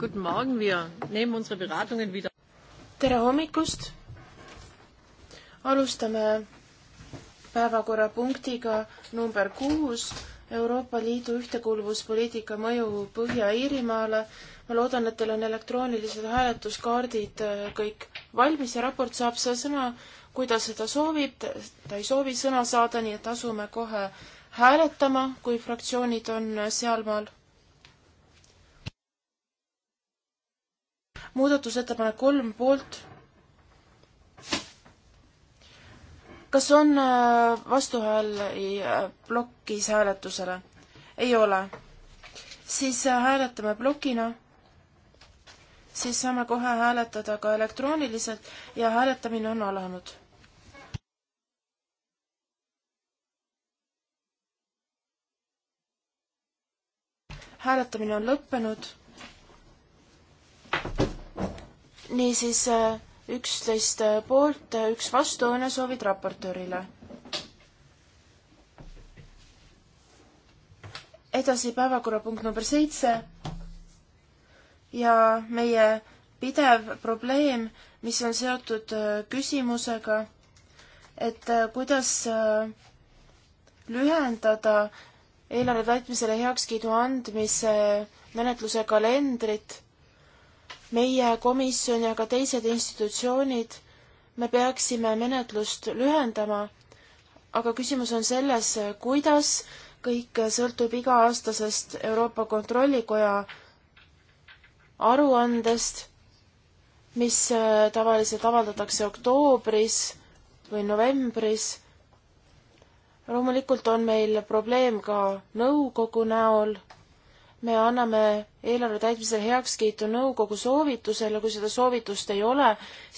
Guten Morgen, wir nehmen unsere Beratungen wieder. tere hommikust! alustame päevakorrapunktiga number kuus, Euroopa Liidu ühtekuuluvuspoliitika mõju Põhja-Iirimaale. ma loodan, et teil on elektroonilised hääletuskaardid äh, kõik valmis ja raport saab seda sõna, kui ta seda soovib, ta ei soovi sõna saada, nii et asume kohe hääletama, kui fraktsioonid on äh, sealmaal muudatusettepanek kolm poolt. kas on äh, vastuhääli äh, plokis hääletusele? ei ole. siis äh, hääletame plokina. siis saame kohe hääletada ka elektrooniliselt ja hääletamine on alanud hääletamine on lõppenud niisiis äh, üksteist äh, poolt, äh, üks vastu, õnnesoovid raportöörile. edasi päevakorrapunkt number seitse ja meie pidev probleem, mis on seotud küsimusega, et kuidas lühendada eelarve täitmisele heakskiidu andmise menetluse kalendrit meie komisjon ja ka teised institutsioonid, me peaksime menetlust lühendama, aga küsimus on selles, kuidas kõik sõltub iga-aastasest Euroopa Kontrollikoja aruandest, mis äh, tavaliselt avaldatakse oktoobris või novembris. loomulikult on meil probleem ka nõukogu näol me anname eelarve täitmisel heakskiitu nõukogu soovitusele, kui seda soovitust ei ole,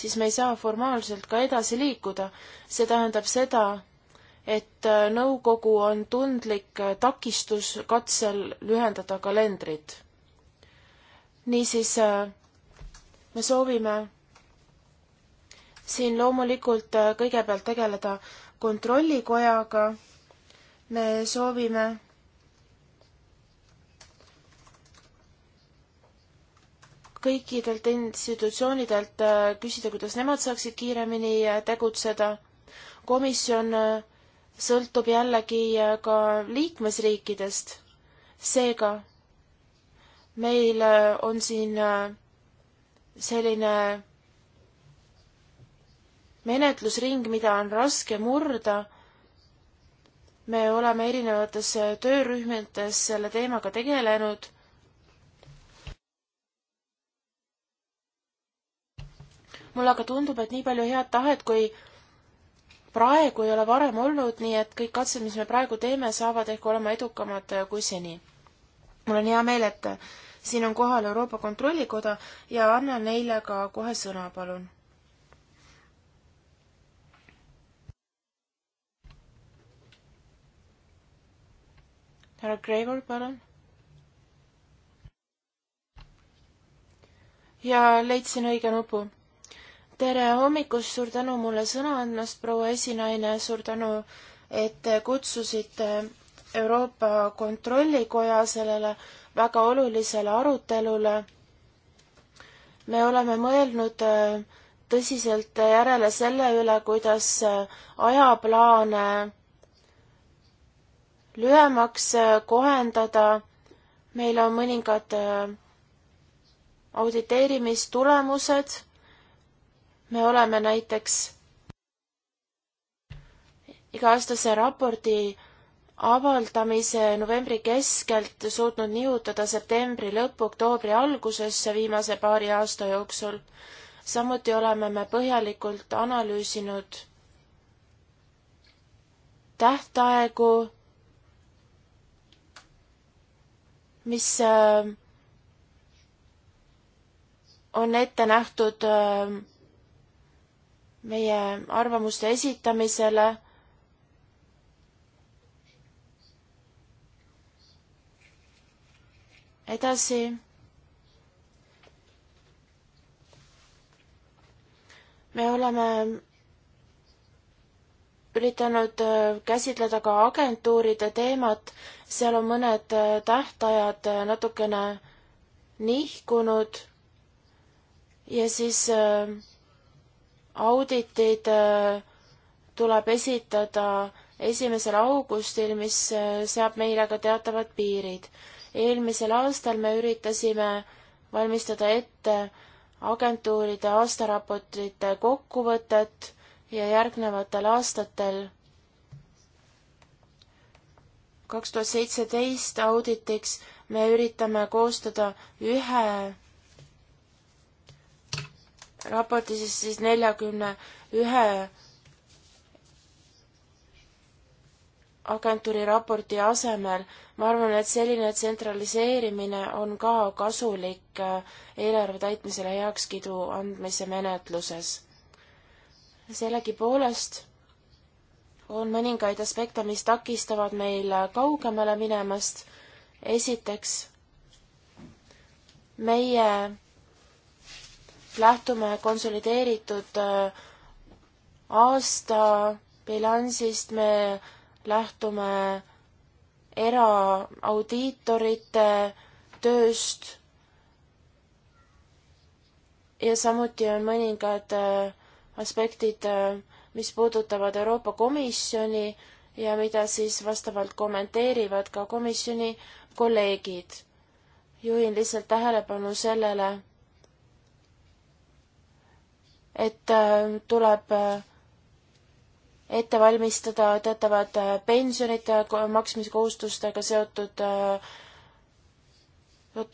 siis me ei saa formaalselt ka edasi liikuda. see tähendab seda, et äh, nõukogu on tundlik äh, takistus katsel lühendada kalendrit. niisiis äh, me soovime siin loomulikult kõigepealt tegeleda kontrollikojaga, me soovime kõikidelt institutsioonidelt äh, küsida, kuidas nemad saaksid kiiremini äh, tegutseda. komisjon äh, sõltub jällegi ka liikmesriikidest. seega meil on siin selline menetlusring, mida on raske murda. me oleme erinevates töörühmades selle teemaga tegelenud mulle aga tundub, et nii palju head tahet, kui praegu ei ole varem olnud, nii et kõik katsed, mis me praegu teeme, saavad ehk olema edukamad kui seni. mul on hea meel, et siin on kohal Euroopa Kontrollikoda ja annan neile ka kohe sõna, palun. härra Gregor, palun. ja leidsin õige nupu tere hommikust, suur tänu mulle sõna andmast, proua esinaine, suur tänu, et te kutsusite Euroopa Kontrollikoja sellele väga olulisele arutelule. me oleme mõelnud äh, tõsiselt järele selle üle, kuidas äh, ajaplaane lühemaks äh, kohendada. meil on mõningad auditeerimistulemused me oleme näiteks iga-aastase raporti avaldamise novembri keskelt suutnud nihutada septembri lõppu oktoobri algusesse viimase paari aasta jooksul. samuti oleme me põhjalikult analüüsinud tähtaegu, mis äh, on ette nähtud äh, meie arvamuste esitamisele. edasi. me oleme üritanud äh, käsitleda ka agentuuride teemat, seal on mõned äh, tähtajad äh, natukene nihkunud ja siis äh, auditid äh, tuleb esitada esimesel augustil, mis äh, seab meile ka teatavad piirid. eelmisel aastal me üritasime valmistada ette agentuuride aastaraportite kokkuvõtet ja järgnevatel aastatel kaks tuhat seitseteist auditiks me üritame koostada ühe raportis siis, siis neljakümne ühe agentuuri raporti asemel, ma arvan, et selline tsentraliseerimine on ka kasulik äh, eelarve täitmisele heakskiidu andmise menetluses. sellegipoolest on mõningaid aspekte, mis takistavad meil kaugemale minemast. esiteks, meie lähtume konsolideeritud äh, aastabilansist, me lähtume eraaudiitorite tööst ja samuti on mõningad äh, aspektid, äh, mis puudutavad Euroopa Komisjoni ja mida siis vastavalt kommenteerivad ka komisjoni kolleegid. juhin lihtsalt tähelepanu sellele, et äh, tuleb äh, ette valmistada teatavad äh, pensionite maksmise kohustustega seotud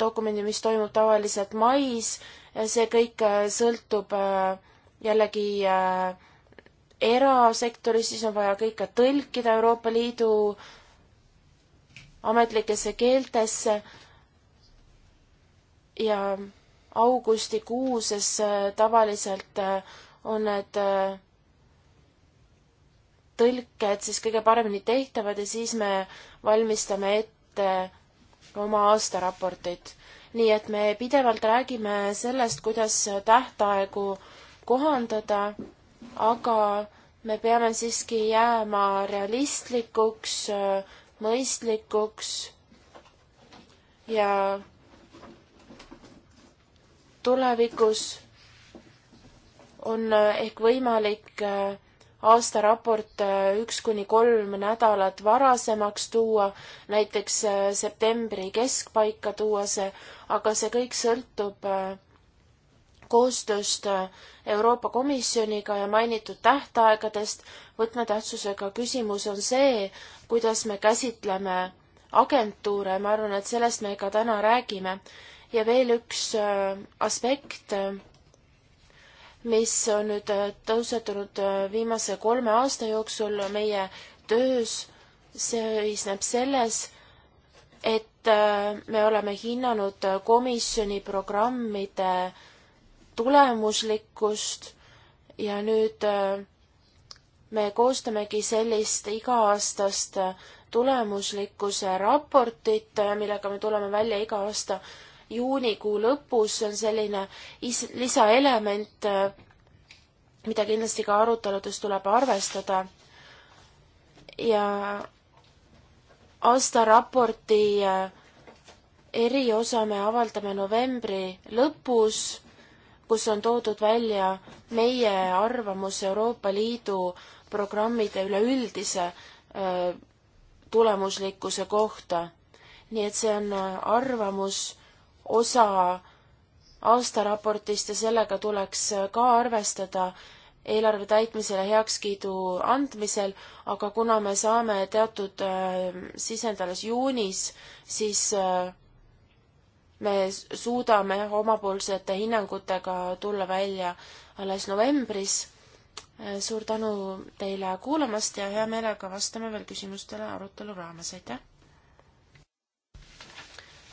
dokumendi, mis toimub tavaliselt mais, see kõik sõltub jällegi erasektoris, siis on vaja kõike tõlkida Euroopa Liidu ametlikesse keeltesse ja augustikuus, sest äh, tavaliselt äh, on need äh, tõlked siis kõige paremini tehtavad ja siis me valmistame ette oma aastaraportit. nii et me pidevalt räägime sellest, kuidas tähtaegu kohandada, aga me peame siiski jääma realistlikuks, mõistlikuks ja tulevikus on ehk võimalik äh, aastaraport äh, üks kuni kolm nädalat varasemaks tuua, näiteks äh, septembri keskpaika tuua see, aga see kõik sõltub koostööst Euroopa Komisjoniga ja mainitud tähtaegadest. võtmetähtsusega küsimus on see, kuidas me käsitleme agentuure, ma arvan, et sellest me ka täna räägime ja veel üks äh, aspekt, äh, mis on nüüd äh, tõusetunud viimase kolme aasta jooksul meie töös, see seisneb selles, et me oleme hinnanud komisjoni programmide tulemuslikkust ja nüüd me koostamegi sellist iga-aastast tulemuslikkuse raportit, millega me tuleme välja iga aasta juunikuu lõpus, see on selline lisaelement, mida kindlasti ka aruteludes tuleb arvestada. ja aastaraporti äh, eriosa me avaldame novembri lõpus, kus on toodud välja meie arvamus Euroopa Liidu programmide üleüldise äh, tulemuslikkuse kohta. nii et see on äh, arvamus, osa aastaraportist ja sellega tuleks ka arvestada eelarve täitmisele heakskiidu andmisel, aga kuna me saame teatud äh, sisend alles juunis, siis äh, me suudame omapoolsete hinnangutega tulla välja alles novembris. Äh, suur tänu teile kuulamast ja hea meelega vastame veel küsimustele arutelu raames, aitäh!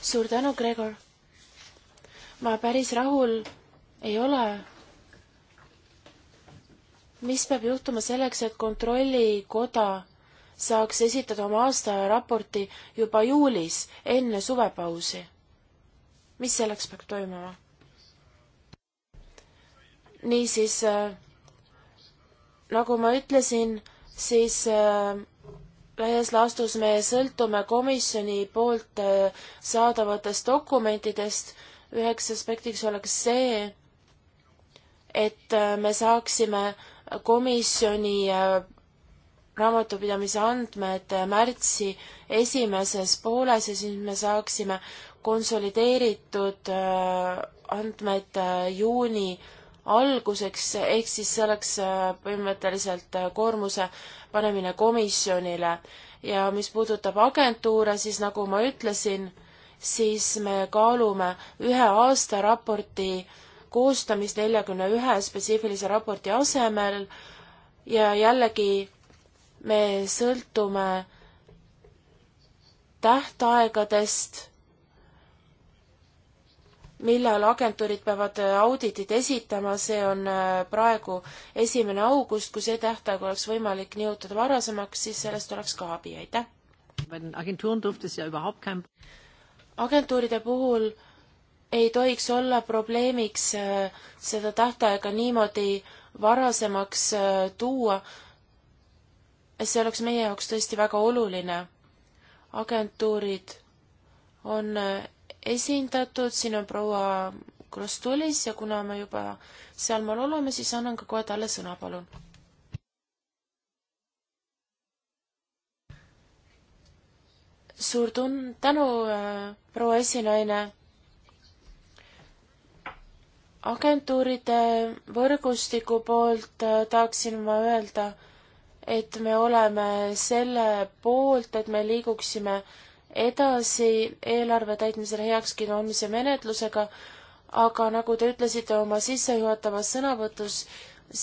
suur tänu, Gregor! ma päris rahul ei ole. mis peab juhtuma selleks, et kontrollikoda saaks esitada oma aastaraporti juba juulis, enne suvepausi? mis selleks peab toimuma? niisiis äh,, nagu ma ütlesin, siis äh, laias laastus me sõltume komisjoni poolt äh, saadavatest dokumentidest üheks aspektiks oleks see, et äh, me saaksime komisjoni äh, raamatupidamise andmed äh, märtsi esimeses pooles ja siis me saaksime konsolideeritud andmed juuni alguseks, ehk siis see oleks põhimõtteliselt koormuse panemine komisjonile. ja mis puudutab agentuure, siis nagu ma ütlesin, siis me kaalume ühe aasta raporti koostamist neljakümne ühe spetsiifilise raporti asemel ja jällegi me sõltume tähtaegadest, millal agentuurid peavad auditid esitama, see on äh, praegu esimene august, kui see tähtaeg oleks võimalik nihutada varasemaks, siis sellest oleks ka abi, aitäh agentuuride puhul ei tohiks olla probleemiks äh, seda tähtaega niimoodi varasemaks äh, tuua. see oleks meie jaoks tõesti väga oluline. agentuurid on äh, esindatud, siin on proua Krostulis ja kuna me juba sealmaal oleme, siis annan ka kohe talle sõna, palun suur tun-, tänu, äh, proua esinaine. agentuuride võrgustiku poolt äh, tahaksin ma öelda, et me oleme selle poolt, et me liiguksime edasi eelarve täitmisele heakskiidu andmise menetlusega, aga nagu te ütlesite oma sissejuhatavas sõnavõtus,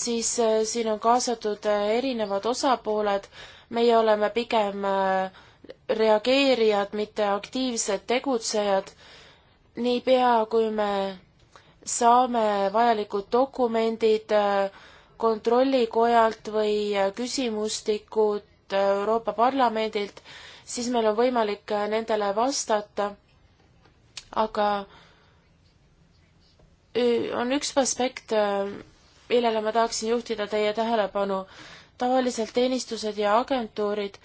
siis äh, siin on kaasatud erinevad osapooled, meie oleme pigem äh, reageerijad, mitte aktiivsed tegutsejad. niipea, kui me saame vajalikud dokumendid äh, kontrollikojalt või äh, küsimustikud äh, Euroopa Parlamendilt, siis meil on võimalik nendele vastata. aga on üks aspekt, millele ma tahaksin juhtida teie tähelepanu. tavaliselt teenistused ja agentuurid äh,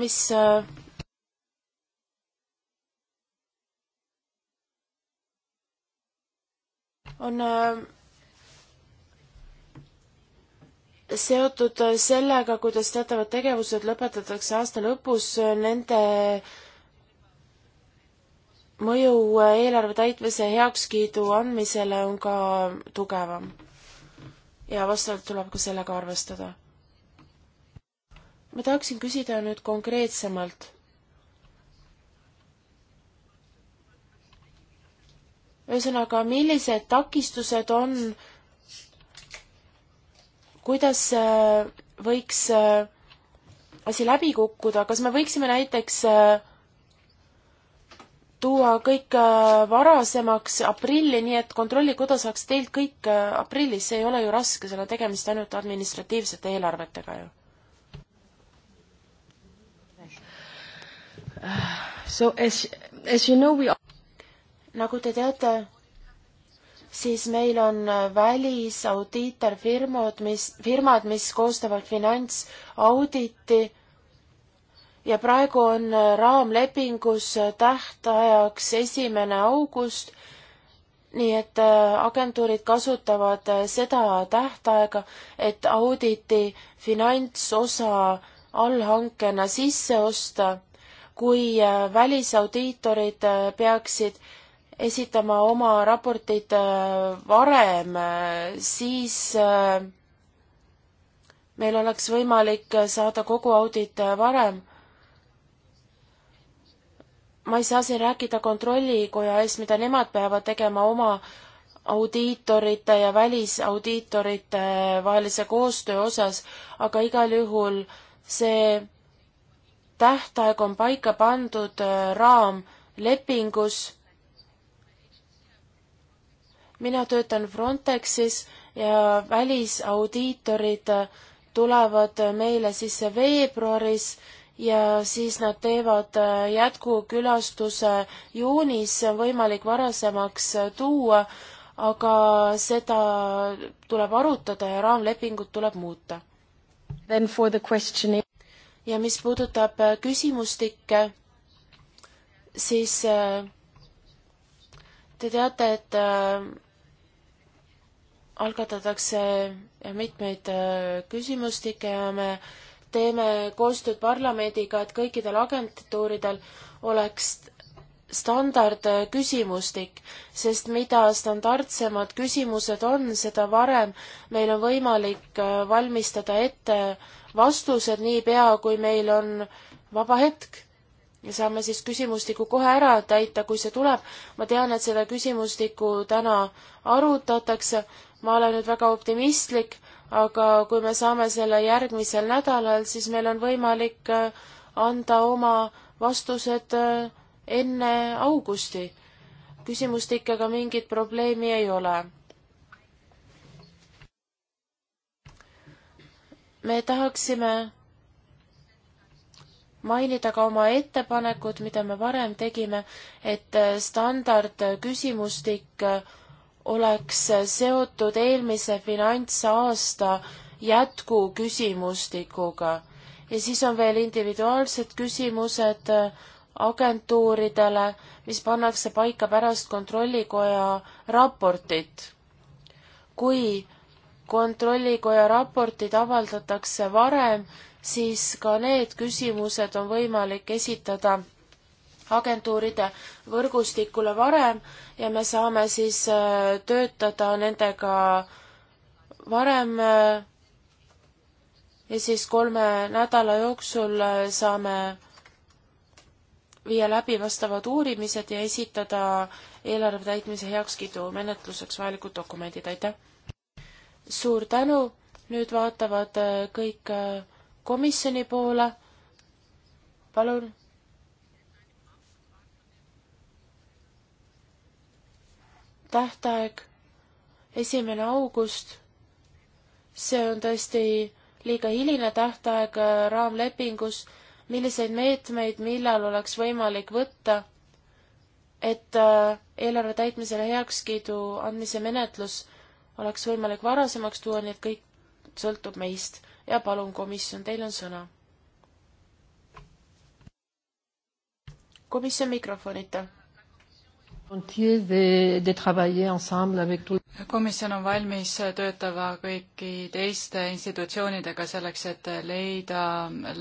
mis äh, on äh, seotud sellega, kuidas teatavad tegevused lõpetatakse aasta lõpus, äh, nende mõju eelarve täitmise heakskiidu andmisele on ka tugevam. ja vastavalt tuleb ka sellega arvestada ma tahaksin küsida nüüd konkreetsemalt. ühesõnaga, millised takistused on, kuidas äh, võiks äh, asi läbi kukkuda, kas me võiksime näiteks äh, tuua kõik varasemaks aprilli, nii et Kontrollikoda saaks teilt kõik aprillis, see ei ole ju raske, seal on tegemist ainult administratiivsete eelarvetega ju So as, as you know, we are... nagu te teate, siis meil on äh, välisaudiitorfirmad, mis, firmad, mis koostavad finantsauditi ja praegu on äh, raamlepingus äh, tähtajaks esimene august, nii et agentuurid kasutavad seda tähtaega, et auditi finantsosa allhankena sisse osta kui äh, välisaudiitorid äh, peaksid esitama oma raportid äh, varem, siis meil oleks võimalik saada kogu audit varem. ma ei saa siin rääkida Kontrollikoja eest, mida nemad peavad tegema oma audiitorite ja välisaudiitorite vahelise koostöö osas, aga igal juhul see tähtaeg on paika pandud äh, raamlepingus. mina töötan Frontexis ja välisaudiitorid äh, tulevad äh, meile sisse veebruaris ja siis nad teevad jätkukülastuse juunis, see on võimalik varasemaks tuua, aga seda tuleb arutada ja raamlepingut tuleb muuta. Then for the questioning ja mis puudutab äh, küsimustikke, siis äh, te teate, et äh, algatatakse mitmeid küsimustikke ja me teeme koostööd parlamendiga, et kõikidel agentuuridel oleks standardküsimustik, sest mida standardsemad küsimused on, seda varem meil on võimalik valmistada ette äh, vastused niipea, kui meil on vaba hetk ja saame siis küsimustiku kohe ära täita, kui see tuleb. ma tean, et seda küsimustikku täna arutatakse, ma olen nüüd väga optimistlik, aga kui me saame selle järgmisel nädalal, siis meil on võimalik äh, anda oma vastused äh, enne augusti. küsimustikega mingit probleemi ei ole me tahaksime mainida ka oma ettepanekud, mida me varem tegime, et standardküsimustik oleks seotud eelmise finantsaasta jätkuküsimustikuga. ja siis on veel individuaalsed küsimused agentuuridele, mis pannakse paika pärast Kontrollikoja raportit. kui kontrollikoja raportid avaldatakse varem, siis ka need küsimused on võimalik esitada agentuuride võrgustikule varem ja me saame siis äh, töötada nendega varem äh, ja siis kolme nädala jooksul äh, saame viia läbi vastavad uurimised ja esitada eelarve täitmise heakskiidu menetluseks vajalikud dokumendid, aitäh! suur tänu, nüüd vaatavad äh, kõik äh, komisjoni poole. palun. tähtaeg esimene august. see on tõesti liiga hiline tähtaeg äh, raamlepingus. milliseid meetmeid, millal oleks võimalik võtta, et eelarve täitmisele heakskiidu andmise menetlus oleks võimalik varasemaks tuua, nii et kõik sõltub meist. ja palun, komisjon, teil on sõna. komisjon mikrofonita komisjon on valmis töötama kõiki teiste institutsioonidega selleks, et leida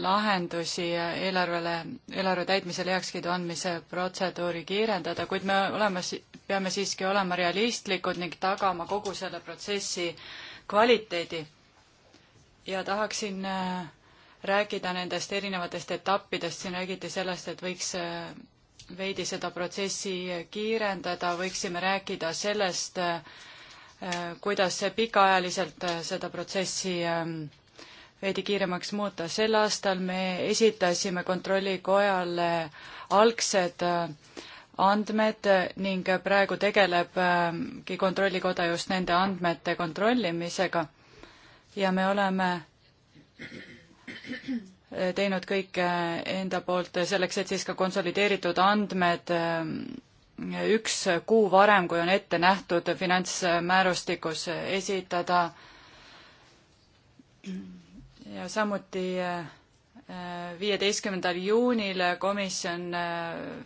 lahendusi eelarvele, eelarve täitmisele heakskiidu andmise protseduuri kiirendada, kuid me oleme, peame siiski olema realistlikud ning tagama kogu selle protsessi kvaliteedi. ja tahaksin äh, rääkida nendest erinevatest etappidest, siin räägiti sellest, et võiks äh, veidi seda protsessi kiirendada, võiksime rääkida sellest, äh, kuidas pikaajaliselt äh, seda protsessi ähm, veidi kiiremaks muuta. sel aastal me esitasime Kontrollikojale algsed äh, andmed ning praegu tegelebki ähm, Kontrollikoda just nende andmete kontrollimisega ja me oleme teinud kõik äh, enda poolt selleks, et siis ka konsolideeritud andmed äh, üks kuu varem, kui on ette nähtud finantsmäärustikus esitada. ja samuti äh, viieteistkümnendal juunil komisjon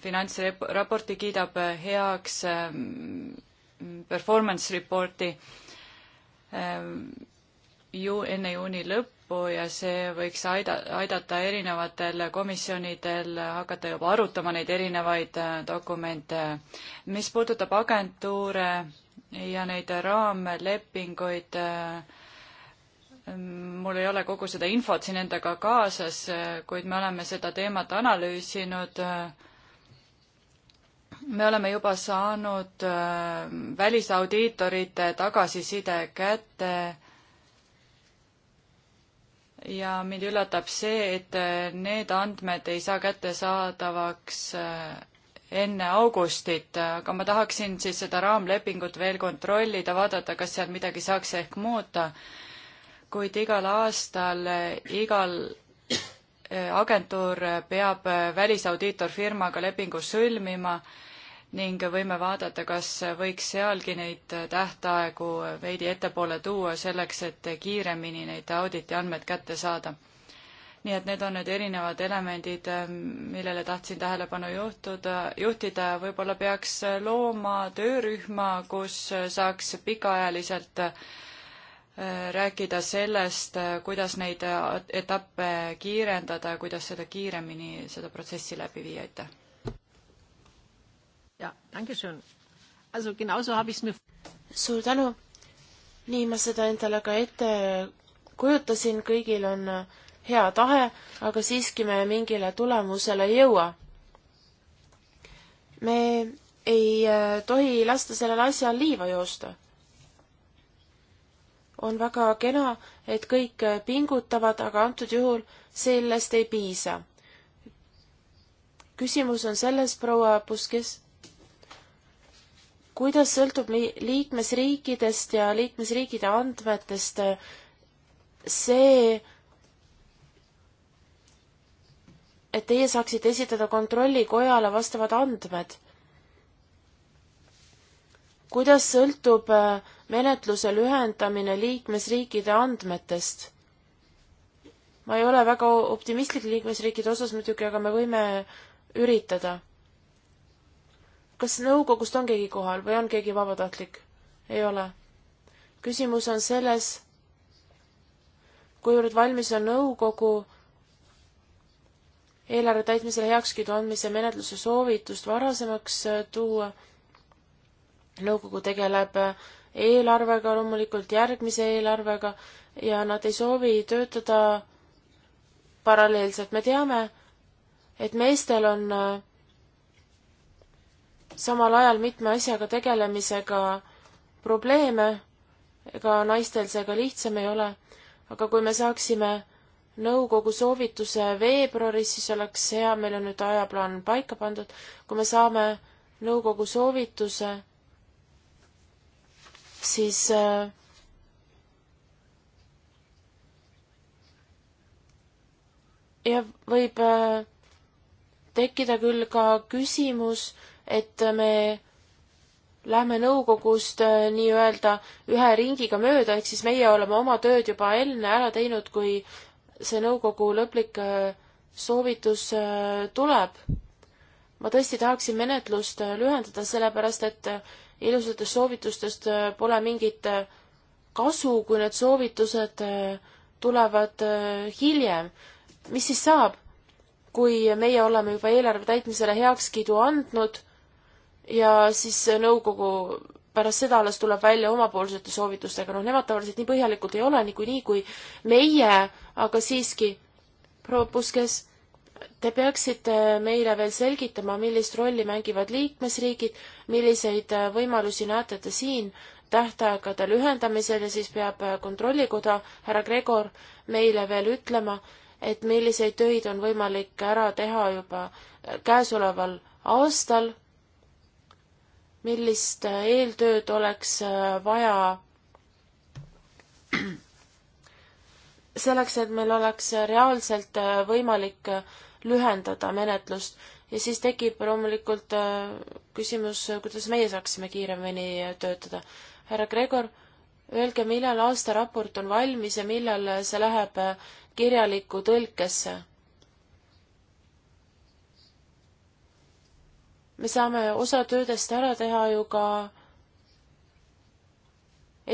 finantsraporti kiidab heaks performance report'i ju enne juuni lõppu lõppu ja see võiks aida, aidata erinevatel komisjonidel hakata juba arutama neid erinevaid äh, dokumente. mis puudutab agentuure ja neid raamlepinguid, äh, mul ei ole kogu seda infot siin endaga kaasas, äh, kuid me oleme seda teemat analüüsinud me oleme juba saanud välisaudiitorite tagasiside kätte ja mind üllatab see, et äh, need andmed ei saa kättesaadavaks äh, enne augustit, aga ma tahaksin siis seda raamlepingut veel kontrollida, vaadata, kas seal midagi saaks ehk muuta. kuid igal aastal äh, igal agentuur peab välisaudiitorfirmaga lepingu sõlmima ning võime vaadata, kas võiks sealgi neid tähtaegu veidi ettepoole tuua selleks, et kiiremini neid auditi andmed kätte saada. nii et need on need erinevad elemendid, millele tahtsin tähelepanu juhtuda, juhtida ja võib-olla peaks looma töörühma, kus saaks pikaajaliselt äh, rääkida sellest, kuidas neid etappe kiirendada ja kuidas seda kiiremini, seda protsessi läbi viia, aitäh! ja, danke schön. Also genauso habe ich es mir. suur tänu. nii ma seda endale ka ette kujutasin, kõigil on äh, hea tahe, aga siiski me mingile tulemusele ei jõua. me ei äh, tohi lasta sellel asjal liiva joosta. on väga kena, et kõik äh, pingutavad, aga antud juhul sellest ei piisa. küsimus on selles, proua Puskis, kuidas sõltub li-, liikmesriikidest ja liikmesriikide andmetest see, et teie saaksite esitada kontrollikojale vastavad andmed? kuidas sõltub äh, menetluse lühendamine liikmesriikide andmetest? ma ei ole väga optimistlik liikmesriikide osas muidugi, aga me võime üritada kas nõukogust on keegi kohal või on keegi vabatahtlik? ei ole. küsimus on selles, kuivõrd valmis on nõukogu eelarve täitmisele heakskiidu andmise menetluse soovitust varasemaks äh, tuua. nõukogu tegeleb äh, eelarvega, loomulikult järgmise eelarvega ja nad ei soovi töötada paralleelselt. me teame, et meestel on äh, samal ajal mitme asjaga tegelemisega probleeme, ega naistel see ka lihtsam ei ole, aga kui me saaksime nõukogu soovituse veebruaris, siis oleks hea, meil on nüüd ajaplaan paika pandud, kui me saame nõukogu soovituse, siis äh, ja võib äh, tekkida küll ka küsimus, et me lähme nõukogust äh, nii-öelda ühe ringiga mööda, ehk siis meie oleme oma tööd juba enne ära teinud, kui see nõukogu lõplik äh, soovitus äh, tuleb. ma tõesti tahaksin menetlust lühendada, sellepärast et ilusatest soovitustest pole mingit kasu, kui need soovitused tulevad hiljem. mis siis saab, kui meie oleme juba eelarve täitmisele heakskiidu andnud ja siis nõukogu pärast seda alles tuleb välja omapoolsete soovitustega, noh, nemad tavaliselt nii põhjalikud ei ole niikuinii kui meie, aga siiski, proua Puskes, te peaksite meile veel selgitama, millist rolli mängivad liikmesriigid, milliseid äh, võimalusi näete te siin tähtaegade lühendamisel ja siis peab äh, Kontrollikoda, härra Gregor, meile veel ütlema, et milliseid töid on võimalik ära teha juba äh, käesoleval aastal millist eeltööd oleks äh, vaja selleks, et meil oleks reaalselt äh, võimalik lühendada menetlust ja siis tekib loomulikult äh, küsimus, kuidas meie saaksime kiiremini töötada. härra Gregor, öelge, millal aastaraport on valmis ja millal see läheb kirjalikku tõlkesse? me saame osa töödest ära teha ju ka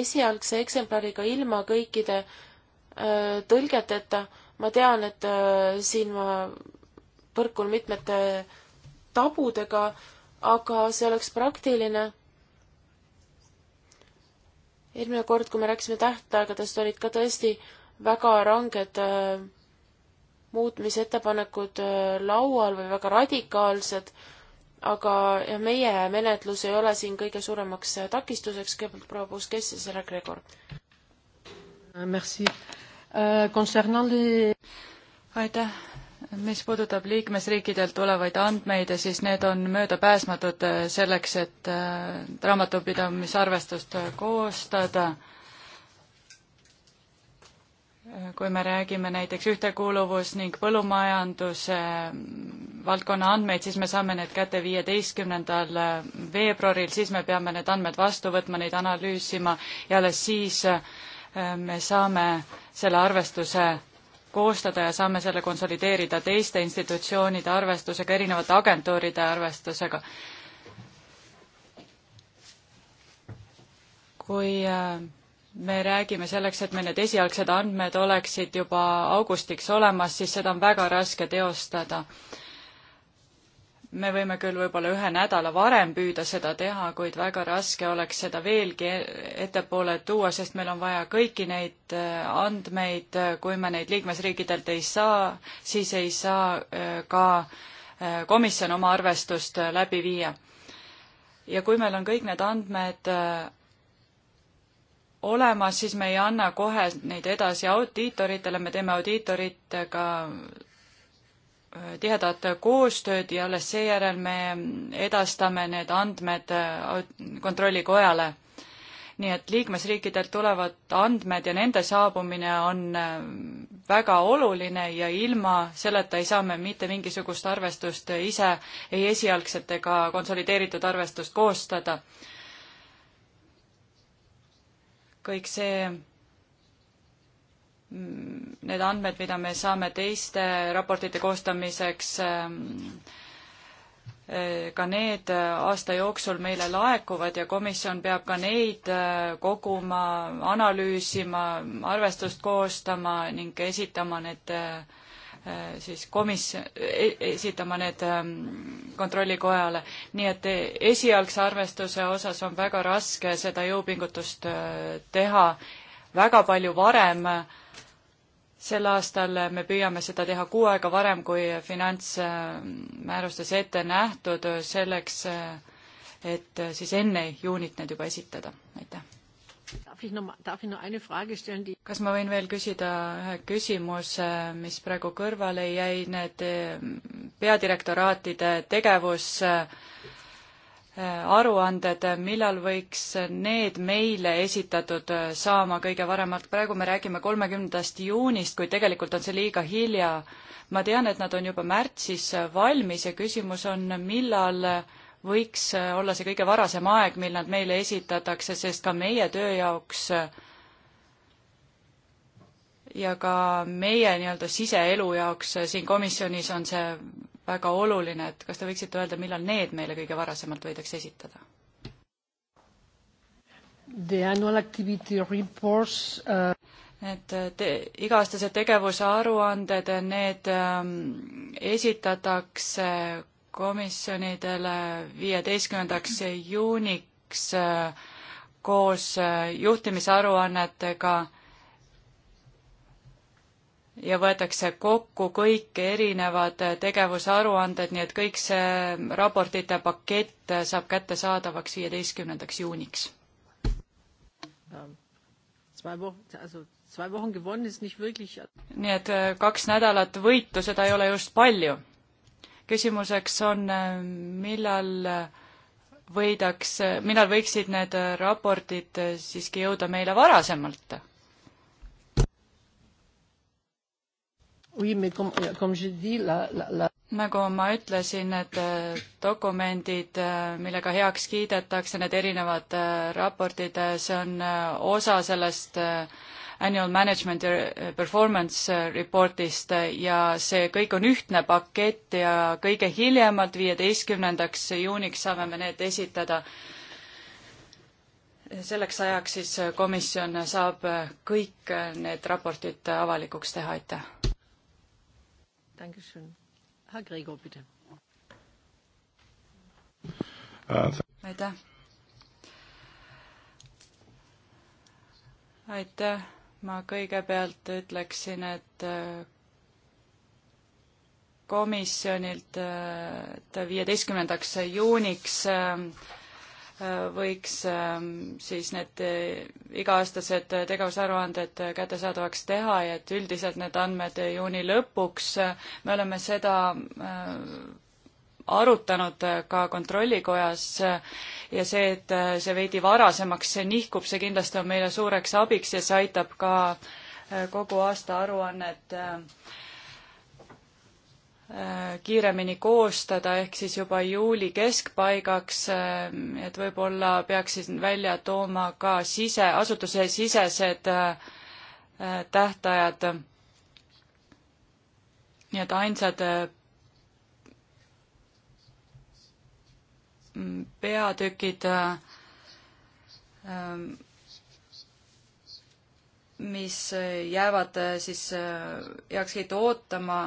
esialgse eksemplariga ilma kõikide öö, äh, tõlgeteta. ma tean, et öö, äh, siin ma põrkun mitmete tabudega, aga see oleks praktiline. eelmine kord, kui me rääkisime tähtaegadest, olid ka tõesti väga ranged öö, äh, muutmisettepanekud laual või väga radikaalsed aga meie menetlus ei ole siin kõige suuremaks takistuseks, kõigepealt proua Puskes ja seejärel Gregor. Ah, merci uh,. Concernant les... aitäh mis puudutab liikmesriikidelt tulevaid andmeid, siis need on möödapääsmatud selleks, et äh, raamatupidamisarvestust koostada kui me räägime näiteks ühtekuuluvus- ning põllumajanduse mm, valdkonna andmeid, siis me saame need kätte viieteistkümnendal mm, veebruaril, siis me peame need andmed vastu võtma, neid analüüsima ja alles siis mm, me saame selle arvestuse koostada ja saame selle konsolideerida teiste institutsioonide arvestusega, erinevate agentuuride arvestusega. kui äh, me räägime selleks, et meil need esialgsed andmed oleksid juba augustiks olemas, siis seda on väga raske teostada. me võime küll võib-olla ühe nädala varem püüda seda teha, kuid väga raske oleks seda veelgi e-, ettepoole tuua, sest meil on vaja kõiki neid e, andmeid, kui me neid liikmesriikidelt ei saa, siis ei saa e, ka komisjon oma arvestust läbi viia. ja kui meil on kõik need andmed olemas, siis me ei anna kohe neid edasi audiitoritele, me teeme audiitoritega äh, tihedat koostööd ja alles seejärel me edastame need andmed äh, kontrollikojale. nii et liikmesriikidelt tulevad andmed ja nende saabumine on äh, väga oluline ja ilma selleta ei saa me mitte mingisugust arvestust ise, ei esialgset ega konsolideeritud arvestust koostada kõik see, need andmed, mida me saame teiste raportite koostamiseks, ka need aasta jooksul meile laekuvad ja komisjon peab ka neid koguma, analüüsima, arvestust koostama ning esitama need Äh, siis komisjon, e-, esitama need ähm, kontrollikojale. nii et e-, esialgse arvestuse osas on väga raske seda jõupingutust äh, teha väga palju varem. sel aastal me püüame seda teha kuu aega varem, kui finantsmäärustes äh, ette nähtud, selleks et siis enne juunit need juba esitada. aitäh kas ma võin veel küsida ühe küsimuse, mis praegu kõrvale jäi, need mm, peadirektoraatide tegevus äh, äh, aruanded, millal võiks need meile esitatud äh, saama kõige varemalt, praegu me räägime kolmekümnendast juunist, kuid tegelikult on see liiga hilja. ma tean, et nad on juba märtsis valmis ja küsimus on, millal võiks äh, olla see kõige varasem aeg, mil nad meile esitatakse, sest ka meie töö jaoks äh, ja ka meie nii-öelda siseelu jaoks äh, siin komisjonis on see väga oluline, et kas te võiksite öelda, millal need meile kõige varasemalt võidakse esitada? The annual activity reports uh... Need te, iga-aastased tegevuse aruanded, need ähm, esitatakse komisjonidele viieteistkümnendaks juuniks äh, koos äh, juhtimisaruannetega ja võetakse kokku kõik erinevad äh, tegevusaruanded, nii et kõik see raportite pakett saab kättesaadavaks viieteistkümnendaks juuniks. Ähm, nii et kaks nädalat võitu, seda ei ole just palju küsimuseks on, millal võidaks, millal võiksid need raportid siiski jõuda meile varasemalt? nagu ma ütlesin, need dokumendid, millega heaks kiidetakse, need erinevad raportid, see on osa sellest äh, annual management ja eh, performance eh, report'ist eh, ja see kõik on ühtne pakett ja kõige hiljemalt viieteistkümnendaks juuniks saame me need esitada. selleks ajaks siis komisjon saab kõik need raportid avalikuks teha, aitäh. Uh, aitäh aitäh ma kõigepealt ütleksin, et äh, komisjonilt, et äh, viieteistkümnendaks juuniks äh, võiks ähm, siis need iga-aastased tegevusaruanded kättesaadavaks teha ja et üldiselt need andmed juuni lõpuks, me oleme seda arutanud äh, ka Kontrollikojas äh, ja see, et äh, see veidi varasemaks nihkub, see kindlasti on meile suureks abiks ja see aitab ka kogu aasta aruannet kiiremini koostada, ehk siis juba juuli keskpaigaks, et võib-olla peaksin välja tooma ka sise, asutuse sisesed tähtajad. nii et ainsad peatükid, ähm, mis jäävad äh, siis äh, heakskiitu ootama,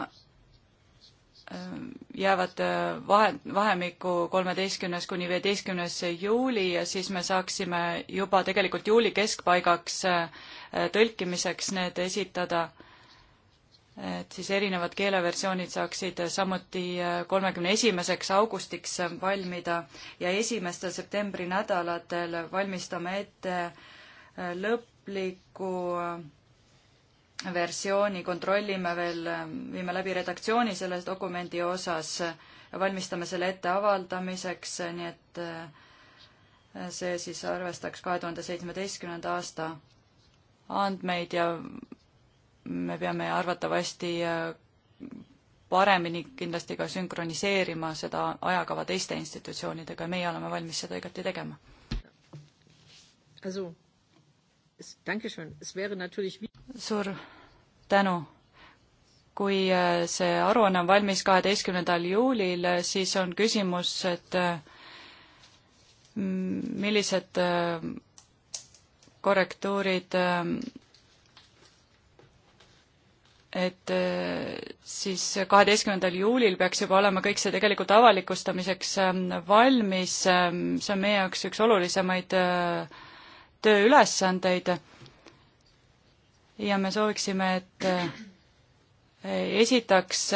ähm, jäävad äh, vahe, vahemikku kolmeteistkümnes kuni viieteistkümnes juuli ja siis me saaksime juba tegelikult juuli keskpaigaks tõlkimiseks need esitada et siis erinevad keeleversioonid saaksid samuti äh, kolmekümne esimeseks augustiks valmida ja esimestel septembri nädalatel valmistame ette äh, lõpliku äh, versiooni, kontrollime veel, viime läbi redaktsiooni selle dokumendi osas ja valmistame selle ette avaldamiseks, nii et see siis arvestaks kahe tuhande seitsmeteistkümnenda aasta andmeid ja me peame arvatavasti äh, paremini kindlasti ka sünkroniseerima seda ajakava teiste institutsioonidega ja meie oleme valmis seda igati tegema. suur tänu. kui äh, see aruanne on valmis kaheteistkümnendal juulil, äh, siis on küsimus, et millised korrektuurid et äh, siis kaheteistkümnendal juulil peaks juba olema kõik see tegelikult avalikustamiseks ähm, valmis, ähm, see on meie jaoks üks olulisemaid äh, tööülesandeid ja me sooviksime, et äh, esitaks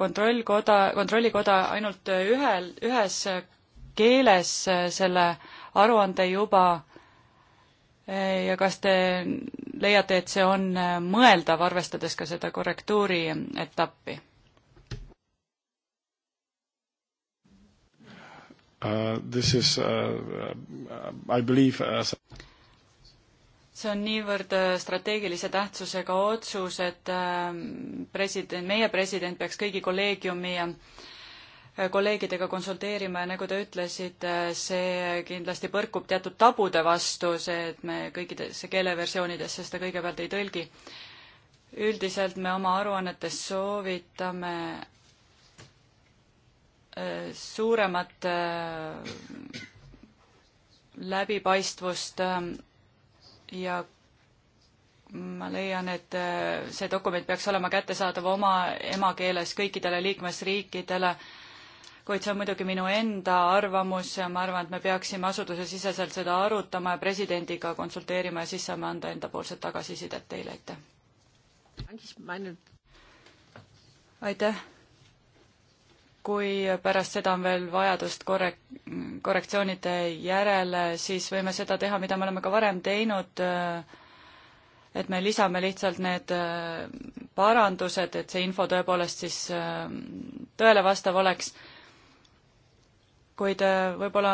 kontrollkoda, kontrollikoda ainult ühel, ühes keeles selle aruande juba ja kas te leiate, et see on äh, mõeldav, arvestades ka seda korrektuuri etappi? Uh, this is uh,, uh I believe uh, see on niivõrd äh, strateegilise tähtsusega otsus, et äh, president, meie president peaks kõigi kolleegiumi kolleegidega konsulteerime, nagu te ütlesite, see kindlasti põrkub teatud tabude vastu, see, et me kõikidesse keeleversioonidesse seda kõigepealt ei tõlgi. üldiselt me oma aruannetes soovitame äh, suuremat äh, läbipaistvust äh, ja ma leian, et see dokument peaks olema kättesaadav oma emakeeles kõikidele liikmesriikidele äh, kuid see on muidugi minu enda arvamus ja ma arvan, et me peaksime asutusesiseselt seda arutama ja presidendiga konsulteerima ja siis saame anda endapoolset tagasisidet teile, aitäh. aitäh. kui pärast seda on veel vajadust korre-, korrektsioonide järele, siis võime seda teha, mida me oleme ka varem teinud et me lisame lihtsalt need äh, parandused, et see info tõepoolest siis äh, tõele vastav oleks kuid äh, võib-olla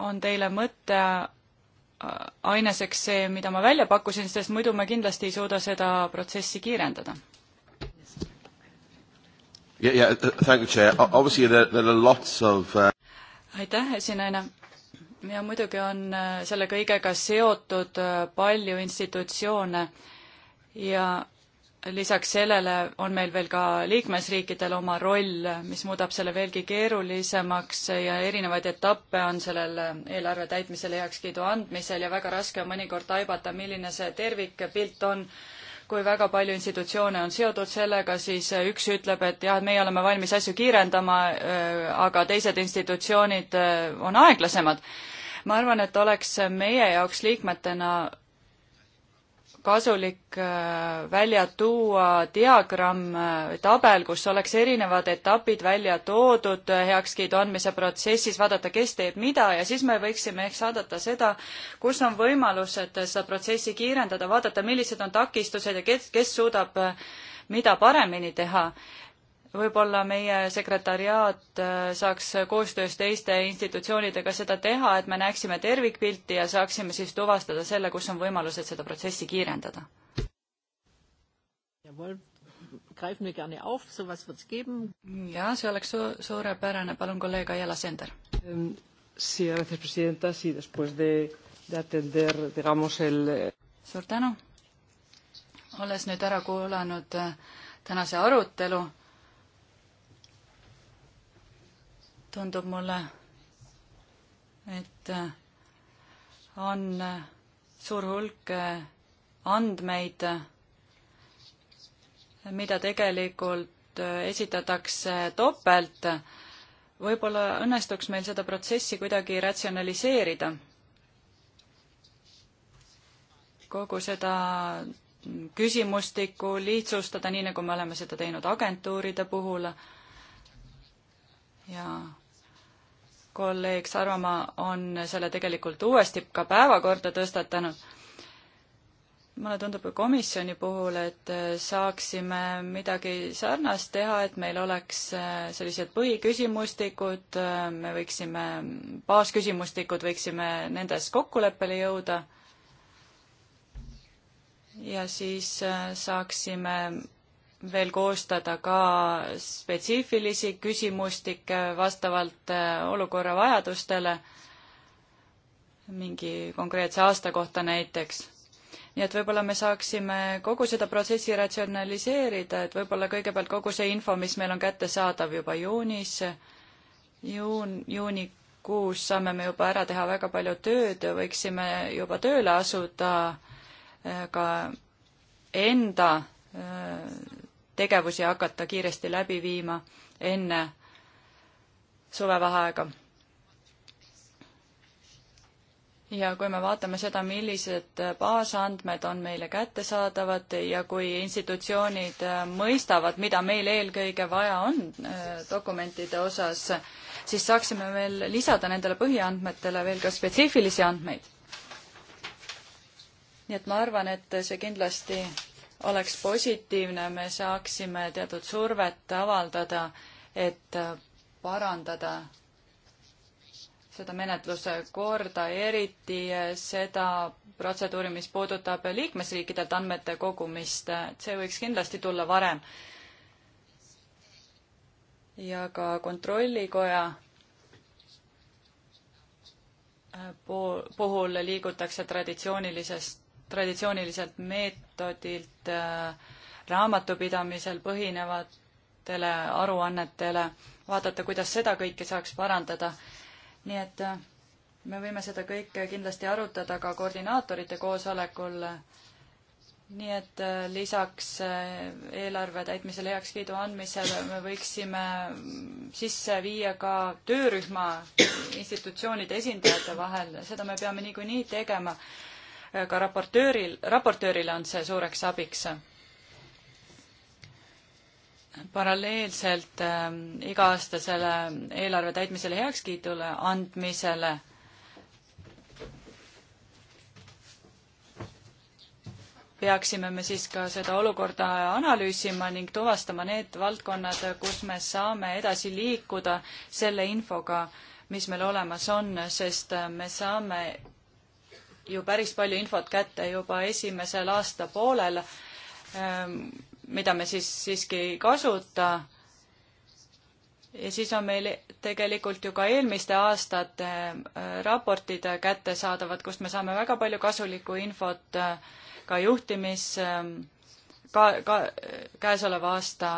on teile mõte äh, aineseks see, mida ma välja pakkusin, sest muidu me kindlasti ei suuda seda protsessi kiirendada. Yeah, yeah, thank you, Chair. Obviously there, there are lots of uh... aitäh, esinaine. ja muidugi on äh, selle kõigega seotud palju institutsioone ja lisaks sellele on meil veel ka liikmesriikidel oma roll, mis muudab selle veelgi keerulisemaks ja erinevaid etappe on sellel eelarve täitmisel heakskiidu andmisel ja väga raske on mõnikord taibata, milline see tervikpilt on. kui väga palju institutsioone on seotud sellega, siis üks ütleb, et jah, meie oleme valmis asju kiirendama, aga teised institutsioonid on aeglasemad ma arvan, et oleks meie jaoks liikmetena kasulik äh, välja tuua diagramm, äh, tabel, kus oleks erinevad etapid välja toodud äh, heakskiidu andmise protsessis, vaadata, kes teeb mida ja siis me võiksime ehk vaadata seda, kus on võimalused seda protsessi kiirendada, vaadata, millised on takistused ja kes, kes suudab mida paremini teha võib-olla meie sekretariaat äh, saaks koostöös teiste institutsioonidega seda teha, et me näeksime tervikpilti ja saaksime siis tuvastada selle, kus on võimalused seda protsessi kiirendada. ja see oleks su suurepärane, palun kolleeg Ayala Sender. suur tänu, olles nüüd ära kuulanud äh, tänase arutelu tundub mulle, et äh, on äh, suur hulk äh, andmeid, mida tegelikult esitatakse topelt, võib-olla õnnestuks meil seda protsessi kuidagi ratsionaliseerida. kogu seda küsimustikku lihtsustada, nii nagu me oleme seda teinud agentuuride puhul ja kolleeg Sarvamaa on selle tegelikult uuesti ka päevakorda tõstatanud. mulle tundub ka komisjoni puhul, et äh, saaksime midagi sarnast teha, et meil oleks äh, sellised põhiküsimustikud, äh, me võiksime, baasküsimustikud võiksime nendes kokkuleppele jõuda ja siis saaksime veel koostada ka spetsiifilisi küsimustikke vastavalt äh, olukorra vajadustele, mingi konkreetse aasta kohta näiteks. nii et võib-olla me saaksime kogu seda protsessi ratsionaliseerida, et võib-olla kõigepealt kogu see info, mis meil on kättesaadav juba juunis, juun, juunikuus saame me juba ära teha väga palju tööd ja võiksime juba tööle asuda äh, ka enda äh, tegevusi hakata kiiresti läbi viima enne suvevaheaega. ja kui me vaatame seda, millised baasandmed on meile kättesaadavad ja kui institutsioonid mõistavad, mida meil eelkõige vaja on äh, dokumentide osas, siis saaksime veel lisada nendele põhiandmetele veel ka spetsiifilisi andmeid. nii et ma arvan, et see kindlasti oleks positiivne, me saaksime teatud survet avaldada, et parandada seda menetluse korda, eriti seda protseduuri, mis puudutab liikmesriikidelt andmete kogumist, et see võiks kindlasti tulla varem. ja ka Kontrollikoja puhul liigutakse traditsioonilisest traditsiooniliselt meetodilt äh, raamatupidamisel põhinevatele aruannetele, vaadata, kuidas seda kõike saaks parandada. nii et äh, me võime seda kõike kindlasti arutada ka koordinaatorite koosolekul. nii et äh, lisaks eelarve täitmisele heakskiidu andmisele me võiksime sisse viia ka töörühma institutsioonide esindajate vahel, seda me peame niikuinii tegema ka raportööril, raportöörile on see suureks abiks. paralleelselt äh, iga-aastasele eelarve täitmisele heakskiidule andmisele peaksime me siis ka seda olukorda analüüsima ning tuvastama need valdkonnad, kus me saame edasi liikuda selle infoga, mis meil olemas on, sest me saame ju päris palju infot kätte juba esimesel aastapoolel, ähm, mida me siis siiski ei kasuta. ja siis on meil tegelikult ju ka eelmiste aastate äh, raportid kättesaadavad, kust me saame väga palju kasulikku infot äh, ka juhtimis ähm, ka, ka käesoleva aasta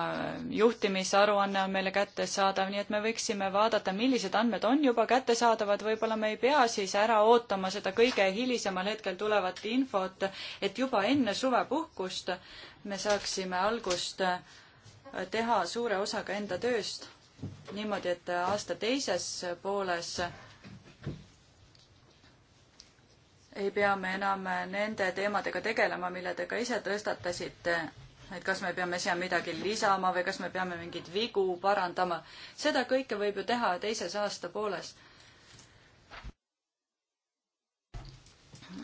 juhtimisaruanne on meile kättesaadav, nii et me võiksime vaadata, millised andmed on juba kättesaadavad, võib-olla me ei pea siis ära ootama seda kõige hilisemal hetkel tulevat infot, et juba enne suvepuhkust me saaksime algust teha suure osaga enda tööst. niimoodi, et aasta teises pooles ei pea me enam nende teemadega tegelema, mille te ka ise tõstatasite, et kas me peame siia midagi lisama või kas me peame mingeid vigu parandama. seda kõike võib ju teha teises aastapooles.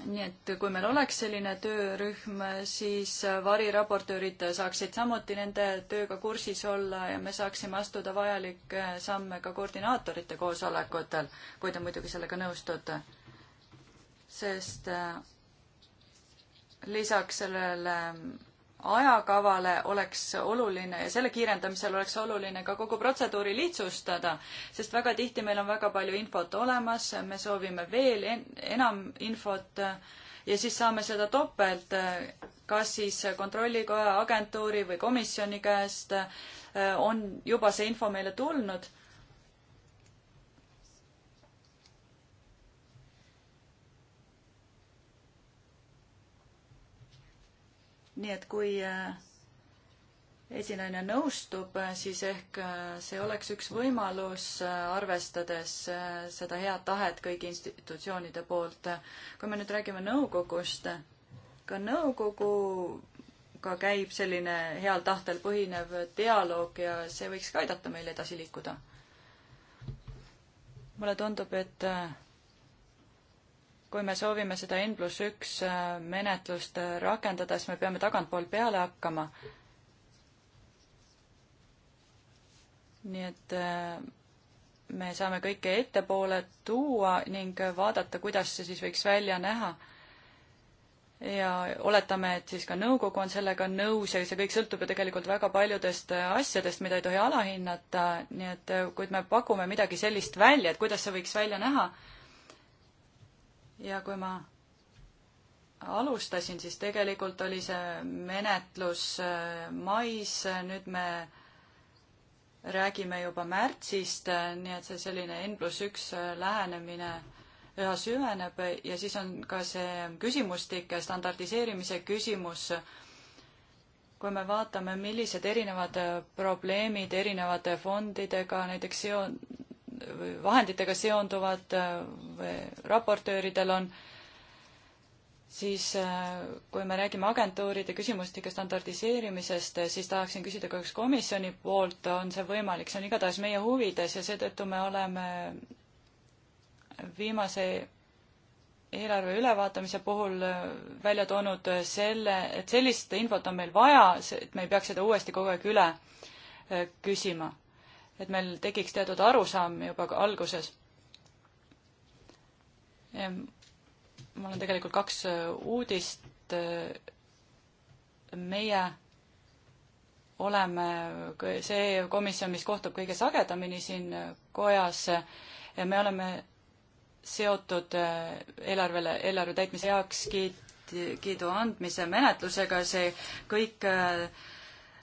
nii et kui meil oleks selline töörühm, siis variraportöörid saaksid samuti nende tööga kursis olla ja me saaksime astuda vajalikke samme ka koordinaatorite koosolekutel, kui te muidugi sellega nõustute sest äh, lisaks sellele ähm, ajakavale oleks oluline ja selle kiirendamisel oleks oluline ka kogu protseduuri lihtsustada, sest väga tihti meil on väga palju infot olemas, me soovime veel en enam infot ja siis saame seda topelt, kas siis kontrollikoja, agentuuri või komisjoni käest äh, on juba see info meile tulnud nii et kui äh, esinaine nõustub, äh, siis ehk äh, see oleks üks võimalus, arvestades seda head tahet kõigi institutsioonide poolt. kui me nüüd räägime nõukogust, ka nõukoguga käib selline heal tahtel põhinev dialoog ja see võiks ka aidata meil edasi liikuda. mulle tundub, et kui me soovime seda N pluss üks äh, menetlust äh, rakendada, siis me peame tagantpoolt peale hakkama. nii et äh, me saame kõike ettepoole tuua ning vaadata, kuidas see siis võiks välja näha. ja oletame, et siis ka nõukogu on sellega nõus ja see kõik sõltub ju tegelikult väga paljudest asjadest, mida ei tohi alahinnata, nii et kuid me pakume midagi sellist välja, et kuidas see võiks välja näha ja kui ma alustasin, siis tegelikult oli see menetlus äh, mais, nüüd me räägime juba märtsist, äh, nii et see selline N pluss üks äh, lähenemine üha süveneb ja siis on ka see küsimustik, standardiseerimise küsimus. kui me vaatame, millised erinevad probleemid erinevate fondidega näiteks seo-, vahenditega seonduvad äh, raportööridel on, siis äh, kui me räägime agentuuride küsimustike standardiseerimisest, äh, siis tahaksin küsida, kas komisjoni poolt on see võimalik, see on igatahes meie huvides ja seetõttu me oleme viimase eelarve ülevaatamise puhul välja toonud selle, et sellist infot on meil vaja, et me ei peaks seda uuesti kogu aeg üle küsima et meil tekiks teatud arusaam juba alguses. mul on tegelikult kaks äh, uudist. Äh, meie oleme see komisjon, mis kohtub kõige sagedamini siin äh, kojas ja me oleme seotud eelarvele, eelarve täitmise heakskiit, kiidu andmise menetlusega, see kõik äh,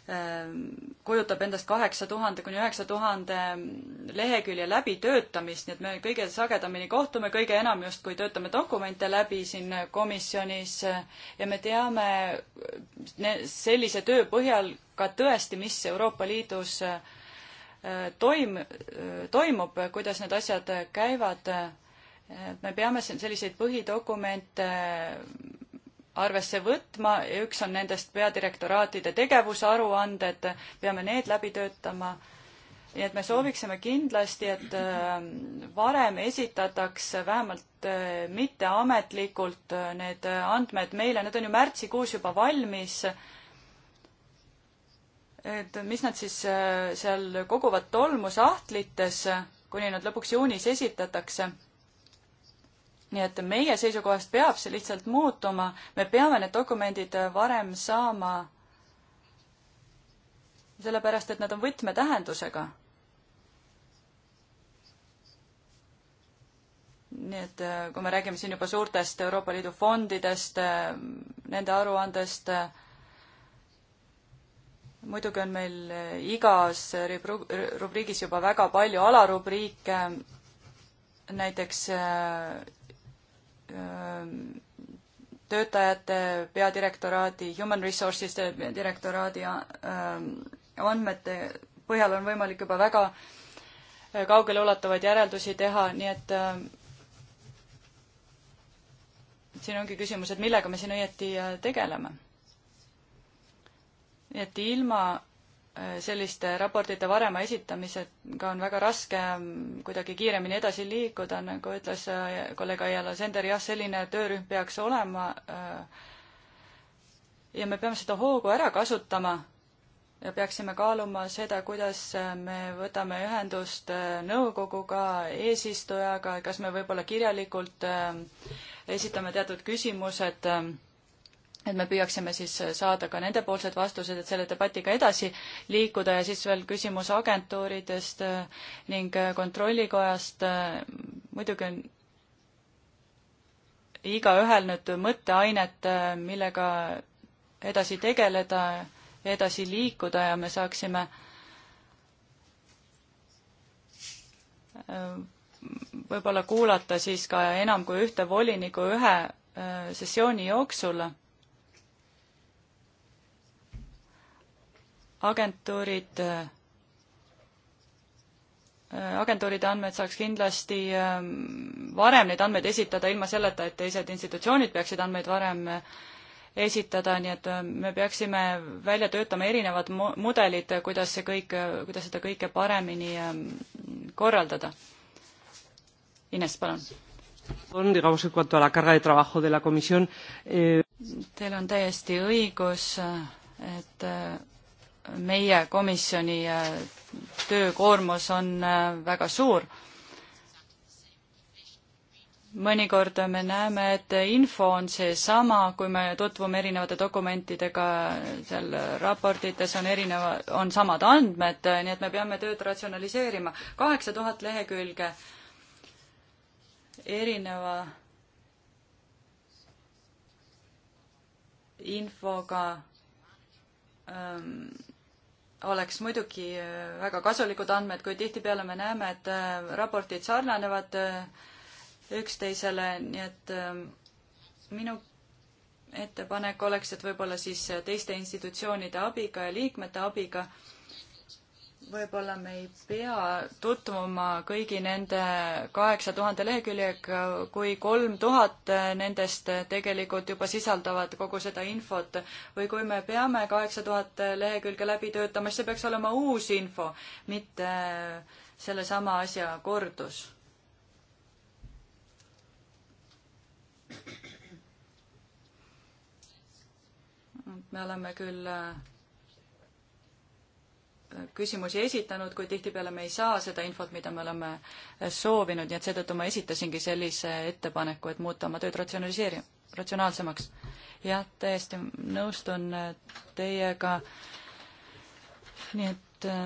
Ehm, kujutab endast kaheksa tuhande kuni üheksa tuhande lehekülje läbitöötamist, nii et me kõige sagedamini kohtume, kõige enam justkui töötame dokumente läbi siin komisjonis ja me teame sellise töö põhjal ka tõesti, mis Euroopa Liidus ehm, toim-, ehm, toimub, kuidas need asjad käivad. me peame siin selliseid põhidokumente arvesse võtma ja üks on nendest peadirektoraatide tegevusaruanded, peame need läbi töötama. nii et me sooviksime kindlasti, et äh, varem esitataks vähemalt äh, mitteametlikult äh, need andmed meile, need on ju märtsikuus juba valmis. et mis nad siis seal koguvad tolmu sahtlites, kuni nad lõpuks juunis esitatakse nii et meie seisukohast peab see lihtsalt muutuma, me peame need dokumendid varem saama, sellepärast et nad on võtmetähendusega nii et äh, kui me räägime siin juba suurtest Euroopa Liidu fondidest, äh, nende aruandest, äh, muidugi on meil igas rubriigis juba väga palju alarubriike, näiteks Ähm, töötajate peadirektoraadi, Human Resources'e direktoraadi ähm, andmete põhjal on võimalik juba väga äh, kaugeleulatuvaid järeldusi teha, nii et ähm, siin ongi küsimus, et millega me siin õieti äh, tegeleme. nii et ilma selliste raportite varema esitamisega on väga raske mm, kuidagi kiiremini edasi liikuda, nagu ütles äh, kolleeg Aiala Sender, jah, selline töörühm peaks olema. Äh, ja me peame seda hoogu ära kasutama ja peaksime kaaluma seda, kuidas äh, me võtame ühendust nõukoguga, eesistujaga, kas me võib-olla kirjalikult esitame teatud küsimused et me püüaksime siis saada ka nendepoolsed vastused, et selle debatiga edasi liikuda ja siis veel küsimus agentuuridest äh, ning äh, kontrollikojast. Äh, muidugi on igaühel nüüd mõtteainet, millega edasi tegeleda, edasi liikuda ja me saaksime võib-olla kuulata siis ka enam kui ühte voliniku ühe sessiooni jooksul agentuurid, äh, agentuuride andmed saaks kindlasti ähm, varem neid andmeid esitada, ilma selleta, et teised institutsioonid peaksid andmeid varem äh, esitada, nii et äh, me peaksime välja töötama erinevad mu-, mudelid, kuidas see kõik, kuidas seda kõike paremini ähm, korraldada. Ines, palun. Digamos, en cuanto a la carga de trabajo de la comisión eh.... Teil on täiesti õigus, et meie komisjoni äh, töökoormus on äh, väga suur. mõnikord me näeme, et info on seesama, kui me tutvume erinevate dokumentidega, seal raportites on erineva, on samad andmed, nii et me peame tööd ratsionaliseerima. kaheksa tuhat lehekülge erineva infoga ähm, oleks muidugi äh, väga kasulikud andmed, kuid tihtipeale me näeme, et äh, raportid sarnanevad äh, üksteisele, nii et minu ettepanek oleks, et võib-olla siis teiste institutsioonide abiga ja liikmete abiga äh, võib-olla me ei pea tutvuma kõigi nende kaheksa tuhande leheküljega, kui kolm tuhat nendest tegelikult juba sisaldavad kogu seda infot või kui me peame kaheksa tuhat lehekülge läbi töötama, siis see peaks olema uus info, mitte sellesama asja kordus. me oleme küll küsimusi esitanud, kuid tihtipeale me ei saa seda infot, mida me oleme soovinud, nii et seetõttu ma esitasingi sellise ettepaneku, et muuta oma tööd ratsionaliseeri-, ratsionaalsemaks. jah, täiesti nõustun äh, teiega, nii et äh,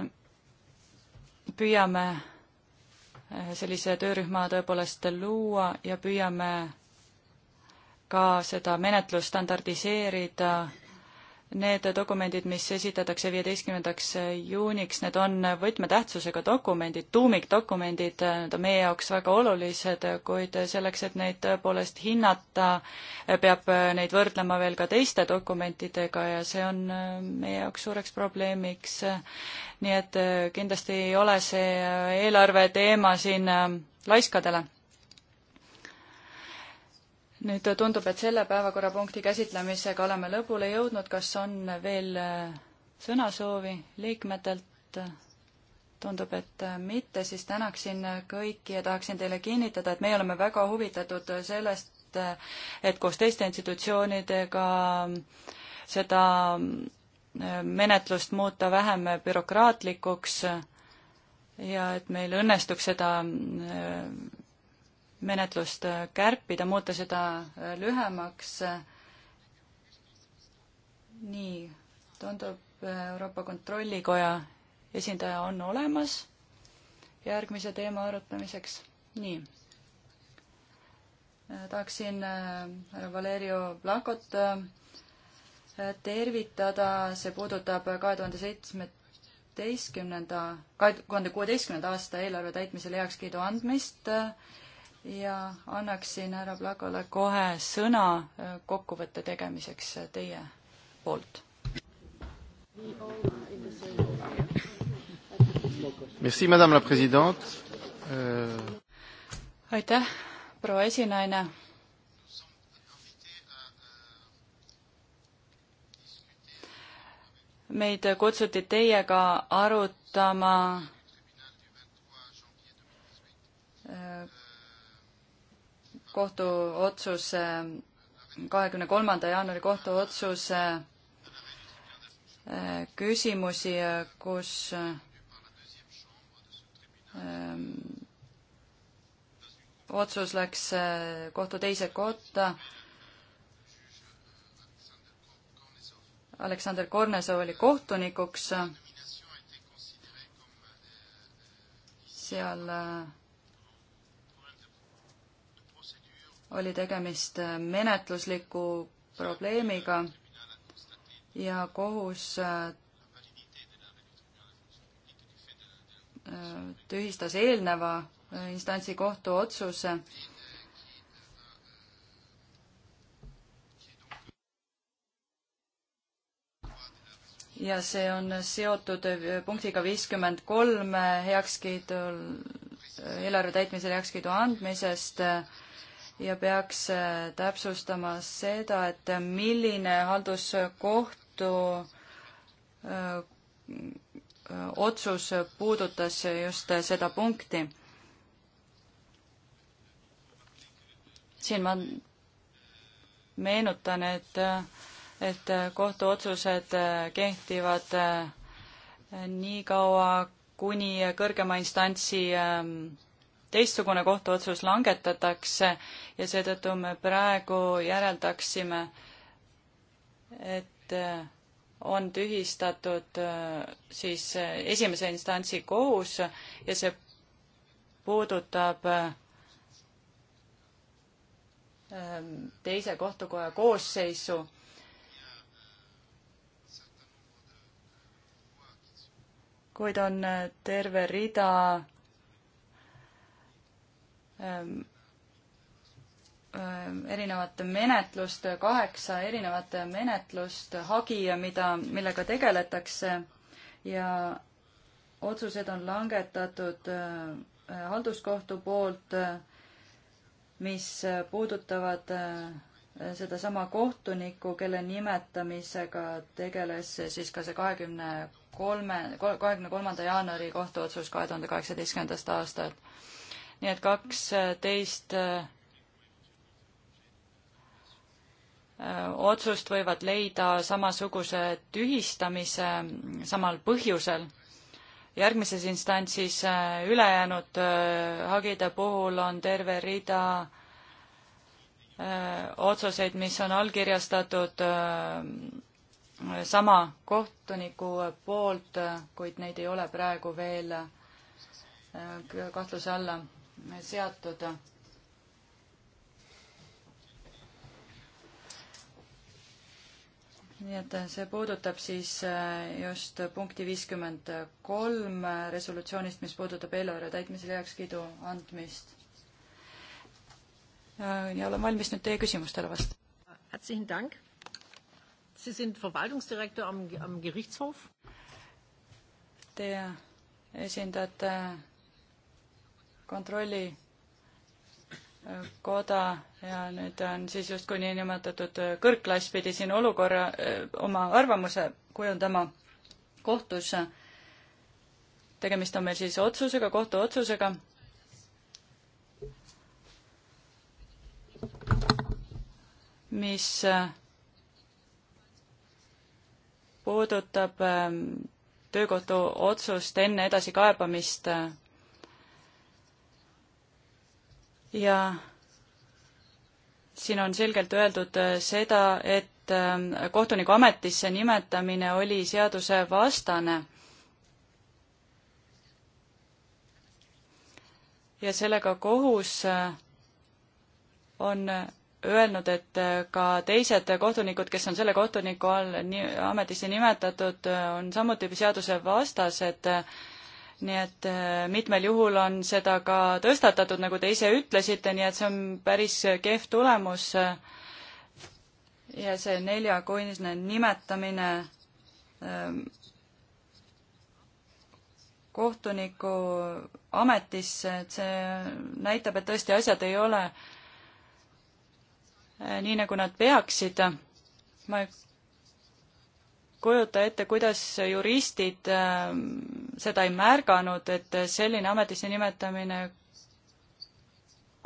püüame äh, sellise töörühma tõepoolest luua ja püüame ka seda menetlust standardiseerida Need dokumendid, mis esitatakse viieteistkümnendaks juuniks, need on võtmetähtsusega dokumendid, tuumikdokumendid, need on meie jaoks väga olulised, kuid selleks, et neid tõepoolest hinnata, peab neid võrdlema veel ka teiste dokumentidega ja see on meie jaoks suureks probleemiks. nii et kindlasti ei ole see eelarve teema siin laiskadele nüüd tundub, et selle päevakorrapunkti käsitlemisega oleme lõpule jõudnud, kas on veel äh, sõnasoovi liikmetelt? tundub, et äh, mitte, siis tänaksin kõiki ja tahaksin teile kinnitada, et meie oleme väga huvitatud sellest, äh, et koos teiste institutsioonidega seda menetlust muuta vähem bürokraatlikuks ja et meil õnnestuks seda menetlust äh, kärpida, muuta seda äh, lühemaks. nii, tundub äh, Euroopa Kontrollikoja esindaja on olemas järgmise teema arutamiseks. nii. tahaksin härra Valerio Blakot tervitada, see puudutab kahe tuhande seitsmeteistkümnenda, kahe tuhande kuueteistkümnenda aasta eelarve täitmisele heakskiidu andmist ja annaksin härra Plagole kohe sõna äh, kokkuvõtte tegemiseks äh, teie poolt. Merci, madame la présidente euh.... aitäh, proua esinaine. meid kutsuti teiega arutama kohtuotsus, kahekümne kolmanda jaanuari kohtuotsuse äh, küsimusi, kus ähm, otsus läks äh, kohtu teise kotta. Aleksander Kornesov oli kohtunikuks. seal äh, oli tegemist menetlusliku probleemiga ja kohus äh, tühistas eelneva instantsi kohtuotsuse. ja see on seotud äh, punktiga viiskümmend kolm heakskiidul, eelarve täitmisel heakskiidu andmisest äh, ja peaks äh, täpsustama seda, et milline halduskohtu öö, äh, otsus puudutas just äh, seda punkti. siin ma meenutan, et, et kohtuotsused kehtivad nii kaua, kuni kõrgema instantsi ähm, teistsugune kohtuotsus langetatakse ja seetõttu me praegu järeldaksime, et äh, on tühistatud äh, siis äh, esimese instantsi kohus ja see puudutab teise kohtukoja koosseisu. kuid on terve rida Ähm, ähm, erinevat menetlust, kaheksa erinevat menetlust, hagi, mida, millega tegeletakse ja otsused on langetatud äh, halduskohtu poolt, mis puudutavad äh, sedasama kohtunikku, kelle nimetamisega tegeles siis ka see kahekümne kolme, kahekümne kolmanda jaanuari kohtuotsus kahe tuhande kaheksateistkümnendast aastast nii et kaksteist äh, äh, otsust võivad leida samasuguse tühistamise mm, samal põhjusel. järgmises instantsis äh, ülejäänud hagide puhul on terve rida otsuseid, mis on allkirjastatud sama kohtuniku poolt, kuid neid ei ole praegu veel kahtluse alla seatud. nii et see puudutab siis äh, just punkti viiskümmend kolm resolutsioonist, mis puudutab eelarve täitmisele heakskiidu andmist. Äh, ja olen valmis nüüd teie küsimustele vastama. Sie sind Verwaltungsdirektor am, am Gerichtshof? Te esindate kontrolli äh, koda ja nüüd on siis justkui niinimetatud äh, kõrgklass pidi siin olukorra, äh, oma arvamuse kujundama kohtus. tegemist on meil siis otsusega, kohtuotsusega. mis puudutab ähm, töökohtu otsust enne edasikaebamist ja siin on selgelt öeldud äh, seda, et ähm, kohtuniku ametisse nimetamine oli seadusevastane. ja sellega kohus äh, on öelnud, et äh, ka teised kohtunikud, kes on selle kohtuniku all nii, ametisse nimetatud, on samuti seadusevastased nii et äh, mitmel juhul on seda ka tõstatatud, nagu te ise ütlesite, nii et see on päris kehv tulemus. ja see neljakoinisne nimetamine ähm, kohtuniku ametisse, et see näitab, et tõesti asjad ei ole äh, nii, nagu nad peaksid. ma kujuta ette, kuidas juristid ähm, seda ei märganud, et selline ametisse nimetamine,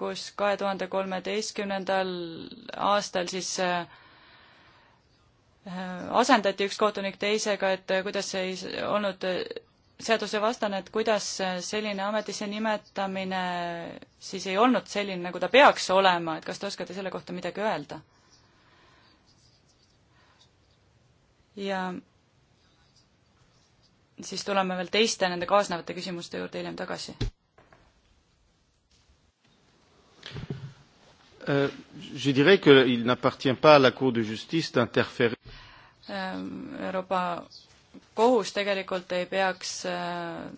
kus kahe tuhande kolmeteistkümnendal aastal siis äh, äh, asendati üks kohtunik teisega, et kuidas see ei olnud seadusevastane, et kuidas selline ametisse nimetamine siis ei olnud selline, nagu ta peaks olema, et kas te oskate selle kohta midagi öelda? ja siis tuleme veel teiste nende kaasnevate küsimuste juurde hiljem tagasi. Euh, je dirais qu'il n'appartient pas à la Cour de justice d'interférer. Euh, Euroopa kohus tegelikult ei peaks äh,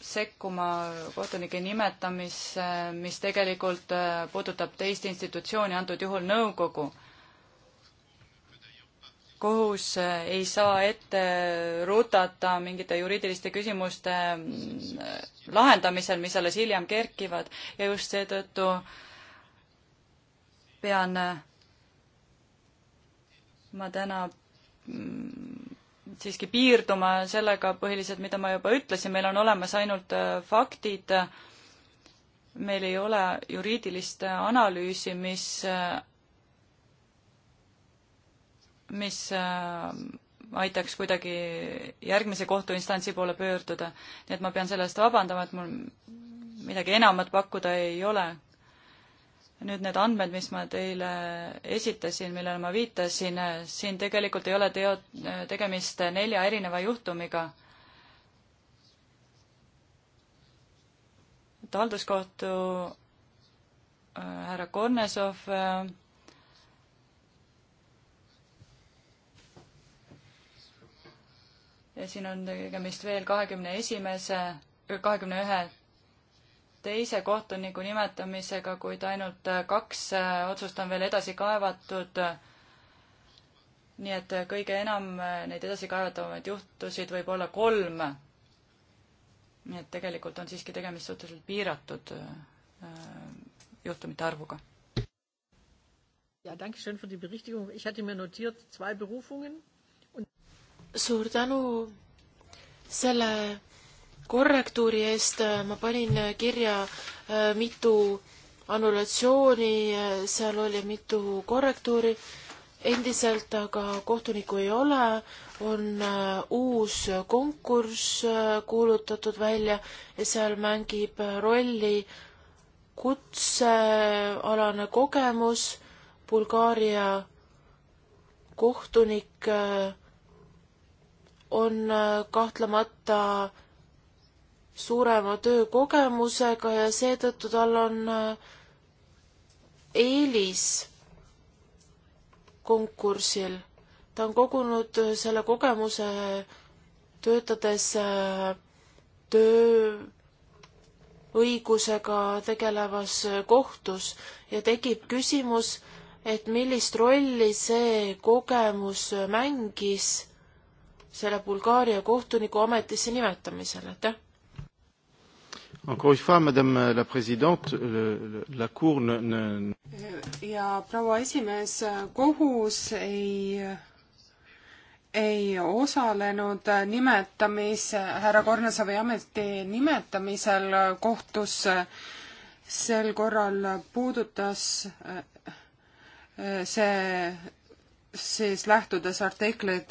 sekkuma kohtunike nimetamisse, mis tegelikult äh, puudutab teist institutsiooni, antud juhul nõukogu kohus eh, ei saa ette rutata mingite juriidiliste küsimuste mm, lahendamisel, mis alles hiljem kerkivad ja just seetõttu pean eh, ma täna mm, siiski piirduma sellega põhiliselt, mida ma juba ütlesin, meil on olemas ainult eh, faktid, meil ei ole juriidilist analüüsi, mis mis äh, aitaks kuidagi järgmise kohtuinstantsi poole pöörduda. nii et ma pean selle eest vabandama, et mul midagi enamat pakkuda ei ole. nüüd need andmed, mis ma teile esitasin, millele ma viitasin, äh, siin tegelikult ei ole teo-, äh, tegemist nelja erineva juhtumiga et halduskohtu härra Kornesov äh, ja siin on tegemist veel kahekümne esimese, äh, kahekümne ühe teise kohtuniku nimetamisega, kuid ainult äh, kaks äh, otsust on veel edasi kaevatud. nii et kõige enam neid edasikaevatavamaid juhtusid võib olla kolm. nii et tegelikult on siiski tegemist suhteliselt piiratud juhtumite arvuga. Ja, danke schön für die Berichtigung. Ich hatte mir notiert zwei Berufungen suur tänu selle korrektuuri eest, ma panin kirja äh, mitu annulatsiooni, äh, seal oli mitu korrektuuri, endiselt aga kohtunikku ei ole, on äh, uus konkurss kuulutatud välja ja seal mängib rolli kutsealane kogemus, Bulgaaria kohtunik on äh, kahtlemata suurema töökogemusega ja seetõttu tal on äh, eelis konkursil. ta on kogunud äh, selle kogemuse töötades tööõigusega tegelevas kohtus ja tekib küsimus, et millist rolli see kogemus mängis selle Bulgaaria kohtuniku ametisse nimetamisel, aitäh! Encore une fois, Madame la Présidente, le, la Cour ne, ne... ja proua esimees, kohus ei, ei osalenud nimetamis, härra Kornasavi ameti nimetamisel kohtus. sel korral puudutas eh, eh, see siis lähtudes artiklid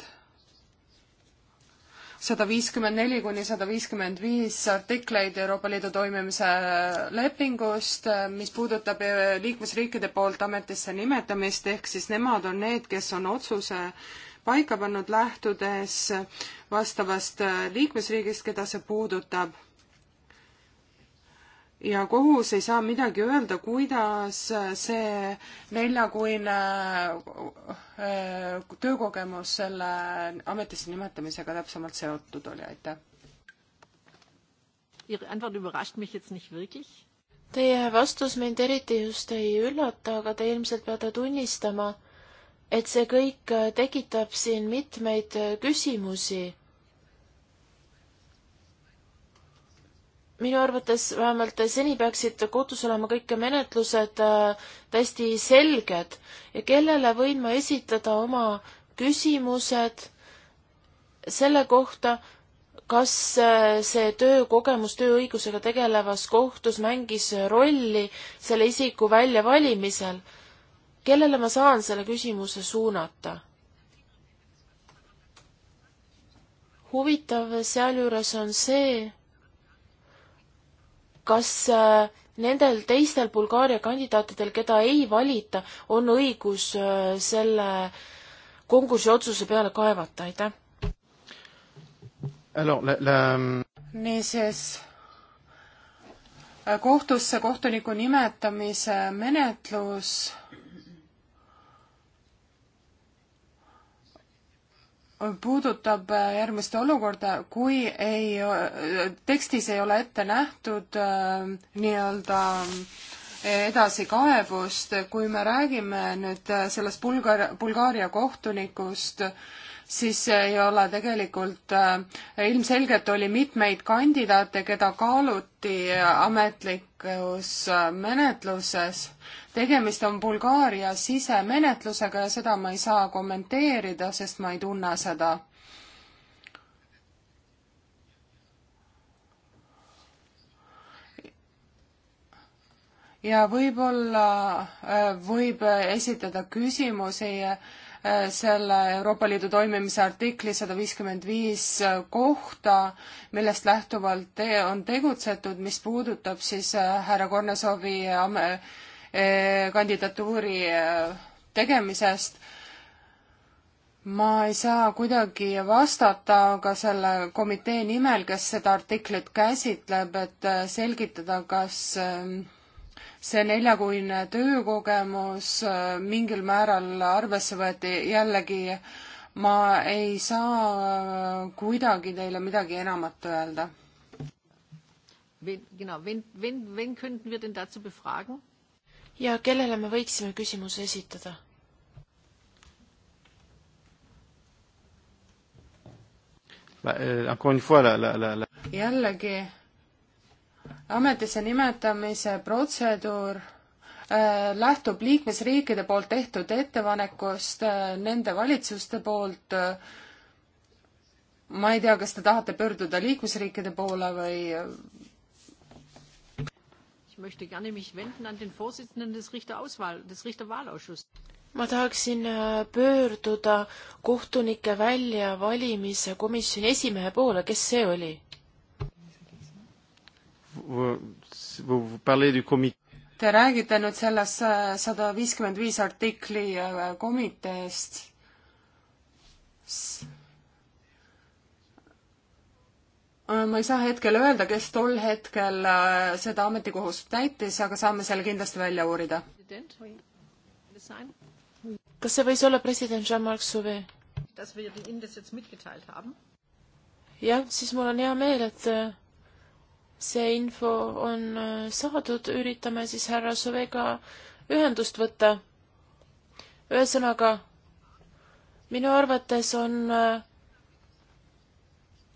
sada viiskümmend neli kuni sada viiskümmend viis artikleid Euroopa Liidu toimimise lepingust, mis puudutab eh, liikmesriikide poolt ametisse nimetamist, ehk siis nemad on need, kes on otsuse paika pannud, lähtudes vastavast eh, liikmesriigist, keda see puudutab ja kohus ei saa midagi öelda, kuidas see neljakuine äh, töökogemus selle ametisse nimetamisega täpsemalt seotud oli, aitäh. Teie vastus mind eriti just ei üllata, aga te ilmselt peate tunnistama, et see kõik tekitab siin mitmeid küsimusi minu arvates vähemalt seni peaksid kodus olema kõik menetlused äh, täiesti selged ja kellele võin ma esitada oma küsimused selle kohta, kas äh, see töökogemus tööõigusega tegelevas kohtus mängis rolli selle isiku väljavalimisel. kellele ma saan selle küsimuse suunata? huvitav sealjuures on see, kas äh, nendel teistel Bulgaaria kandidaatidel, keda ei valita, on õigus äh, selle konkursi otsuse peale kaevata, aitäh? Ähm, niisiis, äh, kohtusse kohtuniku nimetamise menetlus puudutab äh, järgmist olukorda, kui ei, äh, tekstis ei ole ette nähtud äh, nii-öelda edasikaebust, kui me räägime nüüd sellest Bulgar-, Bulgaaria kohtunikust, siis ei ole tegelikult, äh, ilmselgelt oli mitmeid kandidaate, keda kaaluti ametlikus äh, menetluses. tegemist on Bulgaaria sisemenetlusega ja seda ma ei saa kommenteerida, sest ma ei tunne seda. ja võib-olla äh, võib esitada küsimusi selle Euroopa Liidu toimimise artikli sada viiskümmend viis kohta, millest lähtuvalt te on tegutsetud, mis puudutab siis äh, härra Kornesovi äh, äh, kandidatuuri tegemisest ma ei saa kuidagi vastata ka selle komitee nimel, kes seda artiklit käsitleb, et selgitada, kas see neljakuine töökogemus äh, mingil määral arvesse võeti, jällegi ma ei saa äh, kuidagi teile midagi enamat öelda. ja kellele me võiksime küsimuse esitada? Euh, jällegi ametisse nimetamise protseduur äh, lähtub liikmesriikide poolt tehtud ettepanekust äh, nende valitsuste poolt. Äh, ma ei tea, kas te tahate pöörduda liikmesriikide poole või? ma tahaksin pöörduda kohtunike väljavalimise komisjoni esimehe poole, kes see oli? vous parlez du comité. Te räägite nüüd sellest äh, sada viiskümmend viis artikli äh, komiteest. Äh, ma ei saa hetkel öelda, kes tol hetkel seda ametikohust täitis, aga saame selle kindlasti välja uurida. kas see võis olla president Jean-Marc Sauvé? jah, siis mul on hea meel, et see info on äh, saadud, üritame siis härra Sovega ühendust võtta. ühesõnaga, minu arvates on äh,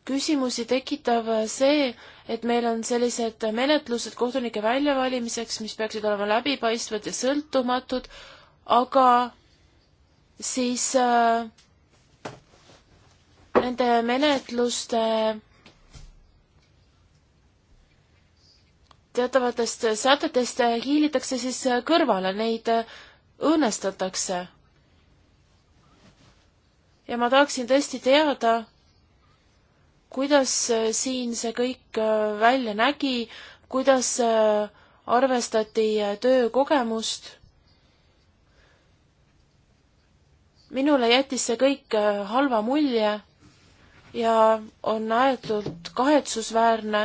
küsimusi tekitav äh, see, et meil on sellised menetlused kohtunike väljavalimiseks, mis peaksid olema läbipaistvad ja sõltumatud, aga siis äh, nende menetluste teatavatest sätetest hiilitakse siis kõrvale, neid õõnestatakse. ja ma tahaksin tõesti teada, kuidas siin see kõik välja nägi, kuidas arvestati töökogemust. minule jättis see kõik halva mulje ja on ääretult kahetsusväärne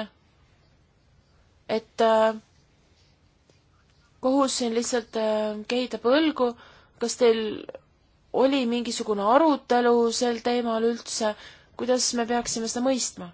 et äh, kohus siin lihtsalt äh, kehitab õlgu, kas teil oli mingisugune arutelu sel teemal üldse, kuidas me peaksime seda mõistma?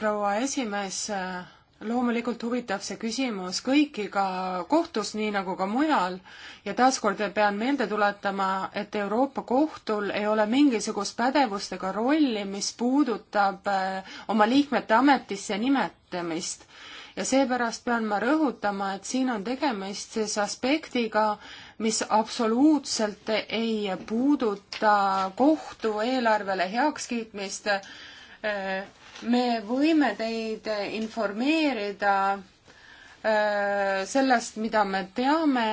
proua esimees äh, loomulikult huvitab see küsimus kõiki ka kohtus, nii nagu ka mujal ja taaskord pean meelde tuletama, et Euroopa Kohtul ei ole mingisugust pädevust ega rolli, mis puudutab äh, oma liikmete ametisse nimetamist. ja seepärast pean ma rõhutama, et siin on tegemist siis aspektiga, mis absoluutselt ei puuduta kohtu eelarvele heakskiitmist äh, me võime teid informeerida äh, sellest, mida me teame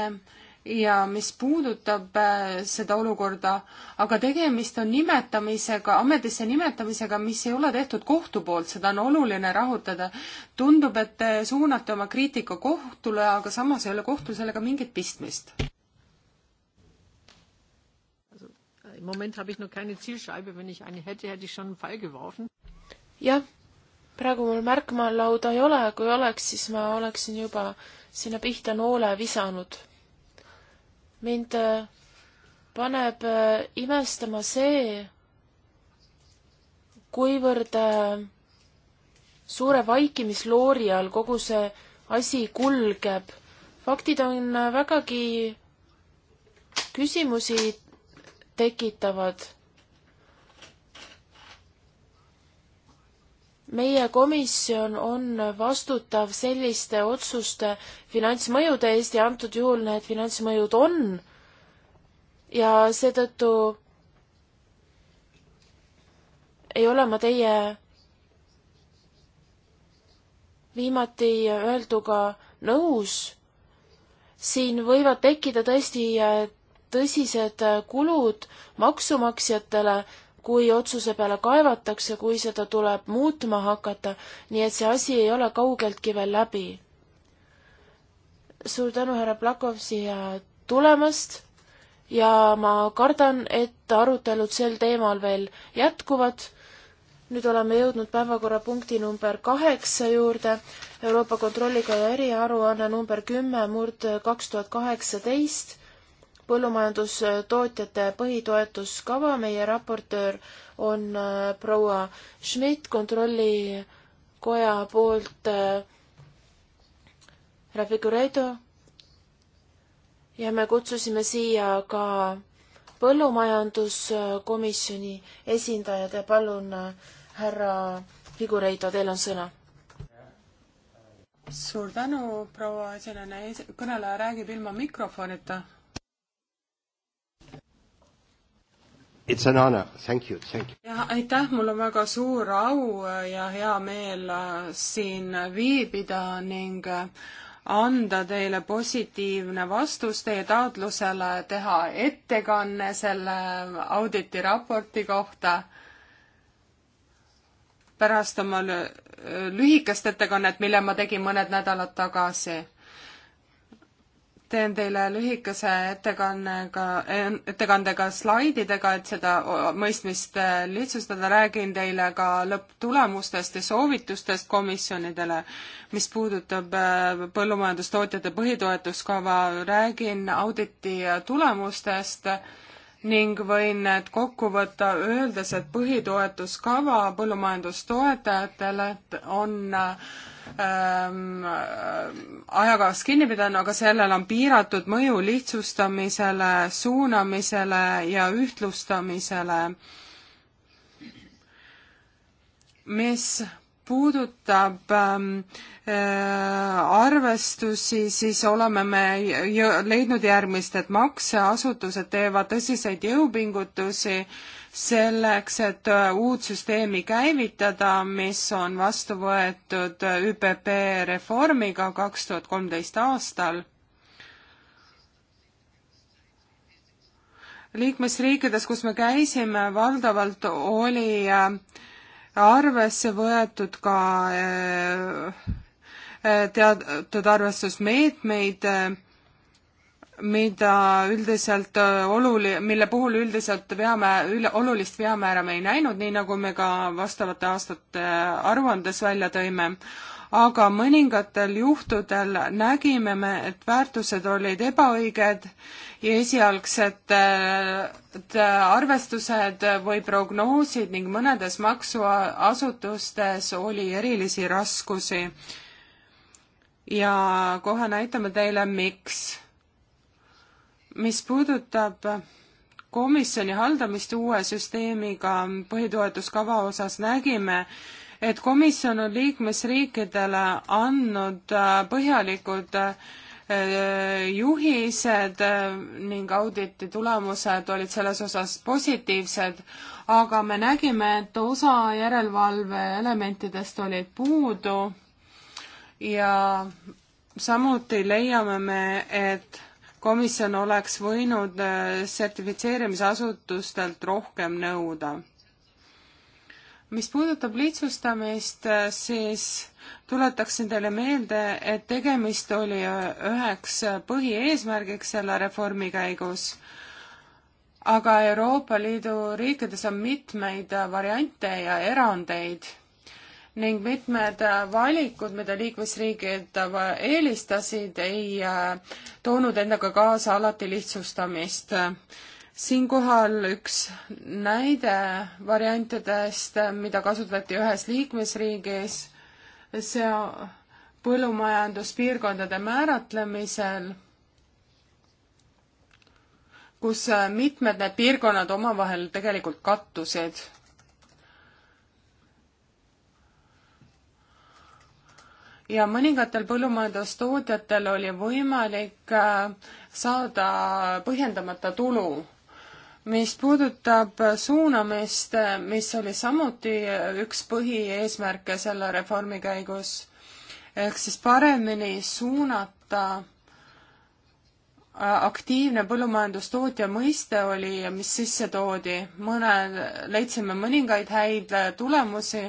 ja mis puudutab äh, seda olukorda, aga tegemist on nimetamisega, ametisse nimetamisega, mis ei ole tehtud kohtu poolt, seda on oluline rahutada. tundub, et te suunate oma kriitika kohtule, aga samas ei ole kohtul sellega mingit pistmist. Äh, Im Moment habe ich noch keine Zielscheibe. Wenn ich eine hätte, hätte ich schon einen Fall geworfen jah, praegu mul märkmaalauda ei ole, kui oleks, siis ma oleksin juba sinna pihta noole visanud. mind äh, paneb äh, imestama see, kuivõrd äh, suure vaikimisloori all kogu see asi kulgeb. faktid on vägagi küsimusi tekitavad meie komisjon on vastutav selliste otsuste finantsmõjude eest ja antud juhul need finantsmõjud on ja seetõttu ei ole ma teie viimati öelduga nõus. siin võivad tekkida tõesti tõsised kulud maksumaksjatele kui otsuse peale kaevatakse, kui seda tuleb muutma hakata, nii et see asi ei ole kaugeltki veel läbi. suur tänu, härra Plakov, siia tulemast ja ma kardan, et arutelud sel teemal veel jätkuvad. nüüd oleme jõudnud päevakorrapunkti number kaheksa juurde, Euroopa Kontrollikoja eriaruanne number kümme murd kaks tuhat kaheksateist põllumajandustootjate põhitoetuskava, meie raportöör on äh, proua Schmidt kontrollikoja poolt äh, Rafiguredo ja me kutsusime siia ka põllumajanduskomisjoni esindajad ja palun, äh, härra Figureito, teil on sõna. suur tänu, proua esinaine, kõneleja räägib ilma mikrofonita It's an honor, thank you, thank you. jah, aitäh, mul on väga suur au ja hea meel äh, siin viibida ning äh, anda teile positiivne vastus teie taotlusele teha ettekanne selle auditi raporti kohta. pärast oma lühikest ettekannet, mille ma tegin mõned nädalad tagasi teen teile lühikese ettekannega, ettekandega slaididega, et seda mõistmist lihtsustada, räägin teile ka lõpptulemustest ja soovitustest komisjonidele, mis puudutab äh, põllumajandustootjate põhitoetuskava, räägin auditi tulemustest ning võin need kokku võtta, öeldes, et põhitoetuskava põllumajandustoetajatele on ähm, ajakavast kinni pidanud, aga sellel on piiratud mõju lihtsustamisele, suunamisele ja ühtlustamisele, mis puudutab ähm, äh, arvestusi, siis oleme me leidnud järgmist, et makseasutused teevad tõsiseid jõupingutusi selleks, et äh, uut süsteemi käivitada, mis on vastu võetud äh, ÜPP reformiga kaks tuhat kolmteist aastal liikmesriikides, kus me käisime, valdavalt oli arvesse võetud ka äh, äh, teatud arvestusmeetmeid, äh, mida üldiselt oluli-, mille puhul üldiselt veame, üle, olulist veamäära me ei näinud, nii nagu me ka vastavate aastate aruandes välja tõime aga mõningatel juhtudel nägime me, et väärtused olid ebaõiged ja esialgsed äh, arvestused või prognoosid ning mõnedes maksuasutustes oli erilisi raskusi. ja kohe näitame teile, miks. mis puudutab komisjoni haldamist uue süsteemiga põhitoetuskava osas nägime, et komisjon on liikmesriikidele andnud äh, põhjalikud äh, juhised äh, ning auditi tulemused olid selles osas positiivsed, aga me nägime, et osa järelevalve elementidest olid puudu ja samuti leiame me, et komisjon oleks võinud sertifitseerimisasutustelt rohkem nõuda mis puudutab lihtsustamist, siis tuletaksin teile meelde, et tegemist oli üheks põhieesmärgiks selle reformi käigus. aga Euroopa Liidu riikides on mitmeid variante ja erandeid ning mitmed valikud, mida liikmesriigid eelistasid, ei toonud endaga kaasa alati lihtsustamist siinkohal üks näide variantidest, mida kasutati ühes liikmesriigis, see põllumajanduspiirkondade määratlemisel, kus mitmed need piirkonnad omavahel tegelikult kattusid ja mõningatel põllumajandustootjatel oli võimalik äh, saada põhjendamata tulu mis puudutab suunamist, mis oli samuti üks põhieesmärke selle reformi käigus, ehk siis paremini suunata äh, aktiivne põllumajandustootja mõiste oli, mis sisse toodi, mõne, leidsime mõningaid häid äh, tulemusi,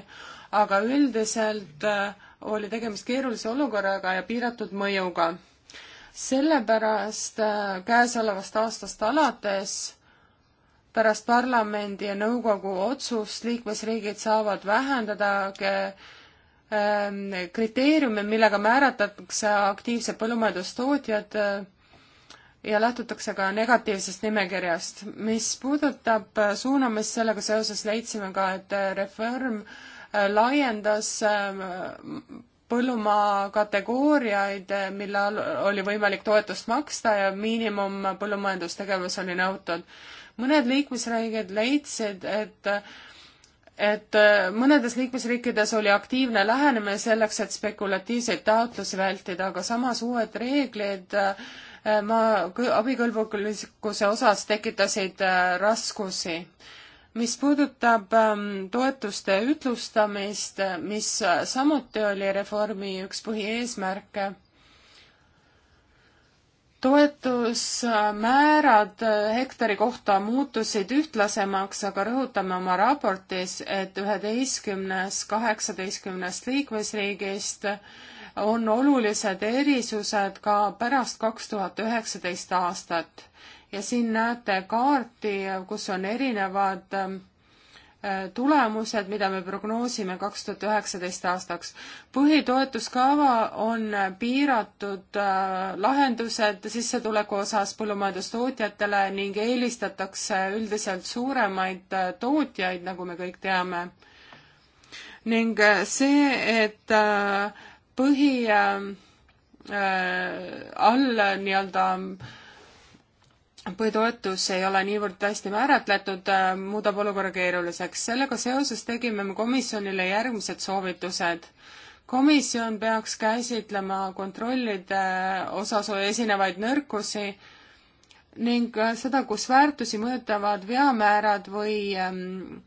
aga üldiselt äh, oli tegemist keerulise olukorraga ja piiratud mõjuga. sellepärast käesolevast aastast alates pärast parlamendi ja nõukogu otsust liikmesriigid saavad vähendada ähm, kriteeriume, millega määratakse aktiivsed põllumajandustootjad äh, ja lähtutakse ka negatiivsest nimekirjast. mis puudutab äh, suunamist, sellega seoses leidsime ka, et reform äh, laiendas ähm, põllumaa kategooriaid, mille all oli võimalik toetust maksta ja miinimumpõllumajandustegevus oli nõutud mõned liikmesriigid leidsid, et et mõnedes liikmesriikides oli aktiivne lähenemine selleks, et spekulatiivseid taotlusi vältida, aga samas uued reeglid eh, maa abikõlbulikkuse osas tekitasid eh, raskusi. mis puudutab ehm, toetuste ütlustamist, mis samuti oli reformi üks põhieesmärke toetusmäärad hektari kohta muutusid ühtlasemaks, aga rõhutame oma raportis, et üheteistkümnes, kaheksateistkümnest liikmesriigist on olulised erisused ka pärast kaks tuhat üheksateist aastat. ja siin näete kaarti, kus on erinevad tulemused, mida me prognoosime kaks tuhat üheksateist aastaks. põhitoetuskava on piiratud äh, lahendused sissetuleku osas põllumajandustootjatele ning eelistatakse üldiselt suuremaid äh, tootjaid, nagu me kõik teame. ning äh, see, et põhi äh, all nii-öelda äh, kui toetus ei ole niivõrd hästi määratletud, äh, muudab olukorra keeruliseks. sellega seoses tegime me komisjonile järgmised soovitused. komisjon peaks käsitlema kontrollide äh, osas esinevaid nõrkusi ning äh, seda, kus väärtusi mõjutavad veamäärad või ähm,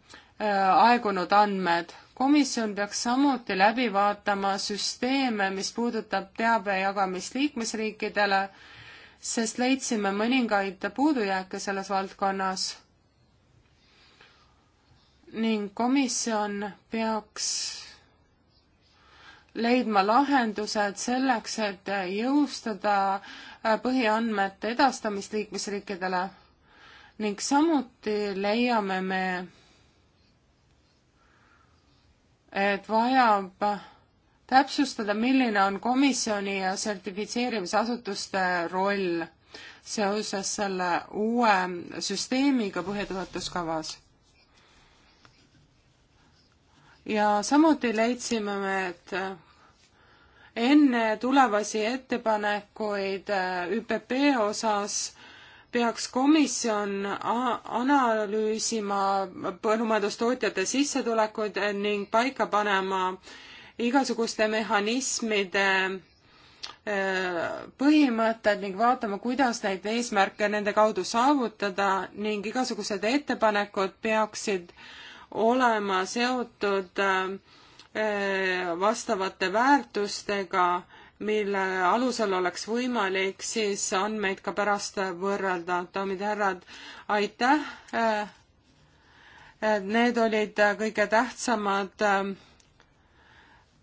aegunud andmed. komisjon peaks samuti läbi vaatama süsteeme, mis puudutab teabe jagamist liikmesriikidele sest leidsime mõningaid puudujääke selles valdkonnas ning komisjon peaks leidma lahendused selleks, et jõustada põhiandmete edastamist liikmesriikidele ning samuti leiame me, et vajab täpsustada, milline on komisjoni ja sertifitseerimisasutuste roll seoses selle uue süsteemiga põhjatoetuskavas ja samuti leidsime me, et enne tulevasi ettepanekuid äh, ÜPP osas peaks komisjon analüüsima põllumajandustootjate sissetulekuid ning paika panema igasuguste mehhanismide äh, põhimõtted ning vaatama, kuidas neid eesmärke nende kaudu saavutada ning igasugused ettepanekud peaksid olema seotud äh, vastavate väärtustega, mille alusel oleks võimalik siis andmeid ka pärast võrrelda. daamid ja härrad, aitäh! Äh, need olid kõige tähtsamad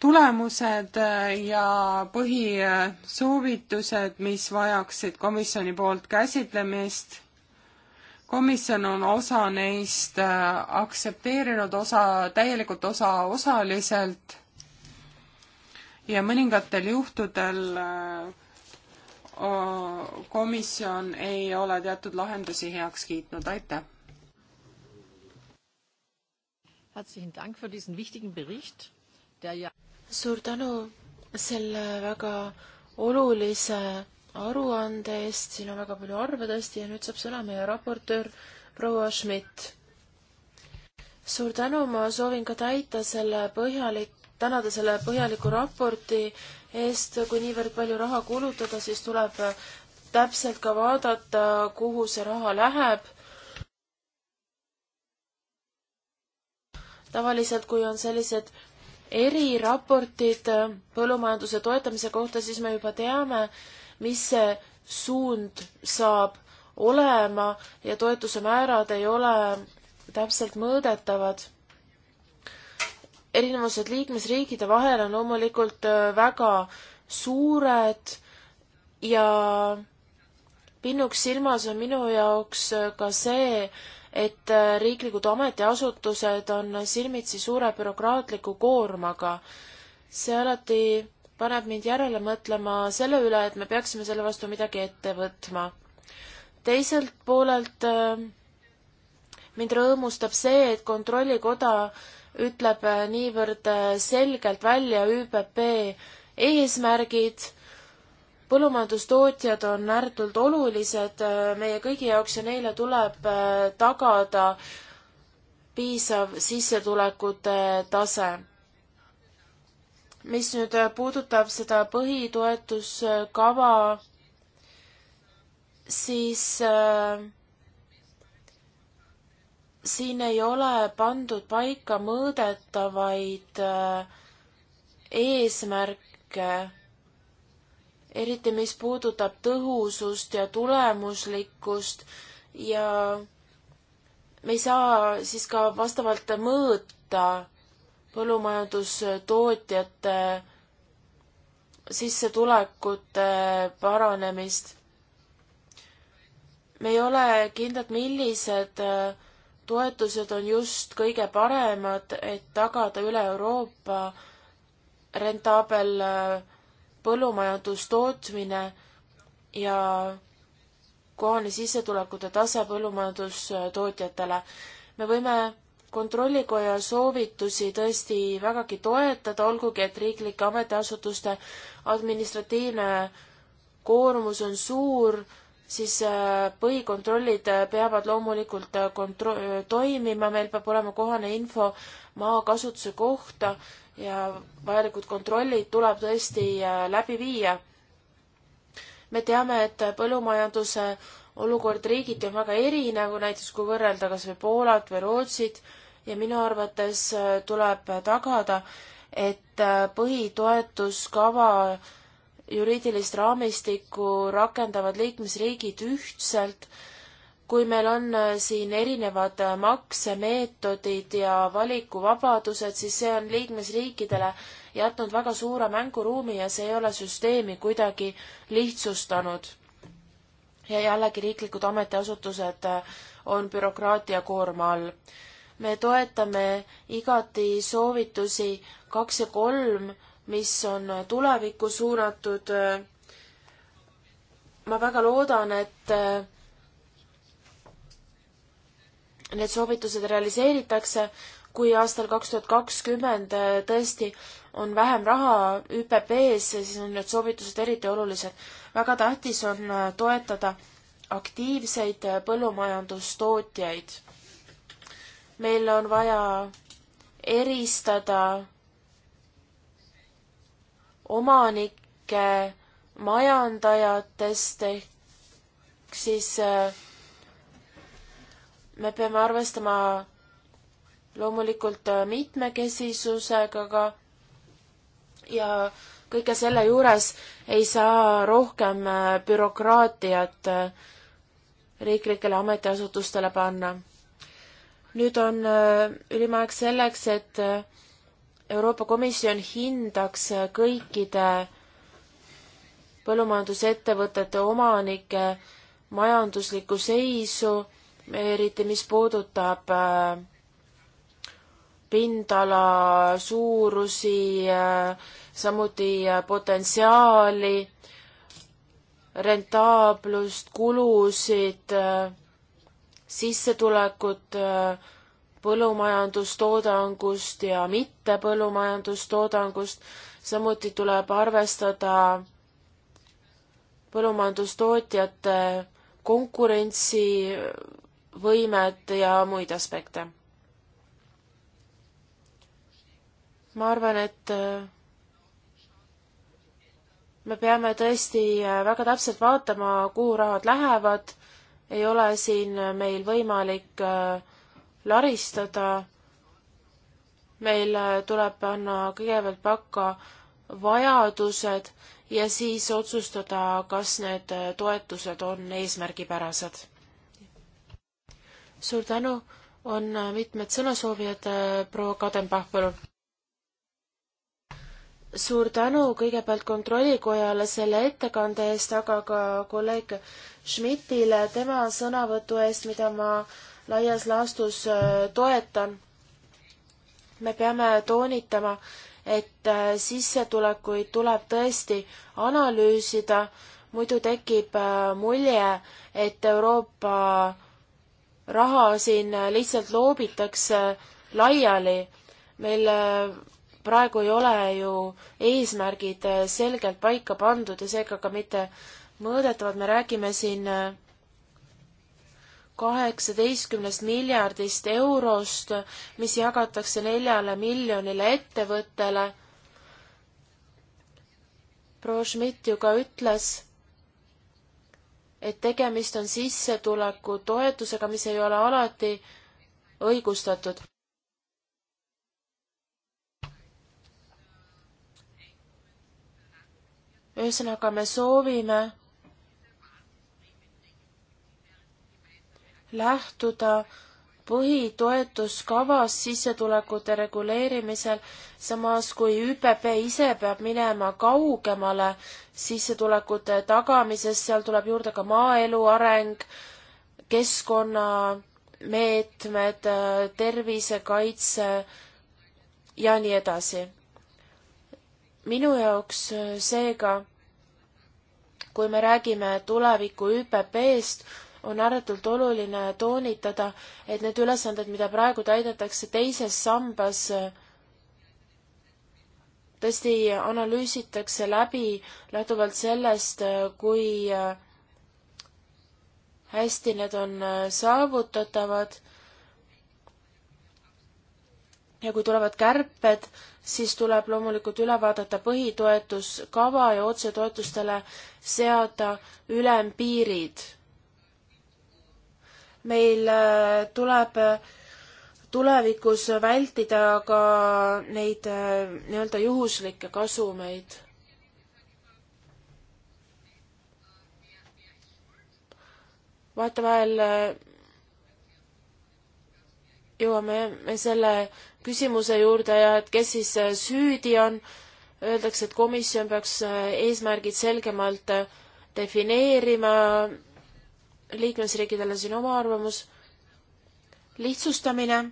tulemused äh, ja põhisoovitused, mis vajaksid komisjoni poolt käsitlemist. komisjon on osa neist äh, aktsepteerinud, osa täielikult, osa osaliselt ja mõningatel juhtudel äh, komisjon ei ole teatud lahendusi heaks kiitnud, aitäh. Herzlichen Dank für diesen wichtigen Bericht, der ja suur tänu selle väga olulise aruande eest, siin on väga palju arve tõesti ja nüüd saab sõna meie raportöör proua Schmidt. suur tänu, ma soovin ka täita selle põhjalik, tänada selle põhjaliku raporti eest, kui niivõrd palju raha kulutada, siis tuleb täpselt ka vaadata, kuhu see raha läheb tavaliselt, kui on sellised eriraportid äh, põllumajanduse toetamise kohta, siis me juba teame, mis see suund saab olema ja toetuse määrad ei ole täpselt mõõdetavad. erinevused liikmesriikide vahel on loomulikult äh, väga suured ja pinnuks silmas on minu jaoks äh, ka see, et äh, riiklikud ametiasutused on silmitsi suure bürokraatliku koormaga. see alati paneb mind järele mõtlema selle üle, et me peaksime selle vastu midagi ette võtma. teiselt poolelt äh, mind rõõmustab see, et Kontrollikoda ütleb äh, niivõrd selgelt välja ÜPP eesmärgid põllumajandustootjad on ääretult olulised äh, meie kõigi jaoks ja neile tuleb äh, tagada piisav sissetulekute tase. mis nüüd äh, puudutab seda põhitoetuskava, siis äh, siin ei ole pandud paika mõõdetavaid äh, eesmärke eriti mis puudutab tõhusust ja tulemuslikkust ja me ei saa siis ka vastavalt mõõta põllumajandustootjate sissetulekute paranemist. me ei ole kindlad, millised äh, toetused on just kõige paremad, et tagada üle Euroopa rentaabel äh, põllumajandustootmine ja kohane sissetulekute tase põllumajandustootjatele. me võime kontrollikoja soovitusi tõesti vägagi toetada, olgugi et riiklike ametiasutuste administratiivne koormus on suur, siis äh, põhikontrollid peavad loomulikult äh, kontro-, äh, toimima, meil peab olema kohane info maakasutuse kohta ja vajalikud kontrollid tuleb tõesti äh, läbi viia. me teame, et põllumajanduse olukord riigiti on väga erinev, näiteks kui võrrelda kas või Poolat või Rootsit ja minu arvates äh, tuleb tagada, et äh, põhitoetuskava juriidilist raamistikku rakendavad liikmesriigid ühtselt kui meil on äh, siin erinevad äh, maksemeetodid ja valikuvabadused, siis see on liikmesriikidele jätnud väga suure mänguruumi ja see ei ole süsteemi kuidagi lihtsustanud. ja jällegi riiklikud ametiasutused äh, on bürokraatia koorma all. me toetame igati soovitusi kaks ja kolm, mis on tulevikku suunatud. ma väga loodan, et need soovitused realiseeritakse, kui aastal kaks tuhat kakskümmend äh, tõesti on vähem raha ÜPP-s, siis on need soovitused eriti olulised. väga tähtis on äh, toetada aktiivseid äh, põllumajandustootjaid. meil on vaja eristada omanikke majandajatest ehk siis äh, me peame arvestama loomulikult äh, mitmekesisusega ka ja kõige selle juures ei saa rohkem äh, bürokraatiat äh, riiklikele ametiasutustele panna. nüüd on ülimaeg selleks, et Euroopa Komisjon hindaks kõikide põllumajandusettevõtete omanike majanduslikku seisu eriti mis puudutab äh, pindala suurusi, äh, samuti äh, potentsiaali, rentaablust, kulusid, sissetulekut põllumajandustoodangust ja mittepõllumajandustoodangust, samuti tuleb arvestada põllumajandustootjate konkurentsi võimet ja muid aspekte. ma arvan, et äh, me peame tõesti äh, väga täpselt vaatama, kuhu rahad lähevad, ei ole siin meil võimalik äh, laristada, meil tuleb panna kõigepealt pakka vajadused ja siis otsustada, kas need toetused on eesmärgipärased suur tänu, on mitmed sõnasoovijad, äh, proua Kadenbach, palun. suur tänu kõigepealt Kontrollikojale selle ettekande eest, aga ka kolleeg Schmidtile tema sõnavõtu eest, mida ma laias laastus äh, toetan. me peame toonitama, et äh, sissetulekuid tuleb tõesti analüüsida, muidu tekib mulje, et Euroopa raha siin lihtsalt loobitakse laiali. meil äh, praegu ei ole ju eesmärgid äh, selgelt paika pandud ja seega ka mitte mõõdetavad, me räägime siin äh, kaheksateistkümnest miljardist eurost, mis jagatakse neljale miljonile ettevõttele. proua Schmidt ju ka ütles et tegemist on sissetulekutoetusega, mis ei ole alati õigustatud. ühesõnaga, me soovime lähtuda põhitoetuskavas sissetulekute reguleerimisel, samas kui ÜPP ise peab minema kaugemale sissetulekute tagamises, seal tuleb juurde ka maaelu areng, keskkonnameetmed, tervisekaitse ja nii edasi. minu jaoks seega, kui me räägime tuleviku ÜPP-st, on ääretult oluline toonitada, et need ülesanded, mida praegu täidetakse teises sambas, tõesti analüüsitakse läbi lähtuvalt sellest, kui hästi need on saavutatavad. ja kui tulevad kärped, siis tuleb loomulikult üle vaadata põhitoetuskava ja otsetoetustele seada ülempiirid meil äh, tuleb äh, tulevikus vältida ka neid äh, nii-öelda juhuslikke kasumeid. vahetevahel jõuame me selle küsimuse juurde ja et kes siis süüdi on, öeldakse, et komisjon peaks eesmärgid selgemalt defineerima, liikmesriikidel on siin oma arvamus. lihtsustamine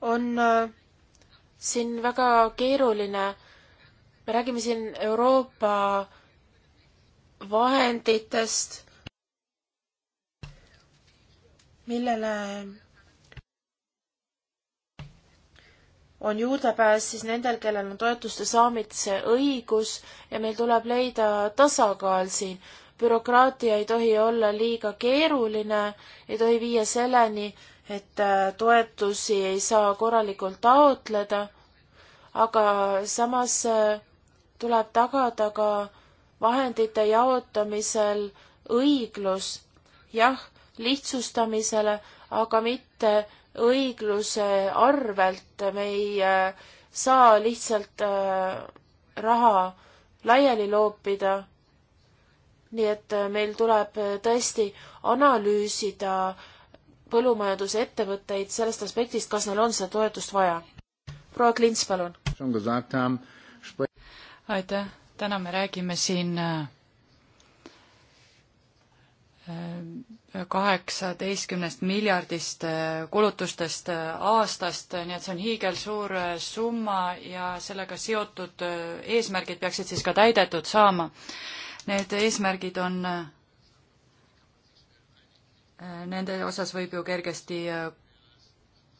on äh, siin väga keeruline. me räägime siin Euroopa vahenditest, millele on juurdepääs siis nendel, kellel on toetuste saamise õigus ja meil tuleb leida tasakaal siin bürokraatia ei tohi olla liiga keeruline, ei tohi viia selleni, et äh, toetusi ei saa korralikult taotleda, aga samas äh, tuleb tagada ka vahendite jaotamisel õiglus, jah, lihtsustamisele, aga mitte õigluse arvelt, me ei äh, saa lihtsalt raha laiali loopida nii et äh, meil tuleb äh, tõesti analüüsida põllumajandusettevõtteid sellest aspektist, kas neil on seda toetust vaja. proua Klints, palun. aitäh, täna me räägime siin äh, kaheksateistkümnest miljardist kulutustest aastast, nii et see on hiigelsuur summa ja sellega seotud eesmärgid peaksid siis ka täidetud saama Need eesmärgid on, äh, nende osas võib ju kergesti äh,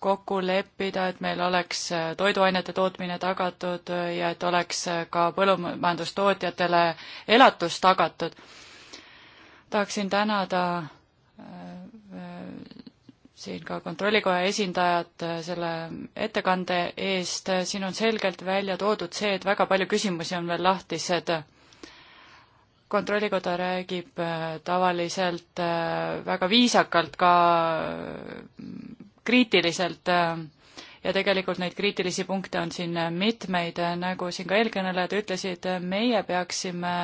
kokku leppida, et meil oleks äh, toiduainete tootmine tagatud ja et oleks ka põllumajandustootjatele elatus tagatud. tahaksin tänada siin ka Kontrollikoja esindajat selle ettekande eest, siin on selgelt välja toodud see, et väga palju küsimusi on veel lahtised kontrollikoda räägib äh, tavaliselt äh, väga viisakalt, ka äh, kriitiliselt ja tegelikult neid kriitilisi punkte on siin mitmeid, nagu siin ka eelkõnelejad ütlesid, meie peaksime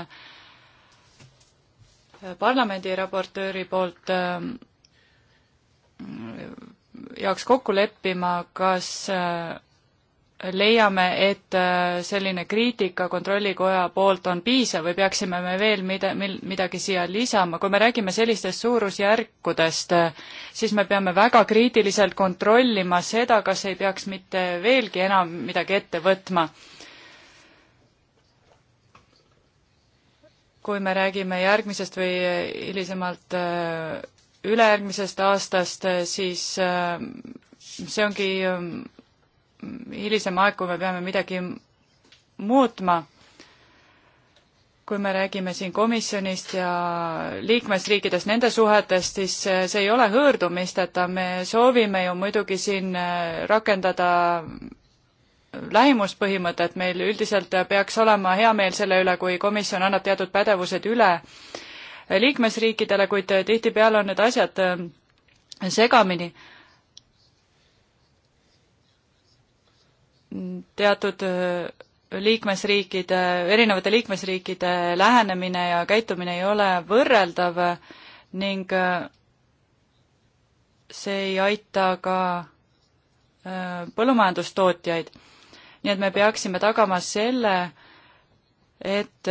parlamendi raportööri poolt jaoks kokku leppima, kas leiame, et äh, selline kriitika Kontrollikoja poolt on piisav või peaksime me veel mida, mil-, midagi siia lisama, kui me räägime sellistest suurusjärkudest, siis me peame väga kriitiliselt kontrollima seda, kas ei peaks mitte veelgi enam midagi ette võtma. kui me räägime järgmisest või hilisemalt äh, ülejärgmisest aastast, äh, siis see ongi ähm, hilisem aeg, kui me peame midagi muutma. kui me räägime siin komisjonist ja liikmesriikidest, nende suhetest, siis see ei ole hõõrdumisteta, me soovime ju muidugi siin äh, rakendada lähimuspõhimõtet, meil üldiselt peaks olema hea meel selle üle, kui komisjon annab teatud pädevused üle liikmesriikidele, kuid tihtipeale on need asjad äh, segamini teatud äh, liikmesriikide, erinevate liikmesriikide lähenemine ja käitumine ei ole võrreldav ning äh, see ei aita ka äh, põllumajandustootjaid. nii et me peaksime tagama selle, et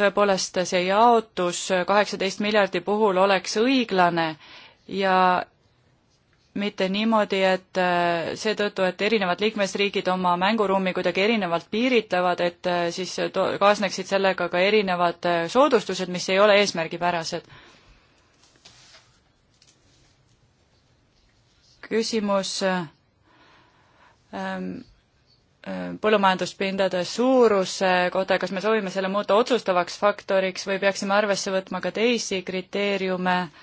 tõepoolest see jaotus kaheksateist miljardi puhul oleks õiglane ja mitte niimoodi, et äh, seetõttu, et erinevad liikmesriigid oma mänguruumi kuidagi erinevalt piiritlevad, et äh, siis äh, to-, kaasneksid sellega ka erinevad soodustused, mis ei ole eesmärgipärased. küsimus ähm, põllumajanduspindade suuruse kohta, kas me soovime selle muuta otsustavaks faktoriks või peaksime arvesse võtma ka teisi kriteeriume äh,,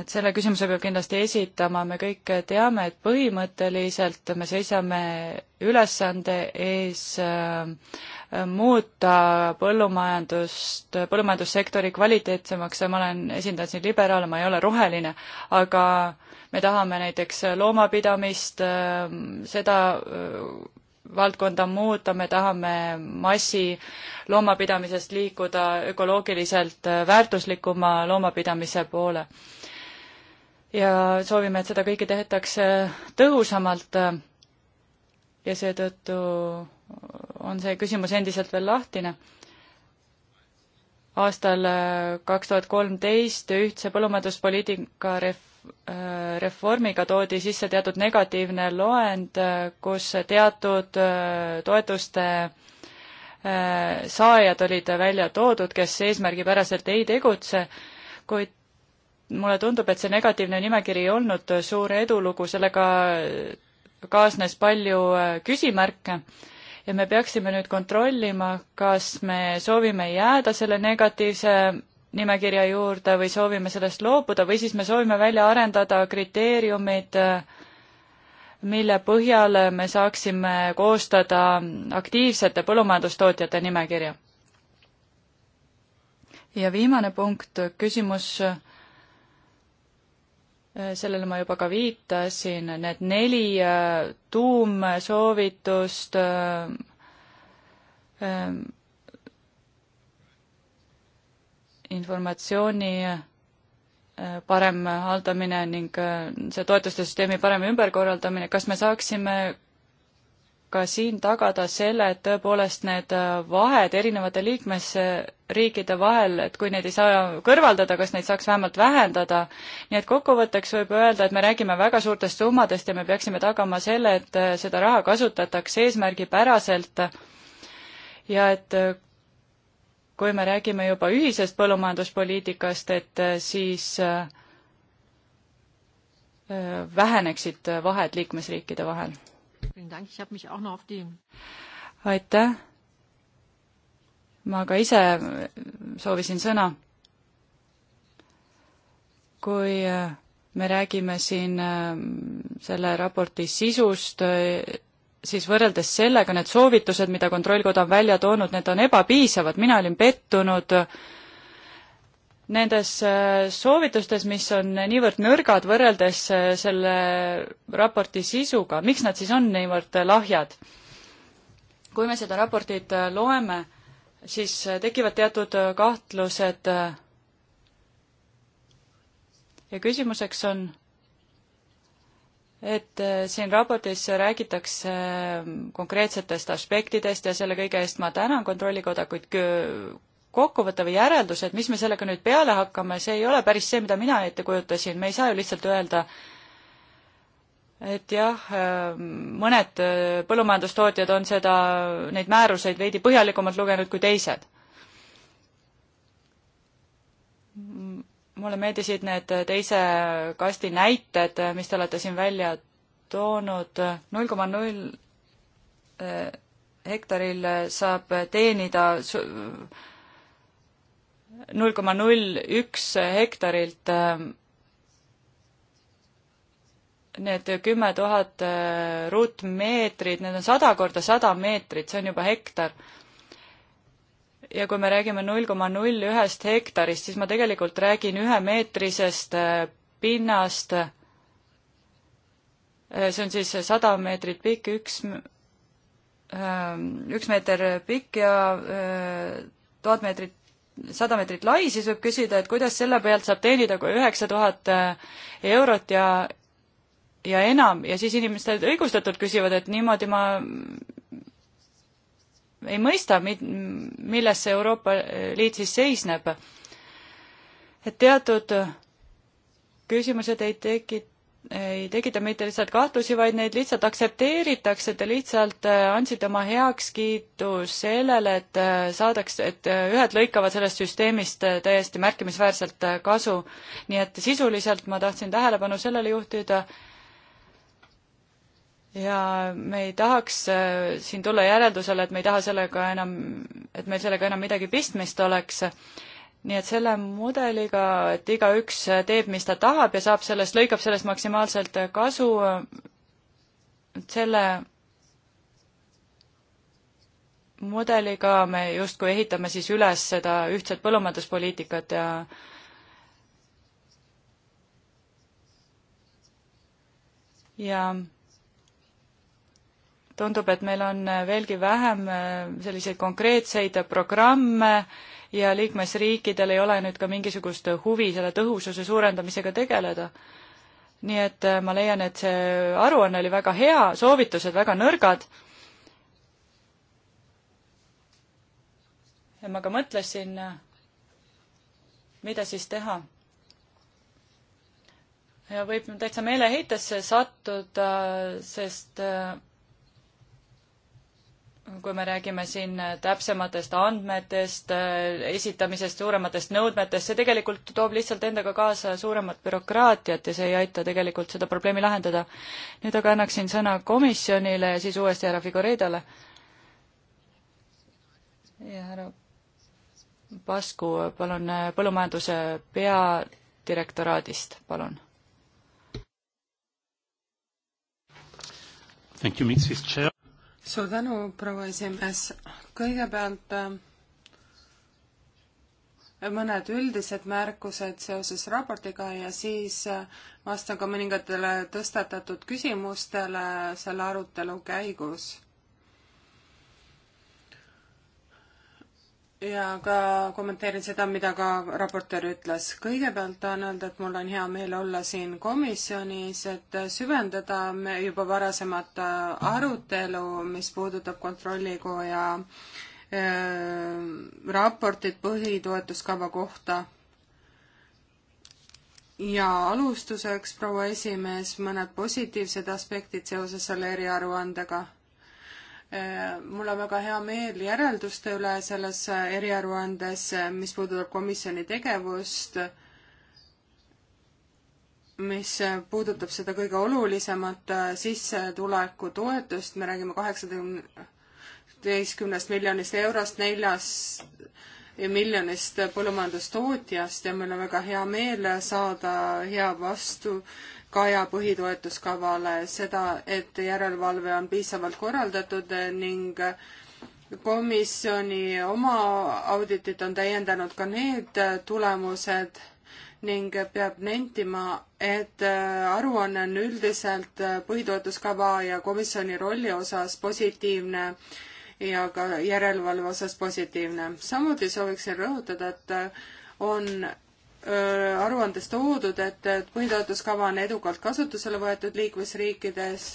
et selle küsimuse peab kindlasti esitama, me kõik teame, et põhimõtteliselt me seisame ülesande ees äh, muuta põllumajandust, põllumajandussektori kvaliteetsemaks ja ma olen, esindan siin liberaale, ma ei ole roheline, aga me tahame näiteks loomapidamist, äh, seda äh, valdkonda muuta, me tahame massi loomapidamisest liikuda ökoloogiliselt väärtuslikuma loomapidamise poole ja soovime, et seda kõike tehetakse äh, tõhusamalt ja seetõttu on see küsimus endiselt veel lahtine. aastal äh, kaks tuhat kolmteist ühtse põllumajanduspoliitika ref-, äh, reformiga toodi sisse teatud negatiivne loend, kus teatud toetuste saajad olid välja toodud, kes eesmärgipäraselt ei tegutse, kuid mulle tundub, et see negatiivne nimekiri ei olnud suur edulugu, sellega kaasnes palju äh, küsimärke ja me peaksime nüüd kontrollima, kas me soovime jääda selle negatiivse nimekirja juurde või soovime sellest loobuda või siis me soovime välja arendada kriteeriumid, äh, mille põhjal me saaksime koostada aktiivsete põllumajandustootjate nimekirja. ja viimane punkt, küsimus äh, Äh, sellele ma juba ka viitasin, need neli äh, tuumsoovitust äh, informatsiooni parem haldamine ning see toetuste süsteemi parem ümberkorraldamine, kas me saaksime ka siin tagada selle, et tõepoolest need äh, vahed erinevate liikmesriikide vahel, et kui neid ei saa kõrvaldada, kas neid saaks vähemalt vähendada. nii et kokkuvõtteks võib öelda, et me räägime väga suurtest summadest ja me peaksime tagama selle, et äh, seda raha kasutatakse eesmärgipäraselt ja et äh, kui me räägime juba ühisest põllumajanduspoliitikast, et siis väheneksid vahed liikmesriikide vahel aitäh. ma ka ise soovisin sõna. kui äh, me räägime siin äh, selle raporti sisust, äh, siis võrreldes sellega need soovitused, mida Kontrollkoda on välja toonud, need on ebapiisavad, mina olin pettunud äh, nendes äh, soovitustes, mis on niivõrd nõrgad võrreldes äh, selle raporti sisuga, miks nad siis on niivõrd äh, lahjad? kui me seda raportit loeme, siis tekivad teatud kahtlused. ja küsimuseks on, et siin raportis räägitakse konkreetsetest aspektidest ja selle kõige eest ma tänan Kontrollikoda, kuid kokkuvõte või järeldus, et mis me sellega nüüd peale hakkame, see ei ole päris see, mida mina ette kujutasin, me ei saa ju lihtsalt öelda, et jah, äh, mõned äh, põllumajandustootjad on seda, neid määruseid veidi põhjalikumalt lugenud kui teised. mulle meeldisid need teise kasti näited, mis te olete siin välja toonud, null koma null äh, hektaril saab teenida su-, null koma null üks hektarilt ähm, need kümme tuhat äh, ruutmeetrit, need on sada korda sada meetrit, see on juba hektar. ja kui me räägime null koma null ühest hektarist, siis ma tegelikult räägin ühemeetrisest äh, pinnast, äh, see on siis sada meetrit pikk, üks, ähm, üks meeter pikk ja tuhat meetrit sada meetrit lai, siis võib küsida, et kuidas selle pealt saab teenida kui üheksa tuhat äh, eurot ja ja enam ja siis inimesed õigustatult küsivad, et niimoodi ma ei mõista, milles see Euroopa Liit siis seisneb. et teatud küsimused ei tekita ei tekita mitte lihtsalt kahtlusi, vaid neid lihtsalt aktsepteeritakse, te lihtsalt äh, andsite oma heakskiitu sellele, et äh, saadaks, et äh, ühed lõikavad sellest süsteemist täiesti märkimisväärselt kasu. nii et sisuliselt ma tahtsin tähelepanu sellele juhtida ja me ei tahaks siin tulla järeldusele, et me ei taha sellega enam, et meil sellega enam midagi pistmist oleks nii et selle mudeliga, et igaüks teeb, mis ta tahab ja saab sellest, lõikab sellest maksimaalselt kasu, selle mudeliga me justkui ehitame siis üles seda ühtset põllumajanduspoliitikat ja ja tundub, et meil on veelgi vähem selliseid konkreetseid programme ja liikmesriikidel ei ole nüüd ka mingisugust huvi selle tõhususe suurendamisega tegeleda. nii et äh, ma leian, et see aruanne oli väga hea, soovitused väga nõrgad. ja ma ka mõtlesin, mida siis teha ja võib täitsa meeleheitesse sattuda, sest äh, kui me räägime siin äh, täpsematest andmetest, äh, esitamisest, suurematest nõudmetest, see tegelikult toob lihtsalt endaga kaasa suuremat bürokraatiat ja see ei aita tegelikult seda probleemi lahendada. nüüd aga annaksin sõna komisjonile ja siis uuesti härra Figureidole. ja härra Pasku, palun, äh, põllumajanduse peadirektoraadist, palun. Thank you, Mrs Chair suur tänu, proua esimees. kõigepealt äh, mõned üldised märkused seoses raportiga ja siis äh, vastan ka mõningatele tõstatatud küsimustele selle arutelu käigus. ja ka kommenteerin seda, mida ka raportöör ütles. kõigepealt tahan öelda, et mul on hea meel olla siin komisjonis, et süvendada juba varasemat äh, arutelu, mis puudutab Kontrollikoja äh, raportit põhitoetuskava kohta. ja alustuseks, proua esimees, mõned positiivsed aspektid seoses selle eriaruandega mul on väga hea meel järelduste üle selles eriaruandes, mis puudutab komisjoni tegevust, mis puudutab seda kõige olulisemat sissetulekutoetust, me räägime kaheksateistkümnest miljonist eurost, neljast miljonist põllumajandustootjast ja meil on väga hea meel saada hea vastu Kaja põhitoetuskavale seda, et järelevalve on piisavalt korraldatud ning komisjoni oma auditit on täiendanud ka need tulemused ning peab nentima, et aruanne on üldiselt põhitoetuskava ja komisjoni rolli osas positiivne ja ka järelevalve osas positiivne. samuti sooviksin rõhutada, et on aruandes toodud, et, et põhitoetuskava on edukalt kasutusele võetud liikmesriikides,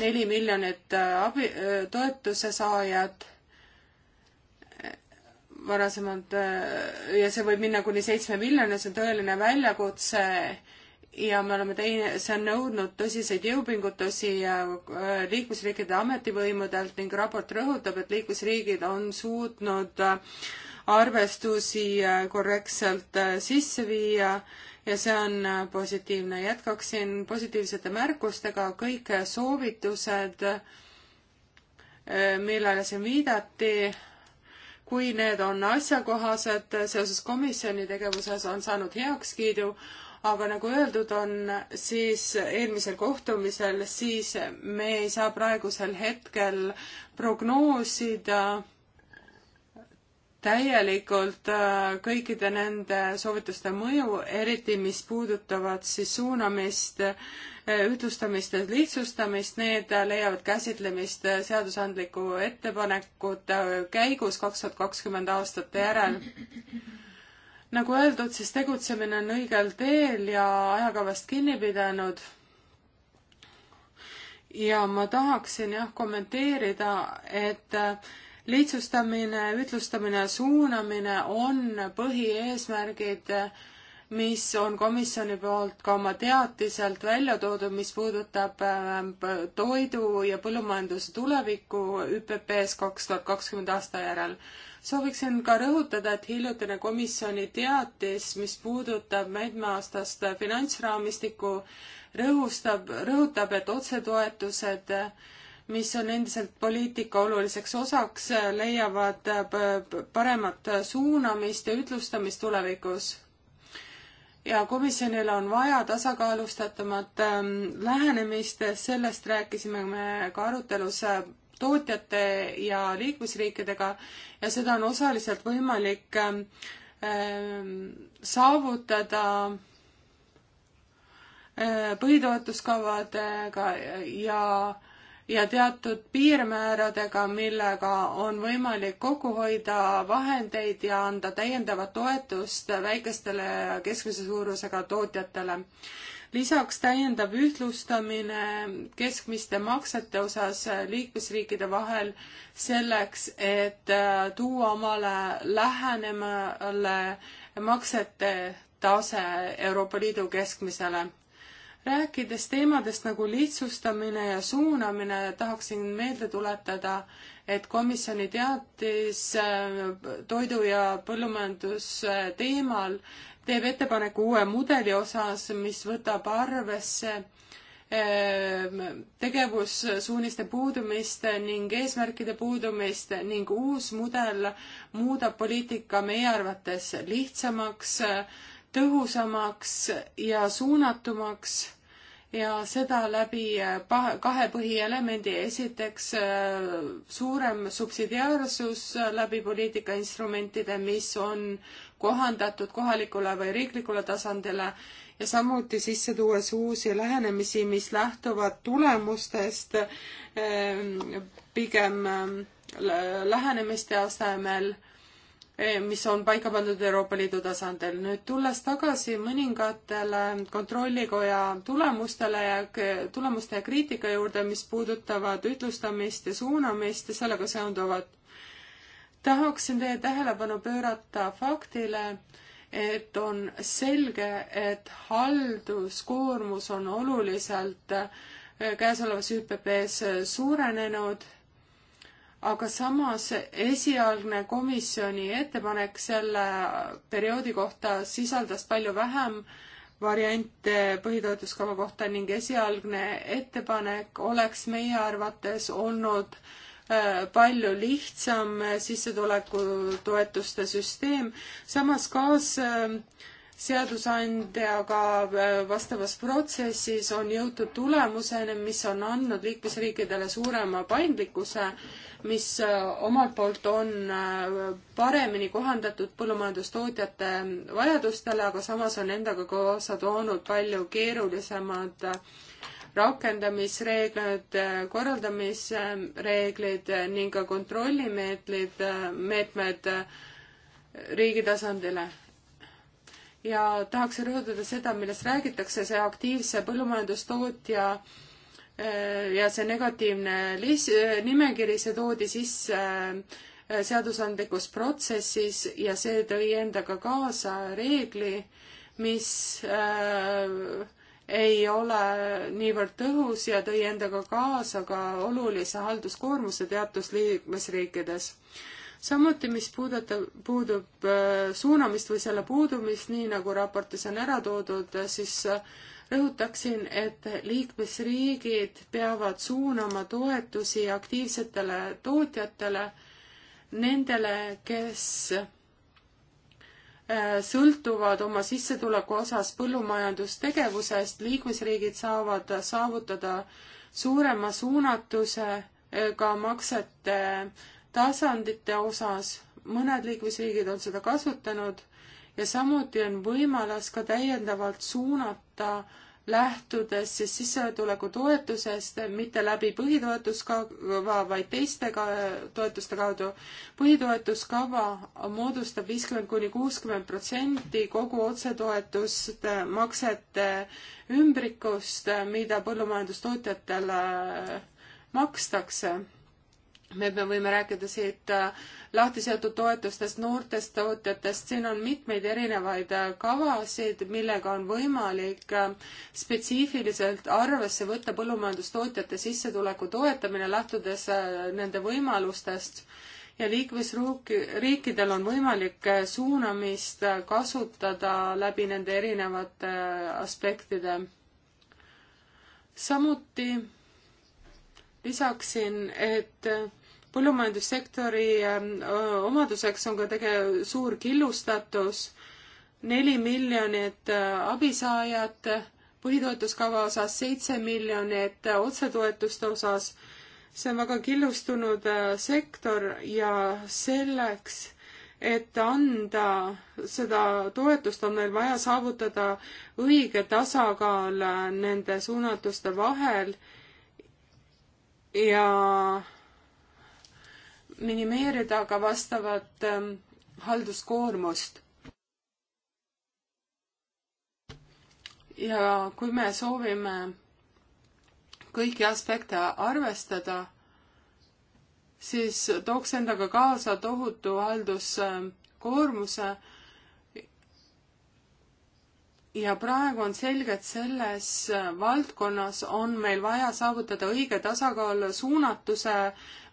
neli miljonit äh, abi, toetuse saajat äh, varasemalt äh, ja see võib minna kuni seitsme miljoni, see on tõeline väljakutse ja me oleme teine, see on nõudnud tõsiseid jõupingutusi liikmesriikide ametivõimudelt ning raport rõhutab, et liikmesriigid on suutnud äh, arvestusi äh, korrektselt äh, sisse viia ja see on äh, positiivne. jätkaksin positiivsete märkustega, kõik soovitused, millele siin viidati, kui need on asjakohased seoses komisjoni tegevuses, on saanud heakskiidu, aga nagu öeldud on, siis eelmisel kohtumisel, siis me ei saa praegusel hetkel prognoosida äh, täielikult äh, kõikide nende soovituste mõju, eriti mis puudutavad siis suunamist, äh, ühtlustamist ja lihtsustamist, need äh, leiavad käsitlemist seadusandliku ettepanekute käigus kaks tuhat kakskümmend aastate järel. nagu öeldud, siis tegutsemine on õigel teel ja ajakavast kinni pidanud. ja ma tahaksin jah kommenteerida, et äh, lihtsustamine, ütlustamine, suunamine on põhieesmärgid, mis on komisjoni poolt ka oma teatiselt välja toodud, mis puudutab ähm, toidu ja põllumajanduse tulevikku ÜPP-s kaks tuhat kakskümmend aasta järel. sooviksin ka rõhutada, et hiljutine komisjoni teatis, mis puudutab mitmeaastast finantsraamistikku, rõhustab, rõhutab, et otsetoetused äh, mis on endiselt poliitika oluliseks osaks, leiavad äh, paremat suunamist ja ütlustamist tulevikus. ja komisjonil on vaja tasakaalustatumat ähm, lähenemist, sellest rääkisime me ka arutelus äh, tootjate ja liikmesriikidega ja seda on osaliselt võimalik ähm, ähm, saavutada äh, põhitoetuskavadega ja äh, ja teatud piirmääradega, millega on võimalik kokku hoida vahendeid ja anda täiendavat toetust väikestele ja keskmise suurusega tootjatele. lisaks täiendav ühtlustamine keskmiste maksete osas liikmesriikide vahel selleks, et äh, tuua omale lähenemale maksete tase Euroopa Liidu keskmisele rääkides teemadest nagu lihtsustamine ja suunamine, tahaksin meelde tuletada, et komisjoni teatis äh, toidu ja põllumajanduse teemal teeb ettepaneku uue mudeli osas, mis võtab arvesse äh, tegevussuuniste puudumist ning eesmärkide puudumist ning uus mudel muudab poliitika meie arvates lihtsamaks tõhusamaks ja suunatumaks ja seda läbi äh, kahe põhielemendi. esiteks äh, suurem subsidiaarsus äh, läbi poliitikainstrumentide, mis on kohandatud kohalikule või riiklikule tasandile ja samuti sisse tuues uusi lähenemisi, mis lähtuvad tulemustest pigem lähenemiste asemel Eh, mis on paika pandud Euroopa Liidu tasandil. nüüd tulles tagasi mõningatele kontrollikoja tulemustele ja tulemuste ja kriitika juurde, mis puudutavad ütlustamist ja suunamist ja sellega seonduvat, tahaksin teie tähelepanu pöörata faktile, et on selge, et halduskoormus on oluliselt eh, käesolevas ÜPP-s eh, suurenenud aga samas esialgne komisjoni ettepanek selle perioodi kohta sisaldas palju vähem variante põhitoetuskava kohta ning esialgne ettepanek oleks meie arvates olnud äh, palju lihtsam sissetulekutoetuste süsteem. samas kaas äh, seadusandjaga äh, vastavas protsessis on jõutud tulemuseni, mis on andnud liikmesriikidele suurema paindlikkuse, mis äh, omalt poolt on äh, paremini kohandatud põllumajandustootjate vajadustele, aga samas on endaga kaasa toonud palju keerulisemad rakendamisreeglid, korraldamisreeglid ning ka kontrollimeetlid, meetmed riigi tasandile ja tahaksin rõhutada seda, millest räägitakse, see aktiivse põllumajandustootja eh, ja see negatiivne lis-, eh, nimekiri, see toodi sisse eh, seadusandlikus protsessis ja see tõi endaga kaasa reegli, mis äh, ei ole niivõrd tõhus ja tõi endaga kaasa ka olulise halduskoormuse teatud liikmesriikides samuti, mis puudutab, puudub äh, suunamist või selle puudumist, nii nagu raportis on ära toodud, siis äh, rõhutaksin, et liikmesriigid peavad suunama toetusi aktiivsetele tootjatele, nendele, kes äh, sõltuvad oma sissetuleku osas põllumajandustegevusest, liikmesriigid saavad saavutada suurema suunatusega maksete tasandite osas, mõned liikmesriigid on seda kasutanud ja samuti on võimalus ka täiendavalt suunata lähtudes siis sissetulekutoetusest, mitte läbi põhitoetuskava, vaid teiste ka, toetuste kaudu. põhitoetuskava moodustab viiskümmend kuni kuuskümmend protsenti kogu otsetoetuste maksete ümbrikust, mida põllumajandustootjatele makstakse me võime rääkida siit äh, lahti seotud toetustest, noortest tootjatest, siin on mitmeid erinevaid äh, kavasid, millega on võimalik äh, spetsiifiliselt arvesse võtta põllumajandustootjate sissetuleku toetamine, lähtudes nende võimalustest ja liikmesriikidel on võimalik suunamist kasutada läbi nende erinevate aspektide. samuti lisaksin, et põllumajandussektori ähm, omaduseks on ka tege-, suur killustatus, neli miljonit äh, abisaajat, põhitoetuskava osas seitse miljonit, äh, otsetoetuste osas, see on väga killustunud äh, sektor ja selleks, et anda seda toetust, on meil vaja saavutada õige tasakaal nende suunatluste vahel ja minimeerida ka vastavat ähm, halduskoormust. ja kui me soovime kõiki aspekte arvestada, siis tooks endaga kaasa tohutu halduskoormuse äh, ja praegu on selge, et selles valdkonnas on meil vaja saavutada õige tasakaal suunatuse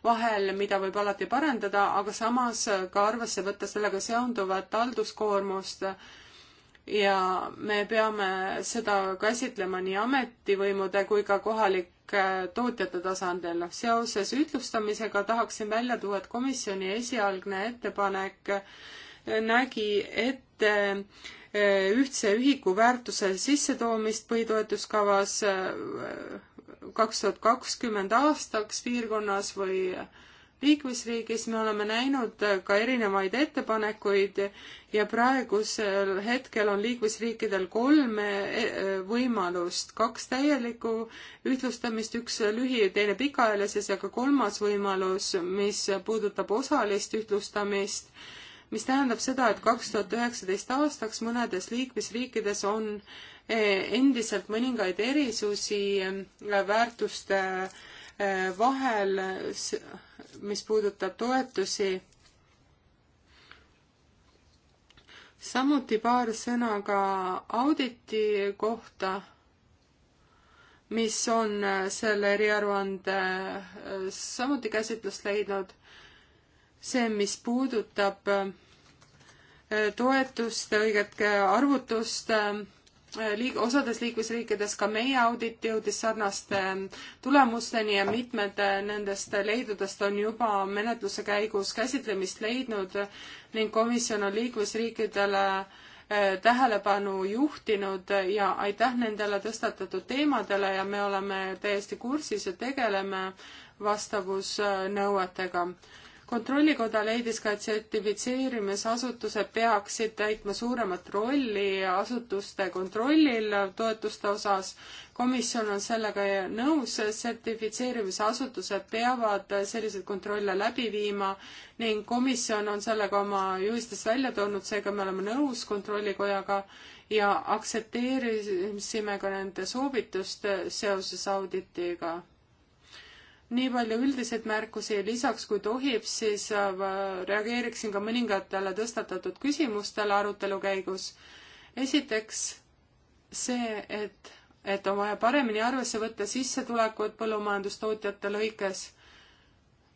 vahel, mida võib alati parendada, aga samas ka arvesse võtta sellega seonduvat halduskoormust ja me peame seda käsitlema nii ametivõimude kui ka kohalike tootjate tasandil. Noh, seoses ühtlustamisega tahaksin välja tuua, et komisjoni esialgne ettepanek nägi ette eh, ühtse ühiku väärtuse sissetoomist põhitoetuskavas eh, kaks tuhat kakskümmend aastaks piirkonnas või liikmesriigis me oleme näinud ka erinevaid ettepanekuid ja praegusel hetkel on liikmesriikidel kolm eh, võimalust, kaks täielikku ühtlustamist, üks lühi, teine pikaajalises ja ka kolmas võimalus, mis puudutab osalist ühtlustamist, mis tähendab seda, et kaks tuhat üheksateist aastaks mõnedes liikmesriikides on endiselt mõningaid erisusi äh, väärtuste äh, vahel, mis puudutab toetusi. samuti paar sõna ka auditi kohta, mis on äh, selle eriaruande samuti käsitlust leidnud. see, mis puudutab toetuste õiget arvutust äh, Äh, liig-, osades liikmesriikides ka meie audit jõudis sarnaste ähm, tulemusteni ja mitmed äh, nendest leidudest on juba menetluse käigus käsitlemist leidnud ning komisjon on liikmesriikidele äh, tähelepanu juhtinud ja aitäh nendele tõstatatud teemadele ja me oleme täiesti kursis ja tegeleme vastavusnõuetega kontrollikoda leidis ka, et sertifitseerimisasutused peaksid täitma suuremat rolli asutuste kontrollil toetuste osas. komisjon on sellega nõus, sertifitseerimisasutused peavad selliseid kontrolle läbi viima ning komisjon on sellega oma juhistes välja toonud, seega me oleme nõus kontrollikojaga ja aktsepteerisime ka nende soovitust seoses auditiga nii palju üldiseid märkusi ja lisaks, kui tohib, siis äh, reageeriksin ka mõningatele tõstatatud küsimustele arutelu käigus. esiteks see, et, et on vaja paremini arvesse võtta sissetulekud põllumajandustootjate lõikes.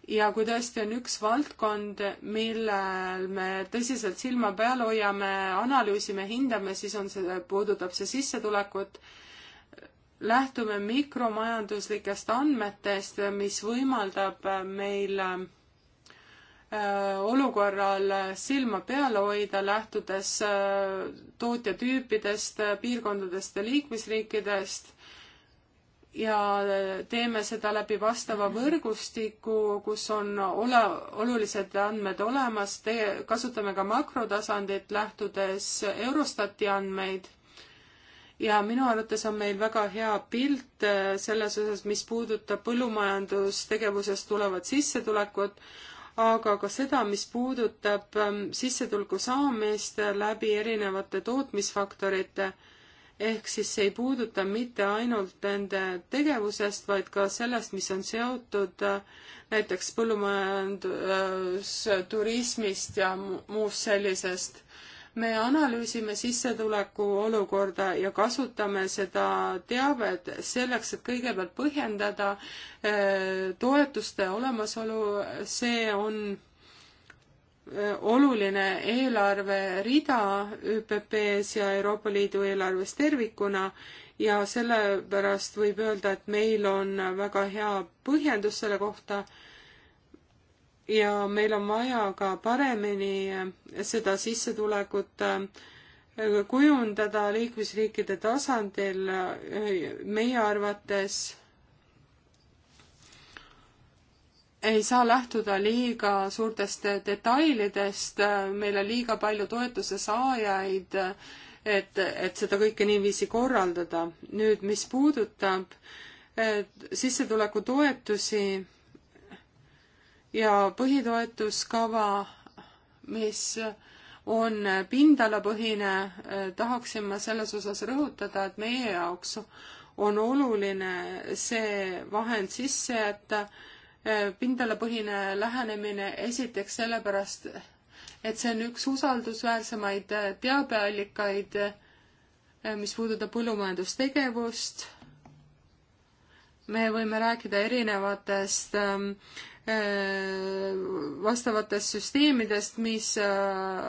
ja kui tõesti on üks valdkond, millel me tõsiselt silma peal hoiame, analüüsime, hindame, siis on see, puudutab see sissetulekut lähtume mikromajanduslikest andmetest, mis võimaldab meil äh, olukorral silma peal hoida, lähtudes äh, tootjatüüpidest, piirkondadest ja liikmesriikidest ja äh, teeme seda läbi vastava võrgustiku, kus on ole, olulised andmed olemas, kasutame ka makrotasandit, lähtudes Eurostati andmeid ja minu arvates on meil väga hea pilt äh, selles osas, mis puudutab põllumajandustegevusest tulevat sissetulekut, aga ka seda, mis puudutab ähm, sissetuleku saamist läbi erinevate tootmisfaktorite, ehk siis see ei puuduta mitte ainult nende tegevusest, vaid ka sellest, mis on seotud äh, näiteks põllumajandusturismist äh, ja muust sellisest me analüüsime sissetuleku olukorda ja kasutame seda teavet selleks, et kõigepealt põhjendada eh, toetuste olemasolu, see on eh, oluline eelarverida ÜPP-s ja Euroopa Liidu eelarves tervikuna ja sellepärast võib öelda, et meil on väga hea põhjendus selle kohta ja meil on vaja ka paremini seda sissetulekut äh, kujundada liikmesriikide tasandil äh, meie arvates ei saa lähtuda liiga suurtest detailidest, äh, meil on liiga palju toetuse saajaid, et, et seda kõike niiviisi korraldada. nüüd, mis puudutab sissetulekutoetusi, ja põhitoetuskava, mis on pindalapõhine, äh, tahaksin ma selles osas rõhutada, et meie jaoks on oluline see vahend sisse jätta, äh, pindalapõhine lähenemine esiteks sellepärast, et see on üks usaldusväärsemaid äh, teabeallikaid, mis puudutab põllumajandustegevust. me võime rääkida erinevatest ähm, Äh, vastavatest süsteemidest, mis äh,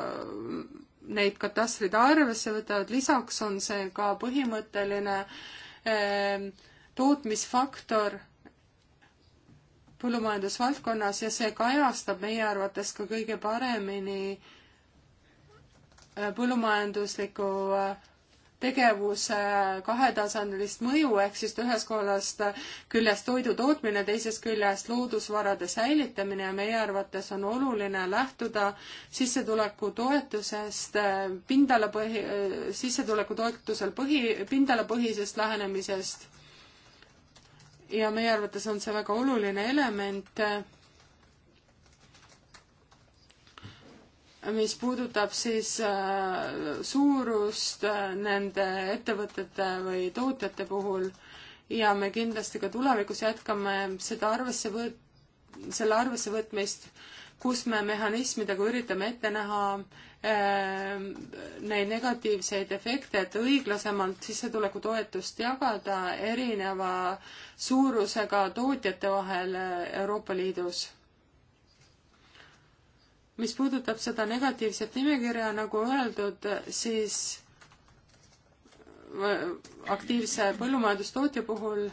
neid katastreid arvesse võtavad, lisaks on see ka põhimõtteline äh, tootmisfaktor põllumajandusvaldkonnas ja see kajastab meie arvates ka kõige paremini põllumajanduslikku tegevuse kahetasandilist mõju ehk siis ühest kohast küljest toidu tootmine, teisest küljest loodusvarade säilitamine ja meie arvates on oluline lähtuda sissetulekutoetusest eh, pindalapõhi, eh, sissetulekutoetusel põhi, pindalapõhisest lähenemisest. ja meie arvates on see väga oluline element eh, mis puudutab siis äh, suurust äh, nende ettevõtete või tootjate puhul ja me kindlasti ka tulevikus jätkame seda arvesse võt-, selle arvesse võtmist, kus me mehhanismidega üritame ette näha äh, neid negatiivseid efekte, et õiglasemalt sissetulekutoetust jagada erineva suurusega tootjate vahel Euroopa Liidus mis puudutab seda negatiivset nimekirja, nagu öeldud, siis äh, aktiivse põllumajandustootja puhul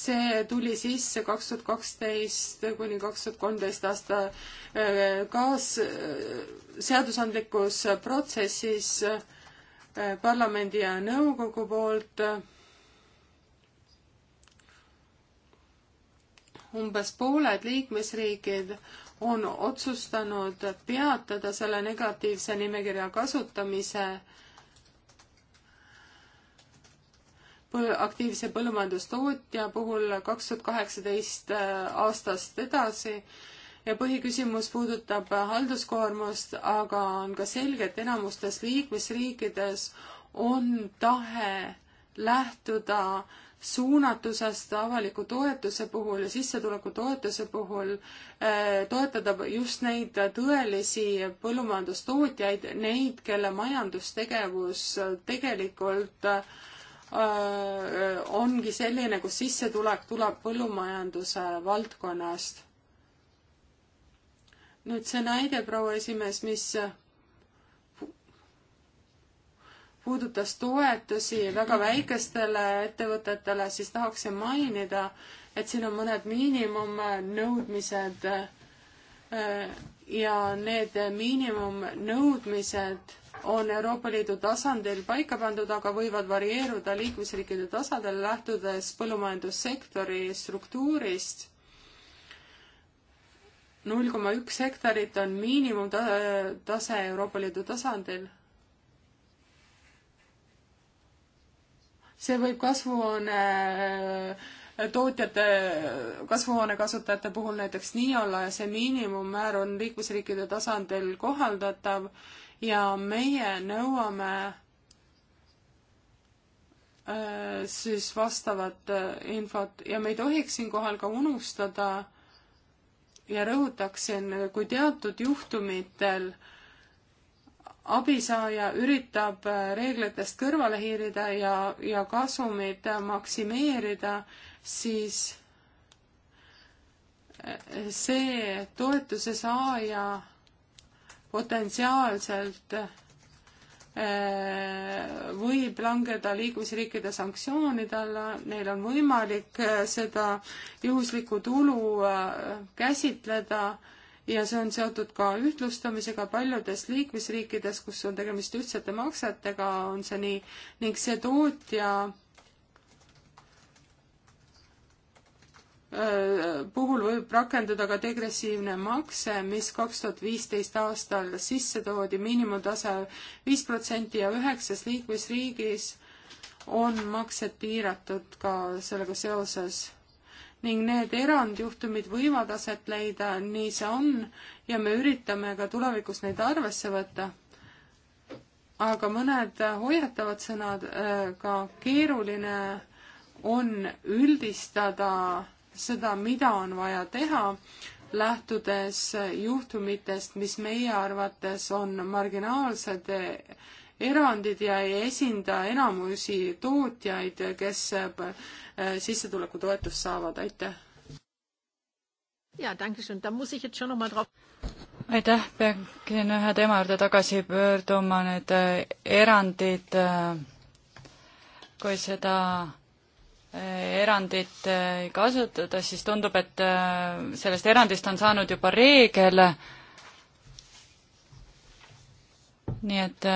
see tuli sisse kaks tuhat kaksteist kuni kaks tuhat kolmteist aasta äh, kaas-, äh, seadusandlikus protsessis parlamendi ja nõukogu poolt umbes pooled liikmesriigid on otsustanud peatada selle negatiivse nimekirja kasutamise põl aktiivse põllumajandustootja puhul kaks tuhat kaheksateist äh, aastast edasi ja põhiküsimus puudutab halduskoormust, aga on ka selge, et enamustes liikmesriikides on tahe lähtuda suunatusest avaliku toetuse puhul ja sissetulekutoetuse puhul äh, toetada just neid tõelisi põllumajandustootjaid, neid, kelle majandustegevus tegelikult äh, ongi selline, kus sissetulek tuleb põllumajanduse valdkonnast. nüüd see näide, proua esimees, mis puudutas toetusi väga väikestele ettevõtetele, siis tahaksin mainida, et siin on mõned miinimumnõudmised äh, ja need miinimumnõudmised on Euroopa Liidu tasandil paika pandud, aga võivad varieeruda liikmesriikide tasandil, lähtudes põllumajandussektori struktuurist. null koma üks hektarit on miinimumtase Euroopa Liidu tasandil see võib kasvuhoone äh, tootjate, kasvuhoone kasutajate puhul näiteks nii olla ja see miinimummäär on liikmesriikide tasandil kohaldatav ja meie nõuame äh, siis vastavat äh, infot ja me ei tohiks siinkohal ka unustada ja rõhutaksin, kui teatud juhtumitel äh, abisaaja üritab äh, reeglitest kõrvale hiilida ja, ja kasumit maksimeerida, siis äh, see toetuse saaja potentsiaalselt äh, võib langeda liikmesriikide sanktsioonide alla, neil on võimalik seda juhuslikku tulu käsitleda ja see on seotud ka ühtlustamisega paljudes liikmesriikides, kus on tegemist ühtsete maksetega, on see nii ning see tootja äh, puhul võib rakenduda ka degressiivne makse, mis kaks tuhat viisteist aastal sisse toodi, miinimumtase viis protsenti ja üheksas liikmesriigis on maksed piiratud ka sellega seoses ning need erandjuhtumid võivad aset leida, nii see on ja me üritame ka tulevikus neid arvesse võtta. aga mõned hoiatavad sõnad äh, ka keeruline on üldistada seda, mida on vaja teha, lähtudes juhtumitest, mis meie arvates on marginaalsed erandid ja ei esinda enamusi tootjaid, kes äh, sissetulekutoetust saavad, aitäh. aitäh, pean ühe teema juurde tagasi pöörduma, need äh, erandid, äh, kui seda erandit ei kasutata, siis tundub, et sellest erandist on saanud juba reegel. nii et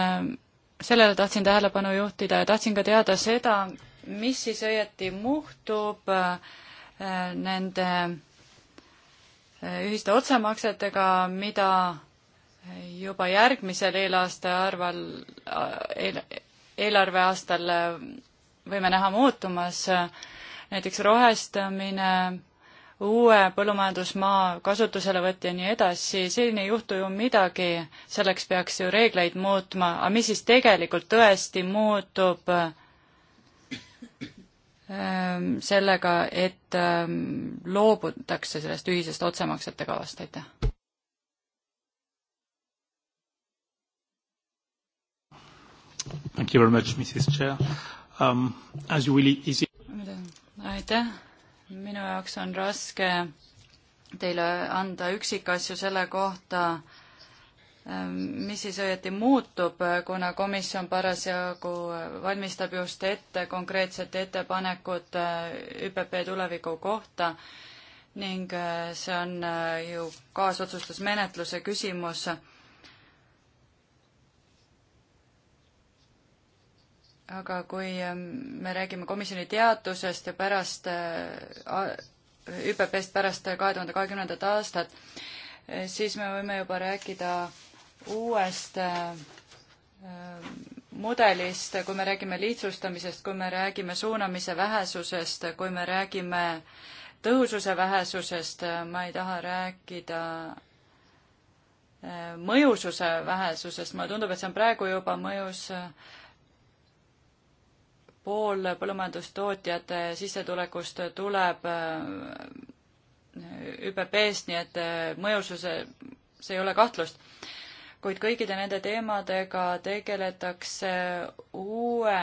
sellele tahtsin tähelepanu juhtida ja tahtsin ka teada seda, mis siis õieti muhtub äh, nende äh, ühiste otsemaksetega, mida juba järgmisel eelaasta arval äh, eel,, eelarveaastal võime näha muutumas, näiteks rohestamine, uue põllumajandusmaa kasutuselevõtt ja nii edasi, siin ei juhtu ju midagi, selleks peaks ju reegleid muutma, aga mis siis tegelikult tõesti muutub ähm, sellega, et ähm, loobutakse sellest ühisest otsemaksete kavast, aitäh? Thank you very much, Mrs Chair um,. As you will easy aitäh minu jaoks on raske teile anda üksikasju selle kohta, ähm, mis siis õieti muutub, kuna komisjon parasjagu valmistab just ette konkreetset ettepanekut äh, ÜPP tuleviku kohta ning äh, see on äh, ju kaasotsustusmenetluse küsimus aga kui ähm, me räägime komisjoni teadusest ja pärast äh, ÜPP-st pärast kahe tuhande kahekümnendat aastat, äh, siis me võime juba rääkida uuest äh, mudelist, kui me räägime lihtsustamisest, kui me räägime suunamise vähesusest, kui me räägime tõhususe vähesusest, ma ei taha rääkida mõjususe vähesusest, mulle tundub, et see on praegu juba mõjus äh, pool põllumajandustootjate eh, sissetulekust tuleb eh, ÜPP-st, nii et eh, mõjususe, see ei ole kahtlust. kuid kõikide nende teemadega tegeletakse uue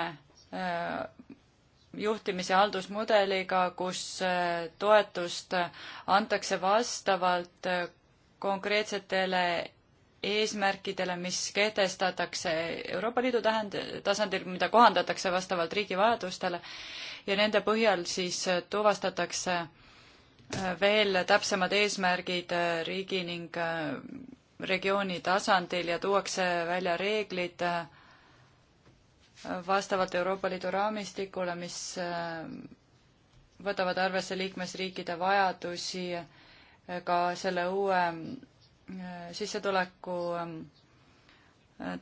juhtimise haldusmudeliga, kus toetust antakse vastavalt konkreetsetele eesmärkidele, mis kehtestatakse Euroopa Liidu tähend-, tasandil, mida kohandatakse vastavalt riigi vajadustele ja nende põhjal siis tuvastatakse äh, veel täpsemad eesmärgid äh, riigi ning äh, regiooni tasandil ja tuuakse välja reeglid vastavalt Euroopa Liidu raamistikule, mis võtavad arvesse liikmesriikide vajadusi ka selle uue sissetuleku ähm,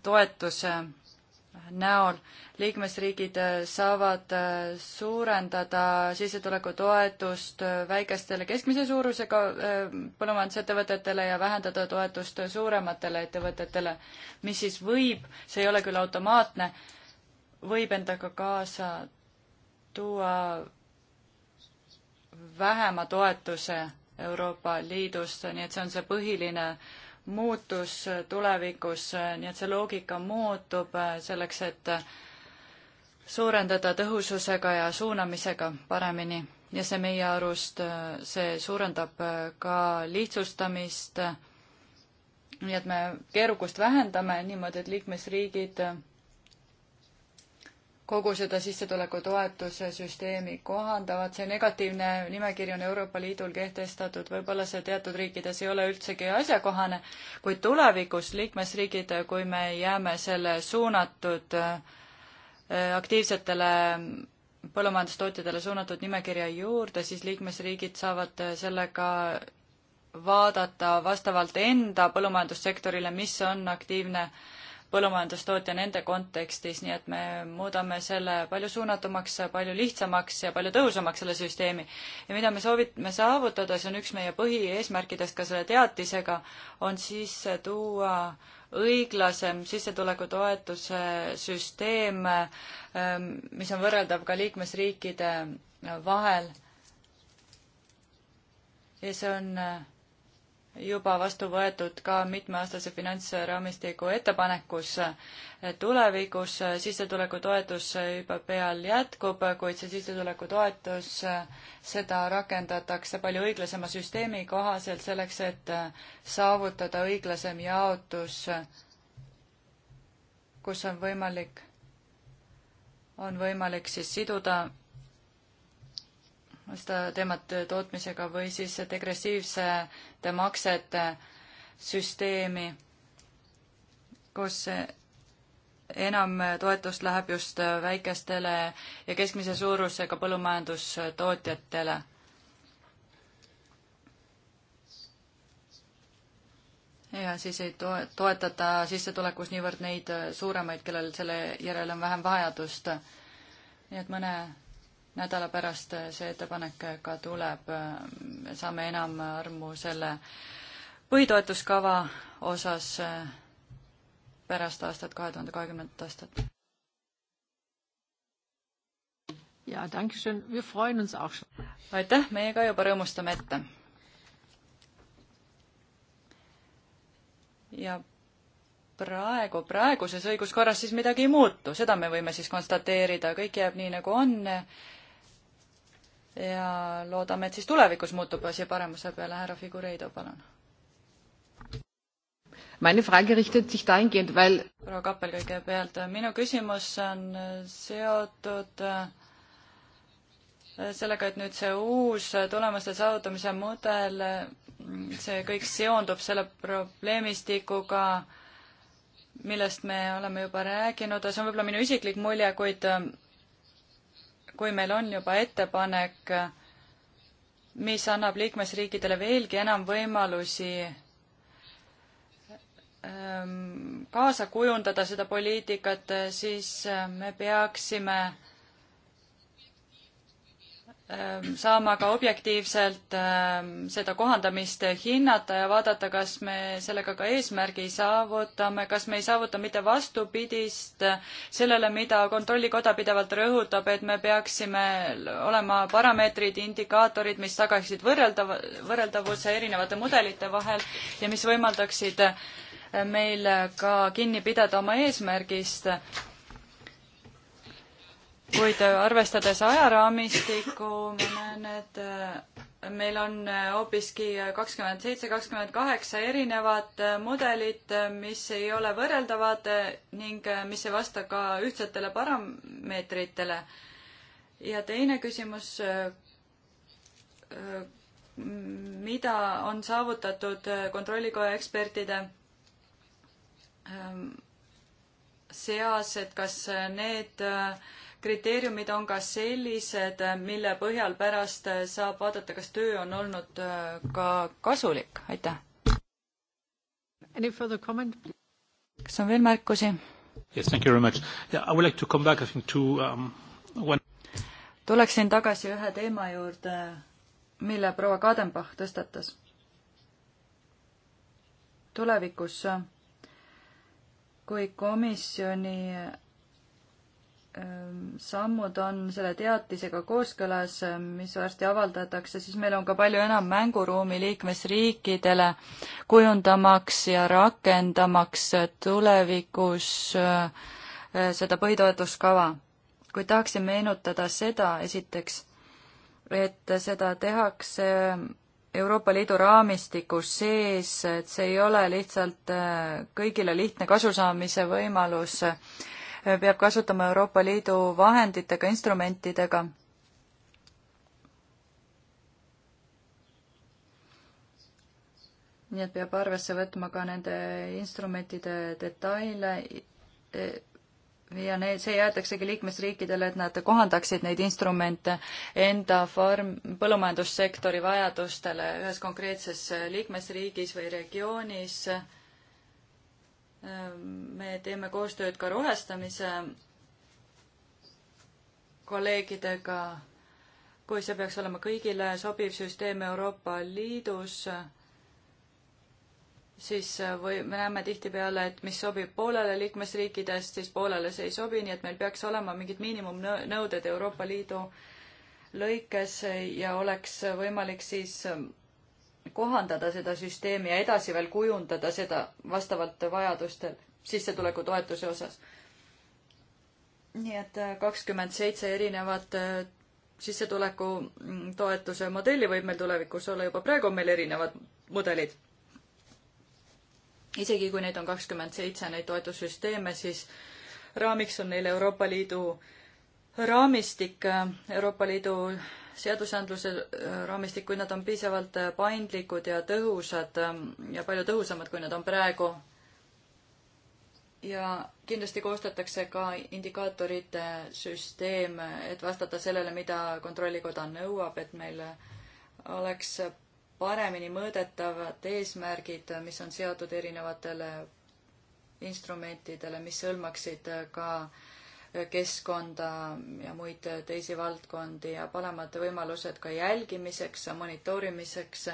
toetuse näol liikmesriigid äh, saavad äh, suurendada sissetulekutoetust äh, väikestele keskmise suurusega põllumajandusettevõtetele ja vähendada toetust suurematele ettevõtetele, mis siis võib, see ei ole küll automaatne, võib endaga kaasa tuua vähema toetuse Euroopa Liidust, nii et see on see põhiline muutus tulevikus, nii et see loogika muutub äh, selleks, et äh, suurendada tõhususega ja suunamisega paremini ja see meie arust, äh, see suurendab ka lihtsustamist, nii et me keerukust vähendame niimoodi, et liikmesriigid kogu seda sissetulekutoetuse süsteemi kohandavad. see negatiivne nimekiri on Euroopa Liidul kehtestatud, võib-olla see teatud riikides ei ole üldsegi asjakohane, kuid tulevikus liikmesriigid, kui me jääme selle suunatud äh, aktiivsetele põllumajandustootjatele suunatud nimekirja juurde, siis liikmesriigid saavad äh, sellega vaadata vastavalt enda põllumajandussektorile, mis on aktiivne äh, põllumajandustootja nende kontekstis, nii et me muudame selle palju suunatumaks, palju lihtsamaks ja palju tõhusamaks, selle süsteemi. ja mida me soovime saavutada, see on üks meie põhieesmärkidest ka selle teatisega, on sisse tuua õiglasem sissetulekutoetuse süsteem, ähm, mis on võrreldav ka liikmesriikide vahel. ja see on äh, juba vastu võetud ka mitmeaastase finantsraamistiku ettepanekus. tulevikus sissetulekutoetus juba peal jätkub, kuid see sissetulekutoetus, seda rakendatakse palju õiglasema süsteemi kohaselt selleks, et saavutada õiglasem jaotus, kus on võimalik, on võimalik siis siduda seda teemat tootmisega või siis degressiivsete maksete süsteemi, kus enam toetust läheb just väikestele ja keskmise suurusega põllumajandustootjatele. ja siis ei toe-, toetata sissetulekus niivõrd neid suuremaid, kellel selle järele on vähem vajadust. nii et mõne nädala pärast see ettepanek ka tuleb, saame enam armu selle põhitoetuskava osas pärast aastat, kahe tuhande kahekümnendat aastat. jaa, dankeschön, wir freuen uns auch schon. aitäh, meie ka juba rõõmustame ette. ja praegu, praeguses õiguskorras siis midagi ei muutu, seda me võime siis konstateerida, kõik jääb nii, nagu on ja loodame, et siis tulevikus muutub asi paremuse peale. härra Figureido, palun. proua Kappel kõigepealt, minu küsimus on seotud äh, sellega, et nüüd see uus tulemuste saavutamise mudel, mm, see kõik seondub selle probleemistikuga, millest me oleme juba rääkinud, see on võib-olla minu isiklik mulje, kuid äh, kui meil on juba ettepanek, mis annab liikmesriikidele veelgi enam võimalusi ähm, kaasa kujundada seda poliitikat, siis äh, me peaksime Ehm, saama ka objektiivselt ehm, seda kohandamist hinnata ja vaadata, kas me sellega ka eesmärgi saavutame, kas me ei saavuta mitte vastupidist sellele, mida Kontrollikoda pidevalt rõhutab, et me peaksime olema parameetrid, indikaatorid, mis tagaksid võrreldav, võrreldavuse erinevate mudelite vahel ja mis võimaldaksid meil ka kinni pidada oma eesmärgist kuid arvestades ajaraamistikku, ma näen, et äh, meil on äh, hoopiski kakskümmend seitse, kakskümmend kaheksa erinevat äh, mudelit, mis ei ole võrreldavad ning mis ei vasta ka ühtsetele parameetritele. ja teine küsimus, mida on saavutatud kontrollikoja ekspertide ähm, seas, et kas need äh, kriteeriumid on ka sellised, mille põhjal pärast saab vaadata, kas töö on olnud äh, ka kasulik, aitäh. kas on veel märkusi? Yes, thank you very much. Yeah, I would like to come back, I think, to um, one tuleksin tagasi ühe teema juurde, mille proua Kadenbach tõstatas. tulevikus, kui komisjoni Ähm, sammud on selle teatisega kooskõlas, ähm, mis varsti avaldatakse, siis meil on ka palju enam mänguruumi liikmesriikidele kujundamaks ja rakendamaks tulevikus äh, äh, seda põhitoetuskava. kuid tahaksin meenutada seda esiteks, et seda tehakse Euroopa Liidu raamistiku sees, et see ei ole lihtsalt äh, kõigile lihtne kasusaamise võimalus peab kasutama Euroopa Liidu vahenditega, instrumentidega. nii et peab arvesse võtma ka nende instrumentide detaile e, ja need, see jäetaksegi liikmesriikidele, et nad kohandaksid neid instrumente enda farm, põllumajandussektori vajadustele ühes konkreetses liikmesriigis või regioonis me teeme koostööd ka rohestamise kolleegidega. kui see peaks olema kõigile sobiv süsteem Euroopa Liidus, siis või me näeme tihtipeale, et mis sobib poolele liikmesriikidest, siis poolele see ei sobi, nii et meil peaks olema mingid miinimumnõuded Euroopa Liidu lõikes ja oleks võimalik siis kohandada seda süsteemi ja edasi veel kujundada seda vastavalt vajadustel sissetulekutoetuse osas. nii et äh, kakskümmend seitse erinevat äh, sissetulekutoetuse mm, modelli võib meil tulevikus olla, juba praegu on meil erinevad mudelid. isegi kui neid on kakskümmend seitse, neid toetussüsteeme, siis raamiks on neil Euroopa Liidu raamistik, äh, Euroopa Liidu seadusandluse äh, raamistik, kui nad on piisavalt äh, paindlikud ja tõhusad ähm, ja palju tõhusamad, kui nad on praegu. ja kindlasti koostatakse ka indikaatorite süsteem, et vastata sellele, mida Kontrollikoda nõuab, et meil oleks paremini mõõdetavad eesmärgid, mis on seatud erinevatele instrumentidele, mis hõlmaksid ka äh, keskkonda ja muid teisi valdkondi ja paremad võimalused ka jälgimiseks, monitoorimiseks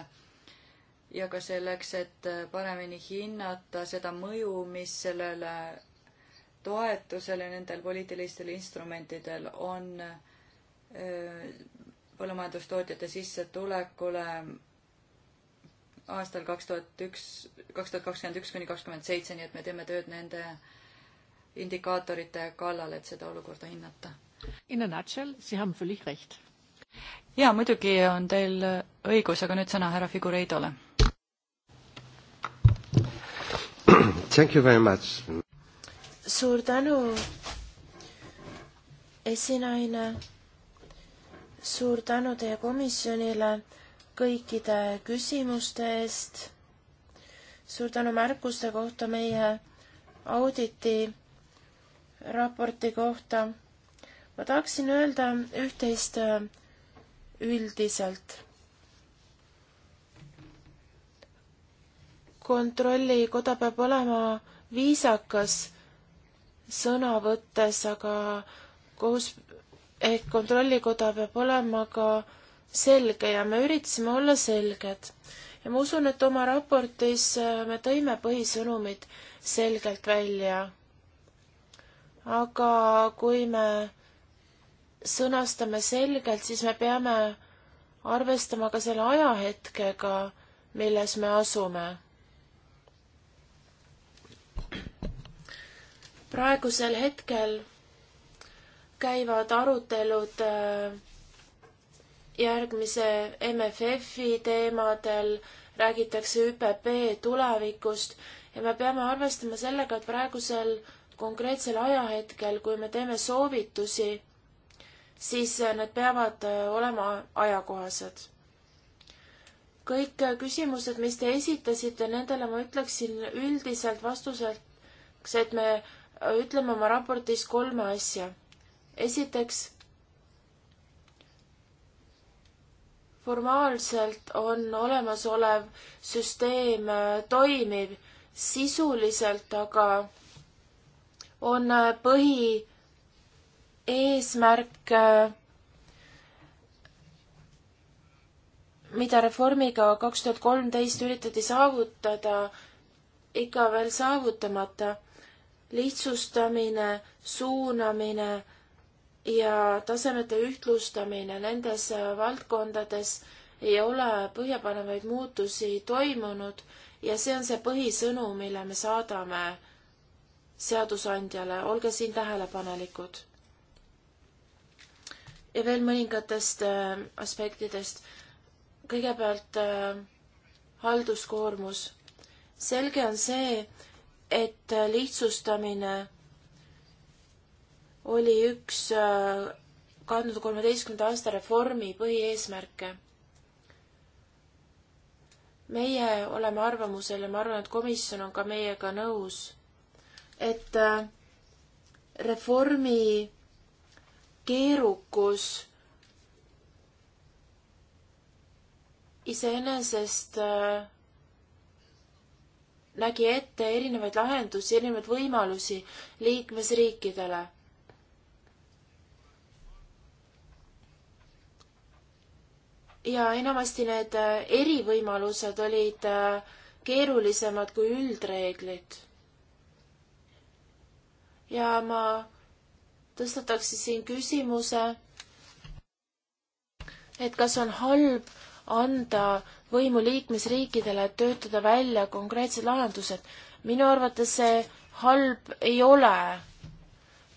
ja ka selleks, et paremini hinnata seda mõju, mis sellele toetusele nendel poliitilistel instrumentidel on äh, põllumajandustootjate sissetulekule aastal kaks tuhat üks, kaks tuhat kakskümmend üks kuni kakskümmend seitse, nii et me teeme tööd nende indikaatorite kallal, et seda olukorda hinnata. In a nutshell, Sie haben völlig recht. jaa, muidugi on teil õigus, aga nüüd sõna härra Figureidole. Thank you very much. suur tänu, esinaine. suur tänu teie komisjonile kõikide küsimuste eest. suur tänu märkuste kohta meie auditi raporti kohta. ma tahaksin öelda üht-teist äh, üldiselt. kontrollikoda peab olema viisakas sõna võttes, aga kohus ehk kontrollikoda peab olema ka selge ja me üritasime olla selged. ja ma usun, et oma raportis äh, me tõime põhisõnumid selgelt välja aga kui me sõnastame selgelt, siis me peame arvestama ka selle ajahetkega, milles me asume. praegusel hetkel käivad arutelud äh, järgmise MFF-i teemadel, räägitakse ÜPP tulevikust ja me peame arvestama sellega, et praegusel konkreetsel ajahetkel, kui me teeme soovitusi, siis need peavad äh, olema ajakohased. kõik äh, küsimused, mis te esitasite, nendele ma ütleksin üldiselt vastuseks, et me äh, ütleme oma raportis kolme asja. esiteks, formaalselt on olemasolev süsteem toimiv, sisuliselt aga on äh, põhieesmärk, äh, mida reformiga kaks tuhat kolmteist üritati saavutada, ikka veel saavutamata. lihtsustamine, suunamine ja tasemete ühtlustamine nendes äh, valdkondades ei ole põhjapanevaid muutusi toimunud ja see on see põhisõnum, mille me saadame seadusandjale, olge siin tähelepanelikud. ja veel mõningatest äh, aspektidest. kõigepealt äh, halduskoormus. selge on see, et äh, lihtsustamine oli üks kahe tuhande kolmeteistkümnenda aasta reformi põhieesmärke. meie oleme arvamusel ja ma arvan, et komisjon on ka meiega nõus, et äh, reformi keerukus iseenesest äh, nägi ette erinevaid lahendusi, erinevaid võimalusi liikmesriikidele ja enamasti need äh, erivõimalused olid keerulisemad kui üldreeglid ja ma tõstataksin siin küsimuse, et kas on halb anda võimu liikmesriikidele, et töötada välja konkreetsed lahendused. minu arvates see halb ei ole,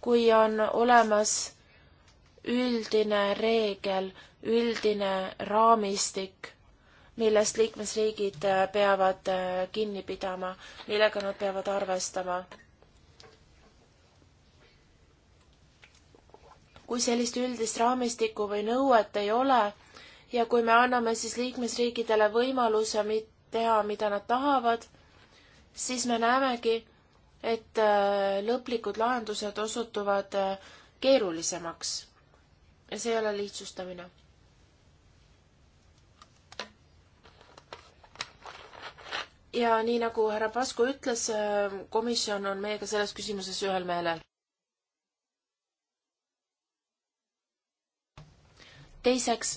kui on olemas üldine reegel, üldine raamistik, millest liikmesriigid peavad äh, kinni pidama, millega nad peavad arvestama kui sellist üldist raamistikku või nõuet ei ole ja kui me anname siis liikmesriikidele võimaluse teha, mida nad tahavad, siis me näemegi, et äh, lõplikud lahendused osutuvad äh, keerulisemaks. ja see ei ole lihtsustamine. ja nii, nagu härra Pasku ütles, äh, komisjon on meiega selles küsimuses ühel meelel. teiseks,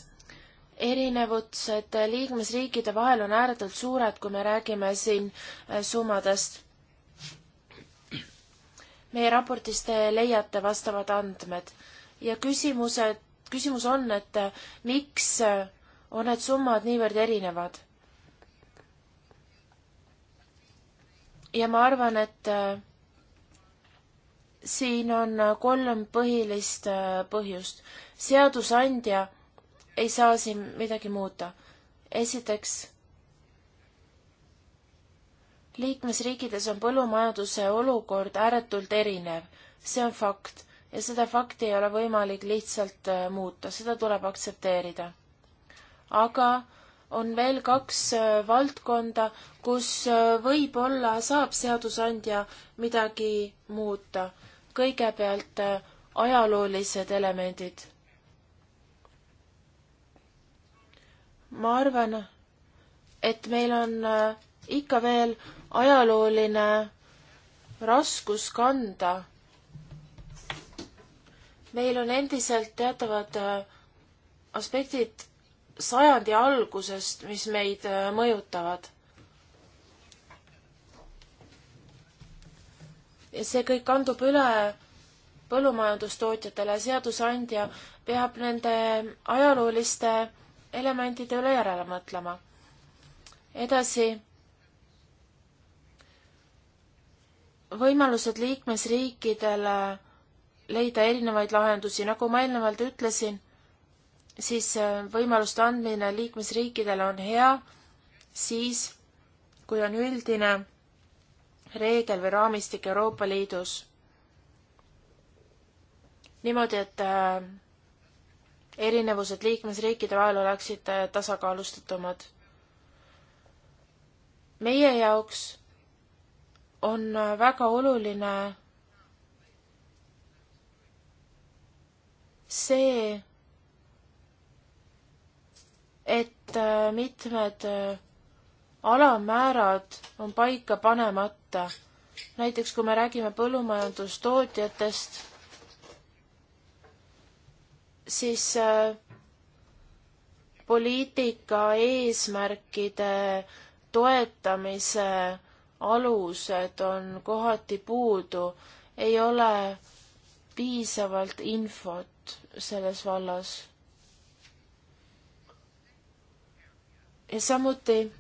erinevused liikmesriikide vahel on ääretult suured, kui me räägime siin äh, summadest. meie raportis te leiate vastavad andmed ja küsimused, küsimus on, et äh, miks äh, on need summad niivõrd erinevad? ja ma arvan, et siin on kolm põhilist põhjust seadusandja ei saa siin midagi muuta. esiteks, liikmesriikides on põllumajanduse olukord ääretult erinev, see on fakt ja seda fakti ei ole võimalik lihtsalt äh, muuta, seda tuleb aktsepteerida. aga on veel kaks äh, valdkonda, kus äh, võib-olla saab seadusandja midagi muuta. kõigepealt ajaloolised elemendid ma arvan, et meil on äh, ikka veel ajalooline raskus kanda. meil on endiselt teatavad äh, aspektid sajandi algusest, mis meid äh, mõjutavad. ja see kõik kandub üle põllumajandustootjatele, seadusandja peab nende ajalooliste elementide üle järele mõtlema. edasi, võimalused liikmesriikidele leida erinevaid lahendusi, nagu ma eelnevalt ütlesin, siis äh, võimaluste andmine liikmesriikidele on hea, siis kui on üldine reegel või raamistik Euroopa Liidus. niimoodi, et äh, erinevused liikmesriikide vahel oleksid äh, tasakaalustatumad. meie jaoks on äh, väga oluline see, et äh, mitmed alamäärad on paika panemata. näiteks kui me räägime põllumajandustootjatest siis äh, poliitika eesmärkide toetamise alused on kohati puudu, ei ole piisavalt infot selles vallas. ja samuti,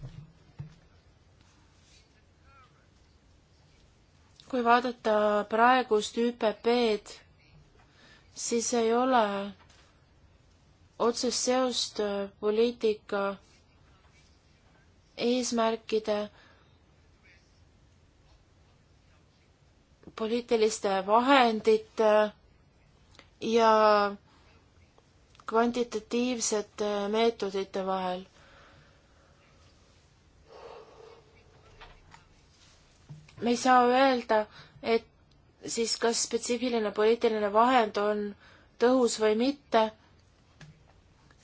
kui vaadata praegust ÜPP-d, siis ei ole otsest seost äh, poliitika eesmärkide, poliitiliste vahendite ja kvantitatiivsete meetodite vahel. me ei saa öelda, et siis kas spetsiifiline poliitiline vahend on tõhus või mitte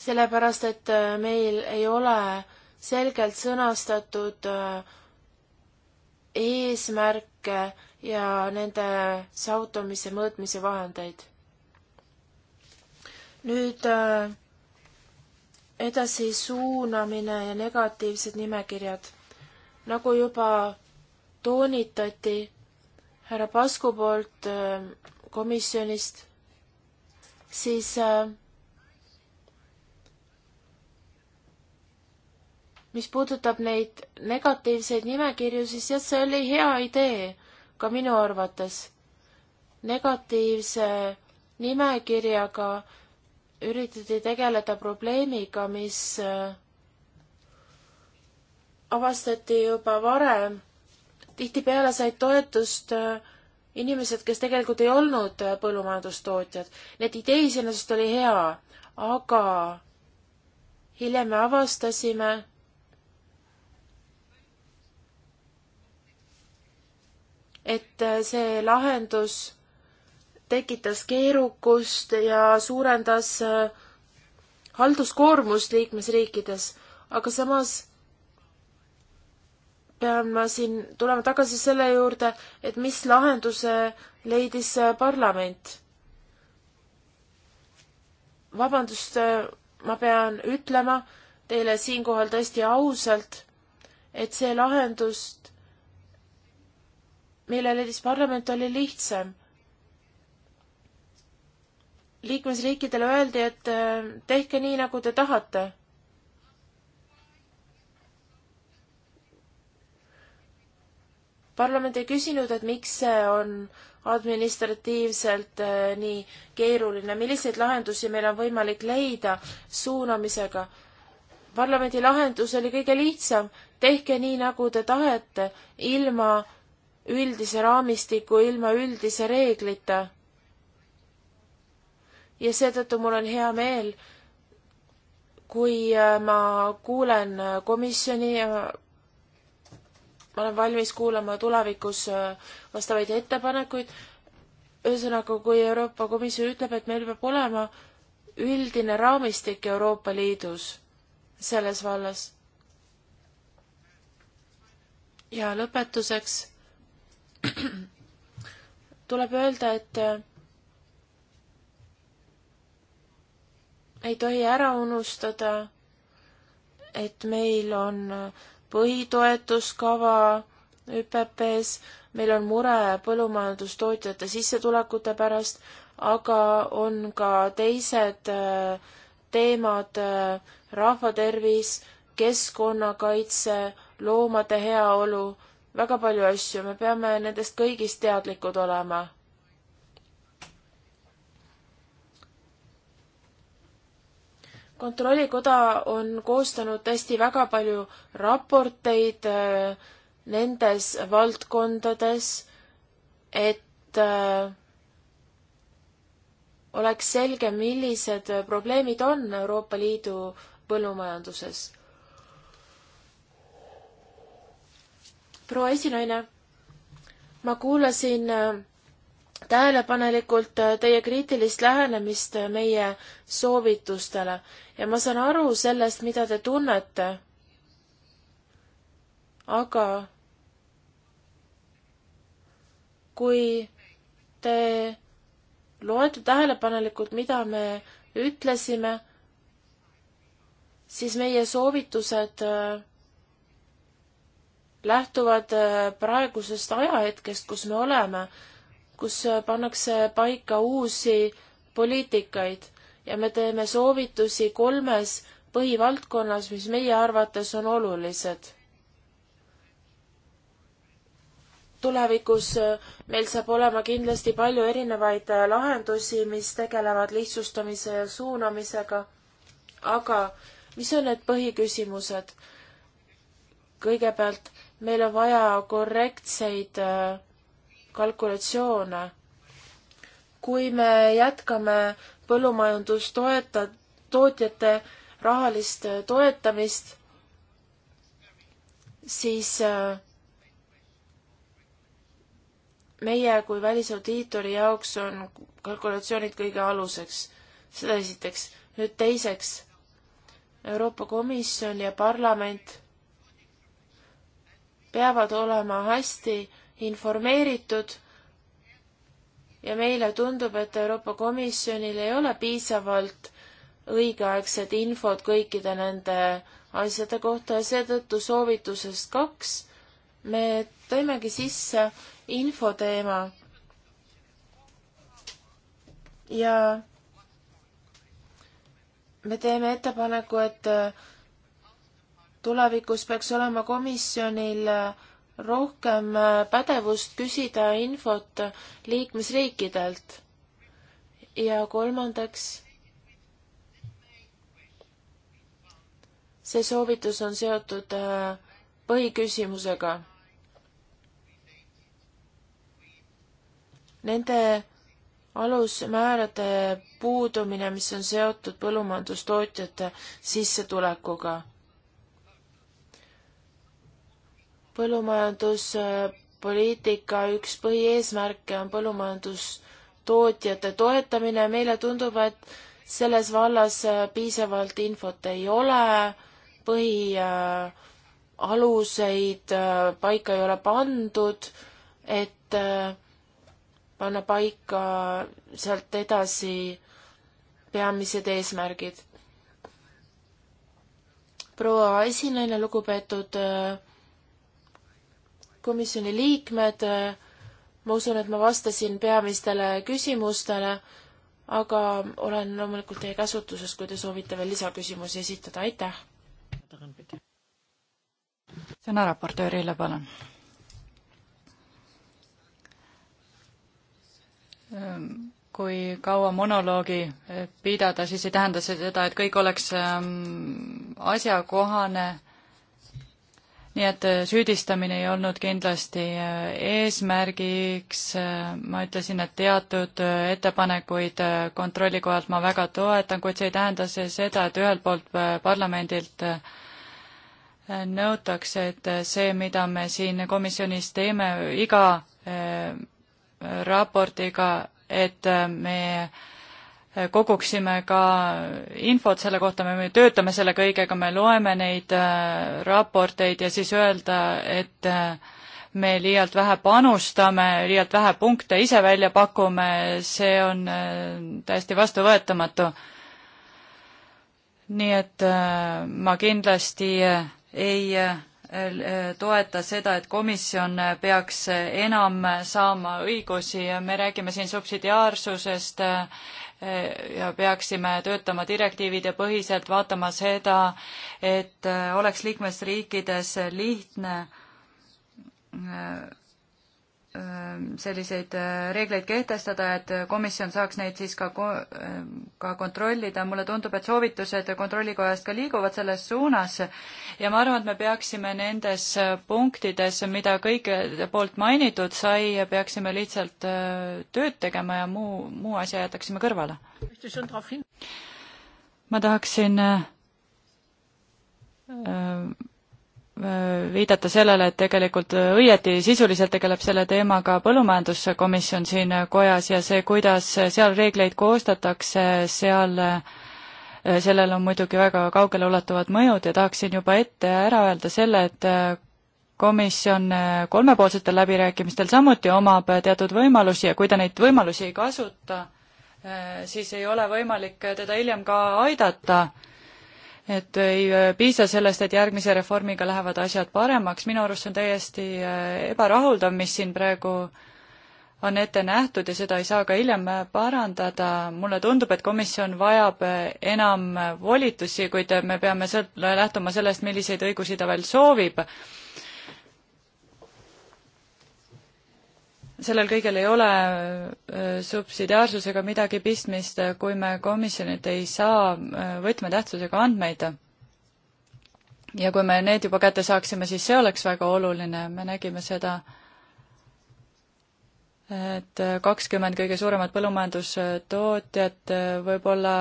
sellepärast et äh, meil ei ole selgelt sõnastatud äh, eesmärke ja nende saavutamise mõõtmise vahendeid. nüüd äh, edasi suunamine ja negatiivsed nimekirjad. nagu juba toonitati härra Pasku poolt komisjonist, siis äh, mis puudutab neid negatiivseid nimekirju, siis jah, see oli hea idee ka minu arvates. negatiivse nimekirjaga üritati tegeleda probleemiga, mis äh, avastati juba varem. tihtipeale said toetust äh, inimesed, kes tegelikult ei olnud äh, põllumajandustootjad. Need idee iseenesest oli hea, aga hiljem me avastasime, et äh, see lahendus tekitas keerukust ja suurendas äh, halduskoormust liikmesriikides, aga samas pean ma siin tulema tagasi selle juurde, et mis lahenduse leidis äh, parlament. vabandust, ma pean ütlema teile siinkohal tõesti ausalt, et see lahendus mille leidis parlament, oli lihtsam. liikmesriikidele öeldi, et äh, tehke nii, nagu te tahate. parlament ei küsinud, et miks see on administratiivselt äh, nii keeruline, milliseid lahendusi meil on võimalik leida suunamisega. parlamendi lahendus oli kõige lihtsam, tehke nii, nagu te tahete, ilma üldise raamistiku ilma üldise reeglita. ja seetõttu mul on hea meel, kui äh, ma kuulen äh, komisjoni ja äh, ma olen valmis kuulama tulevikus vastavaid ettepanekuid. ühesõnaga, kui Euroopa Komisjon ütleb, et meil peab olema üldine raamistik Euroopa Liidus selles vallas. ja lõpetuseks tuleb öelda, et äh, ei tohi ära unustada, et meil on äh, põhitoetuskava ÜPP-s, meil on mure põllumajandustootjate sissetulekute pärast, aga on ka teised äh, teemad, rahvatervis, keskkonnakaitse, loomade heaolu väga palju asju, me peame nendest kõigist teadlikud olema. kontrollikoda on koostanud tõesti väga palju raporteid äh, nendes valdkondades, et äh, oleks selge, millised probleemid on Euroopa Liidu põllumajanduses proua esinaine, ma kuulasin äh, tähelepanelikult äh, teie kriitilist lähenemist äh, meie soovitustele ja ma saan aru sellest, mida te tunnete. aga kui te loete tähelepanelikult, mida me ütlesime, siis meie soovitused äh, lähtuvad äh, praegusest ajahetkest, kus me oleme, kus äh, pannakse paika uusi poliitikaid ja me teeme soovitusi kolmes põhivaldkonnas, mis meie arvates on olulised. tulevikus äh, meil saab olema kindlasti palju erinevaid lahendusi, mis tegelevad lihtsustamise ja suunamisega. aga mis on need põhiküsimused? kõigepealt meil on vaja korrektseid äh, kalkulatsioone. kui me jätkame põllumajandustoeta-, tootjate rahalist äh, toetamist, siis äh, meie kui välisaudiitori jaoks on kalkulatsioonid kõige aluseks, seda esiteks. nüüd teiseks, Euroopa Komisjon ja parlament peavad olema hästi informeeritud ja meile tundub, et Euroopa Komisjonil ei ole piisavalt õigeaegset infot kõikide nende asjade kohta ja seetõttu soovitusest kaks me tõimegi sisse infoteema. ja me teeme ettepaneku, et tulevikus peaks olema komisjonil äh, rohkem äh, pädevust küsida infot liikmesriikidelt. ja kolmandaks, see soovitus on seotud äh, põhiküsimusega. Nende alusmäärade puudumine, mis on seotud põllumajandustootjate sissetulekuga põllumajanduspoliitika üks põhieesmärke on põllumajandustootjate toetamine. meile tundub, et selles vallas äh, piisavalt infot ei ole, põhialuseid äh, äh, paika ei ole pandud, et panna paika sealt edasi peamised eesmärgid. proua esinaine, lugupeetud äh, komisjoni liikmed, ma usun, et ma vastasin peamistele küsimustele, aga olen loomulikult teie käsutuses, kui te soovite veel lisaküsimusi esitada, aitäh! sõna raportöörile, palun. Ehm, kui kaua monoloogi eh, pidada, siis ei tähenda see seda, et kõik oleks ehm, asjakohane nii et äh, süüdistamine ei olnud kindlasti äh, eesmärgiks, äh, ma ütlesin, et teatud ettepanekuid kontrollikojalt ma väga toetan, kuid see ei tähenda see seda, et ühelt poolt parlamendilt nõutakse, et see, mida me siin komisjonis teeme iga raportiga, et me äh, koguksime ka infot selle kohta, me töötame selle kõigega, me loeme neid äh, raporteid ja siis öelda, et äh, me liialt vähe panustame, liialt vähe punkte ise välja pakume, see on äh, täiesti vastuvõetamatu. nii et ma kindlasti ei toeta seda, et komisjon peaks enam saama õigusi ja me räägime siin subsidiaarsusest ja peaksime töötama direktiivide põhiselt, vaatama seda, et oleks liikmesriikides lihtne Ähm, selliseid äh, reegleid kehtestada, et komisjon saaks neid siis ka, ähm, ka kontrollida. mulle tundub, et soovitused Kontrollikojast ka liiguvad selles suunas ja ma arvan, et me peaksime nendes äh, punktides, mida kõige äh, poolt mainitud sai, peaksime lihtsalt tööd tegema ja muu, muu asja jätaksime kõrvale. ma tahaksin äh, Äh, viidata sellele, et tegelikult õieti sisuliselt tegeleb selle teemaga Põllumajanduskomisjon siin kojas ja see, kuidas seal reegleid koostatakse, seal äh, sellel on muidugi väga kaugeleulatuvad mõjud ja tahaksin juba ette ära öelda selle, et äh, komisjon kolmepoolsetel läbirääkimistel samuti omab teatud võimalusi ja kui ta neid võimalusi ei kasuta, siis ei ole võimalik teda hiljem ka aidata et ei äh, piisa sellest, et järgmise reformiga lähevad asjad paremaks, minu arust see on täiesti äh, ebarahuldav, mis siin praegu on ette nähtud ja seda ei saa ka hiljem äh, parandada. mulle tundub, et komisjon vajab enam volitusi, kuid me peame lähtuma sellest, milliseid õigusi ta veel soovib sellel kõigel ei ole äh, subsidiaarsusega midagi pistmist, kui me komisjonilt ei saa äh, võtmetähtsusega andmeid. ja kui me need juba kätte saaksime, siis see oleks väga oluline, me nägime seda, et äh, kakskümmend kõige suuremat põllumajandustootjat võib-olla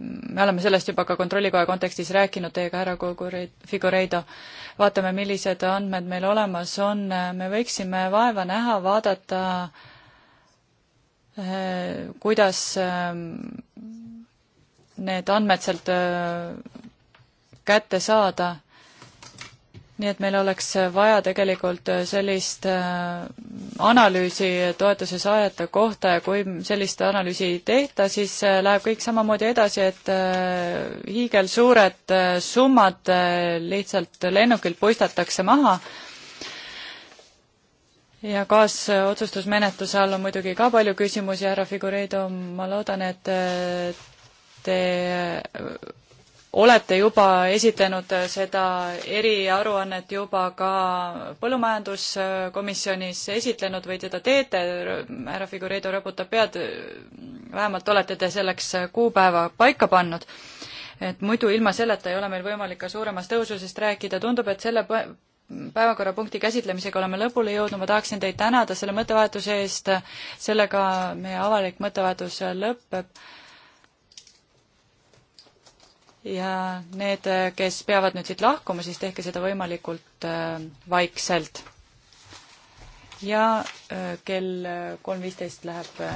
me oleme sellest juba ka Kontrollikoja kontekstis rääkinud teiega, härra Figureido. vaatame, millised andmed meil olemas on, me võiksime vaeva näha, vaadata, eh, kuidas eh, need andmed sealt eh, kätte saada nii et meil oleks vaja tegelikult äh, sellist äh, analüüsi toetuse saajate kohta ja kui sellist analüüsi ei tehta, siis äh, läheb kõik samamoodi edasi, et hiigelsuured summad lihtsalt lennukilt puistatakse maha ja kaasotsustusmenetluse all on muidugi ka palju küsimusi, härra Figureido, ma loodan, et te olete juba esitlenud seda eriaruannet juba ka põllumajanduskomisjonis esitlenud või seda teete, härra Figureido rõputab pead, vähemalt olete te selleks kuupäeva paika pannud. et muidu ilma selleta ei ole meil võimalik ka suuremast tõususest rääkida, tundub, et selle päevakorrapunkti käsitlemisega oleme lõpule jõudnud, ma tahaksin teid tänada selle mõttevahetuse eest, sellega meie avalik mõttevahetus lõpeb ja need, kes peavad nüüd siit lahkuma, siis tehke seda võimalikult äh, vaikselt. ja äh, kell kolm viisteist läheb äh,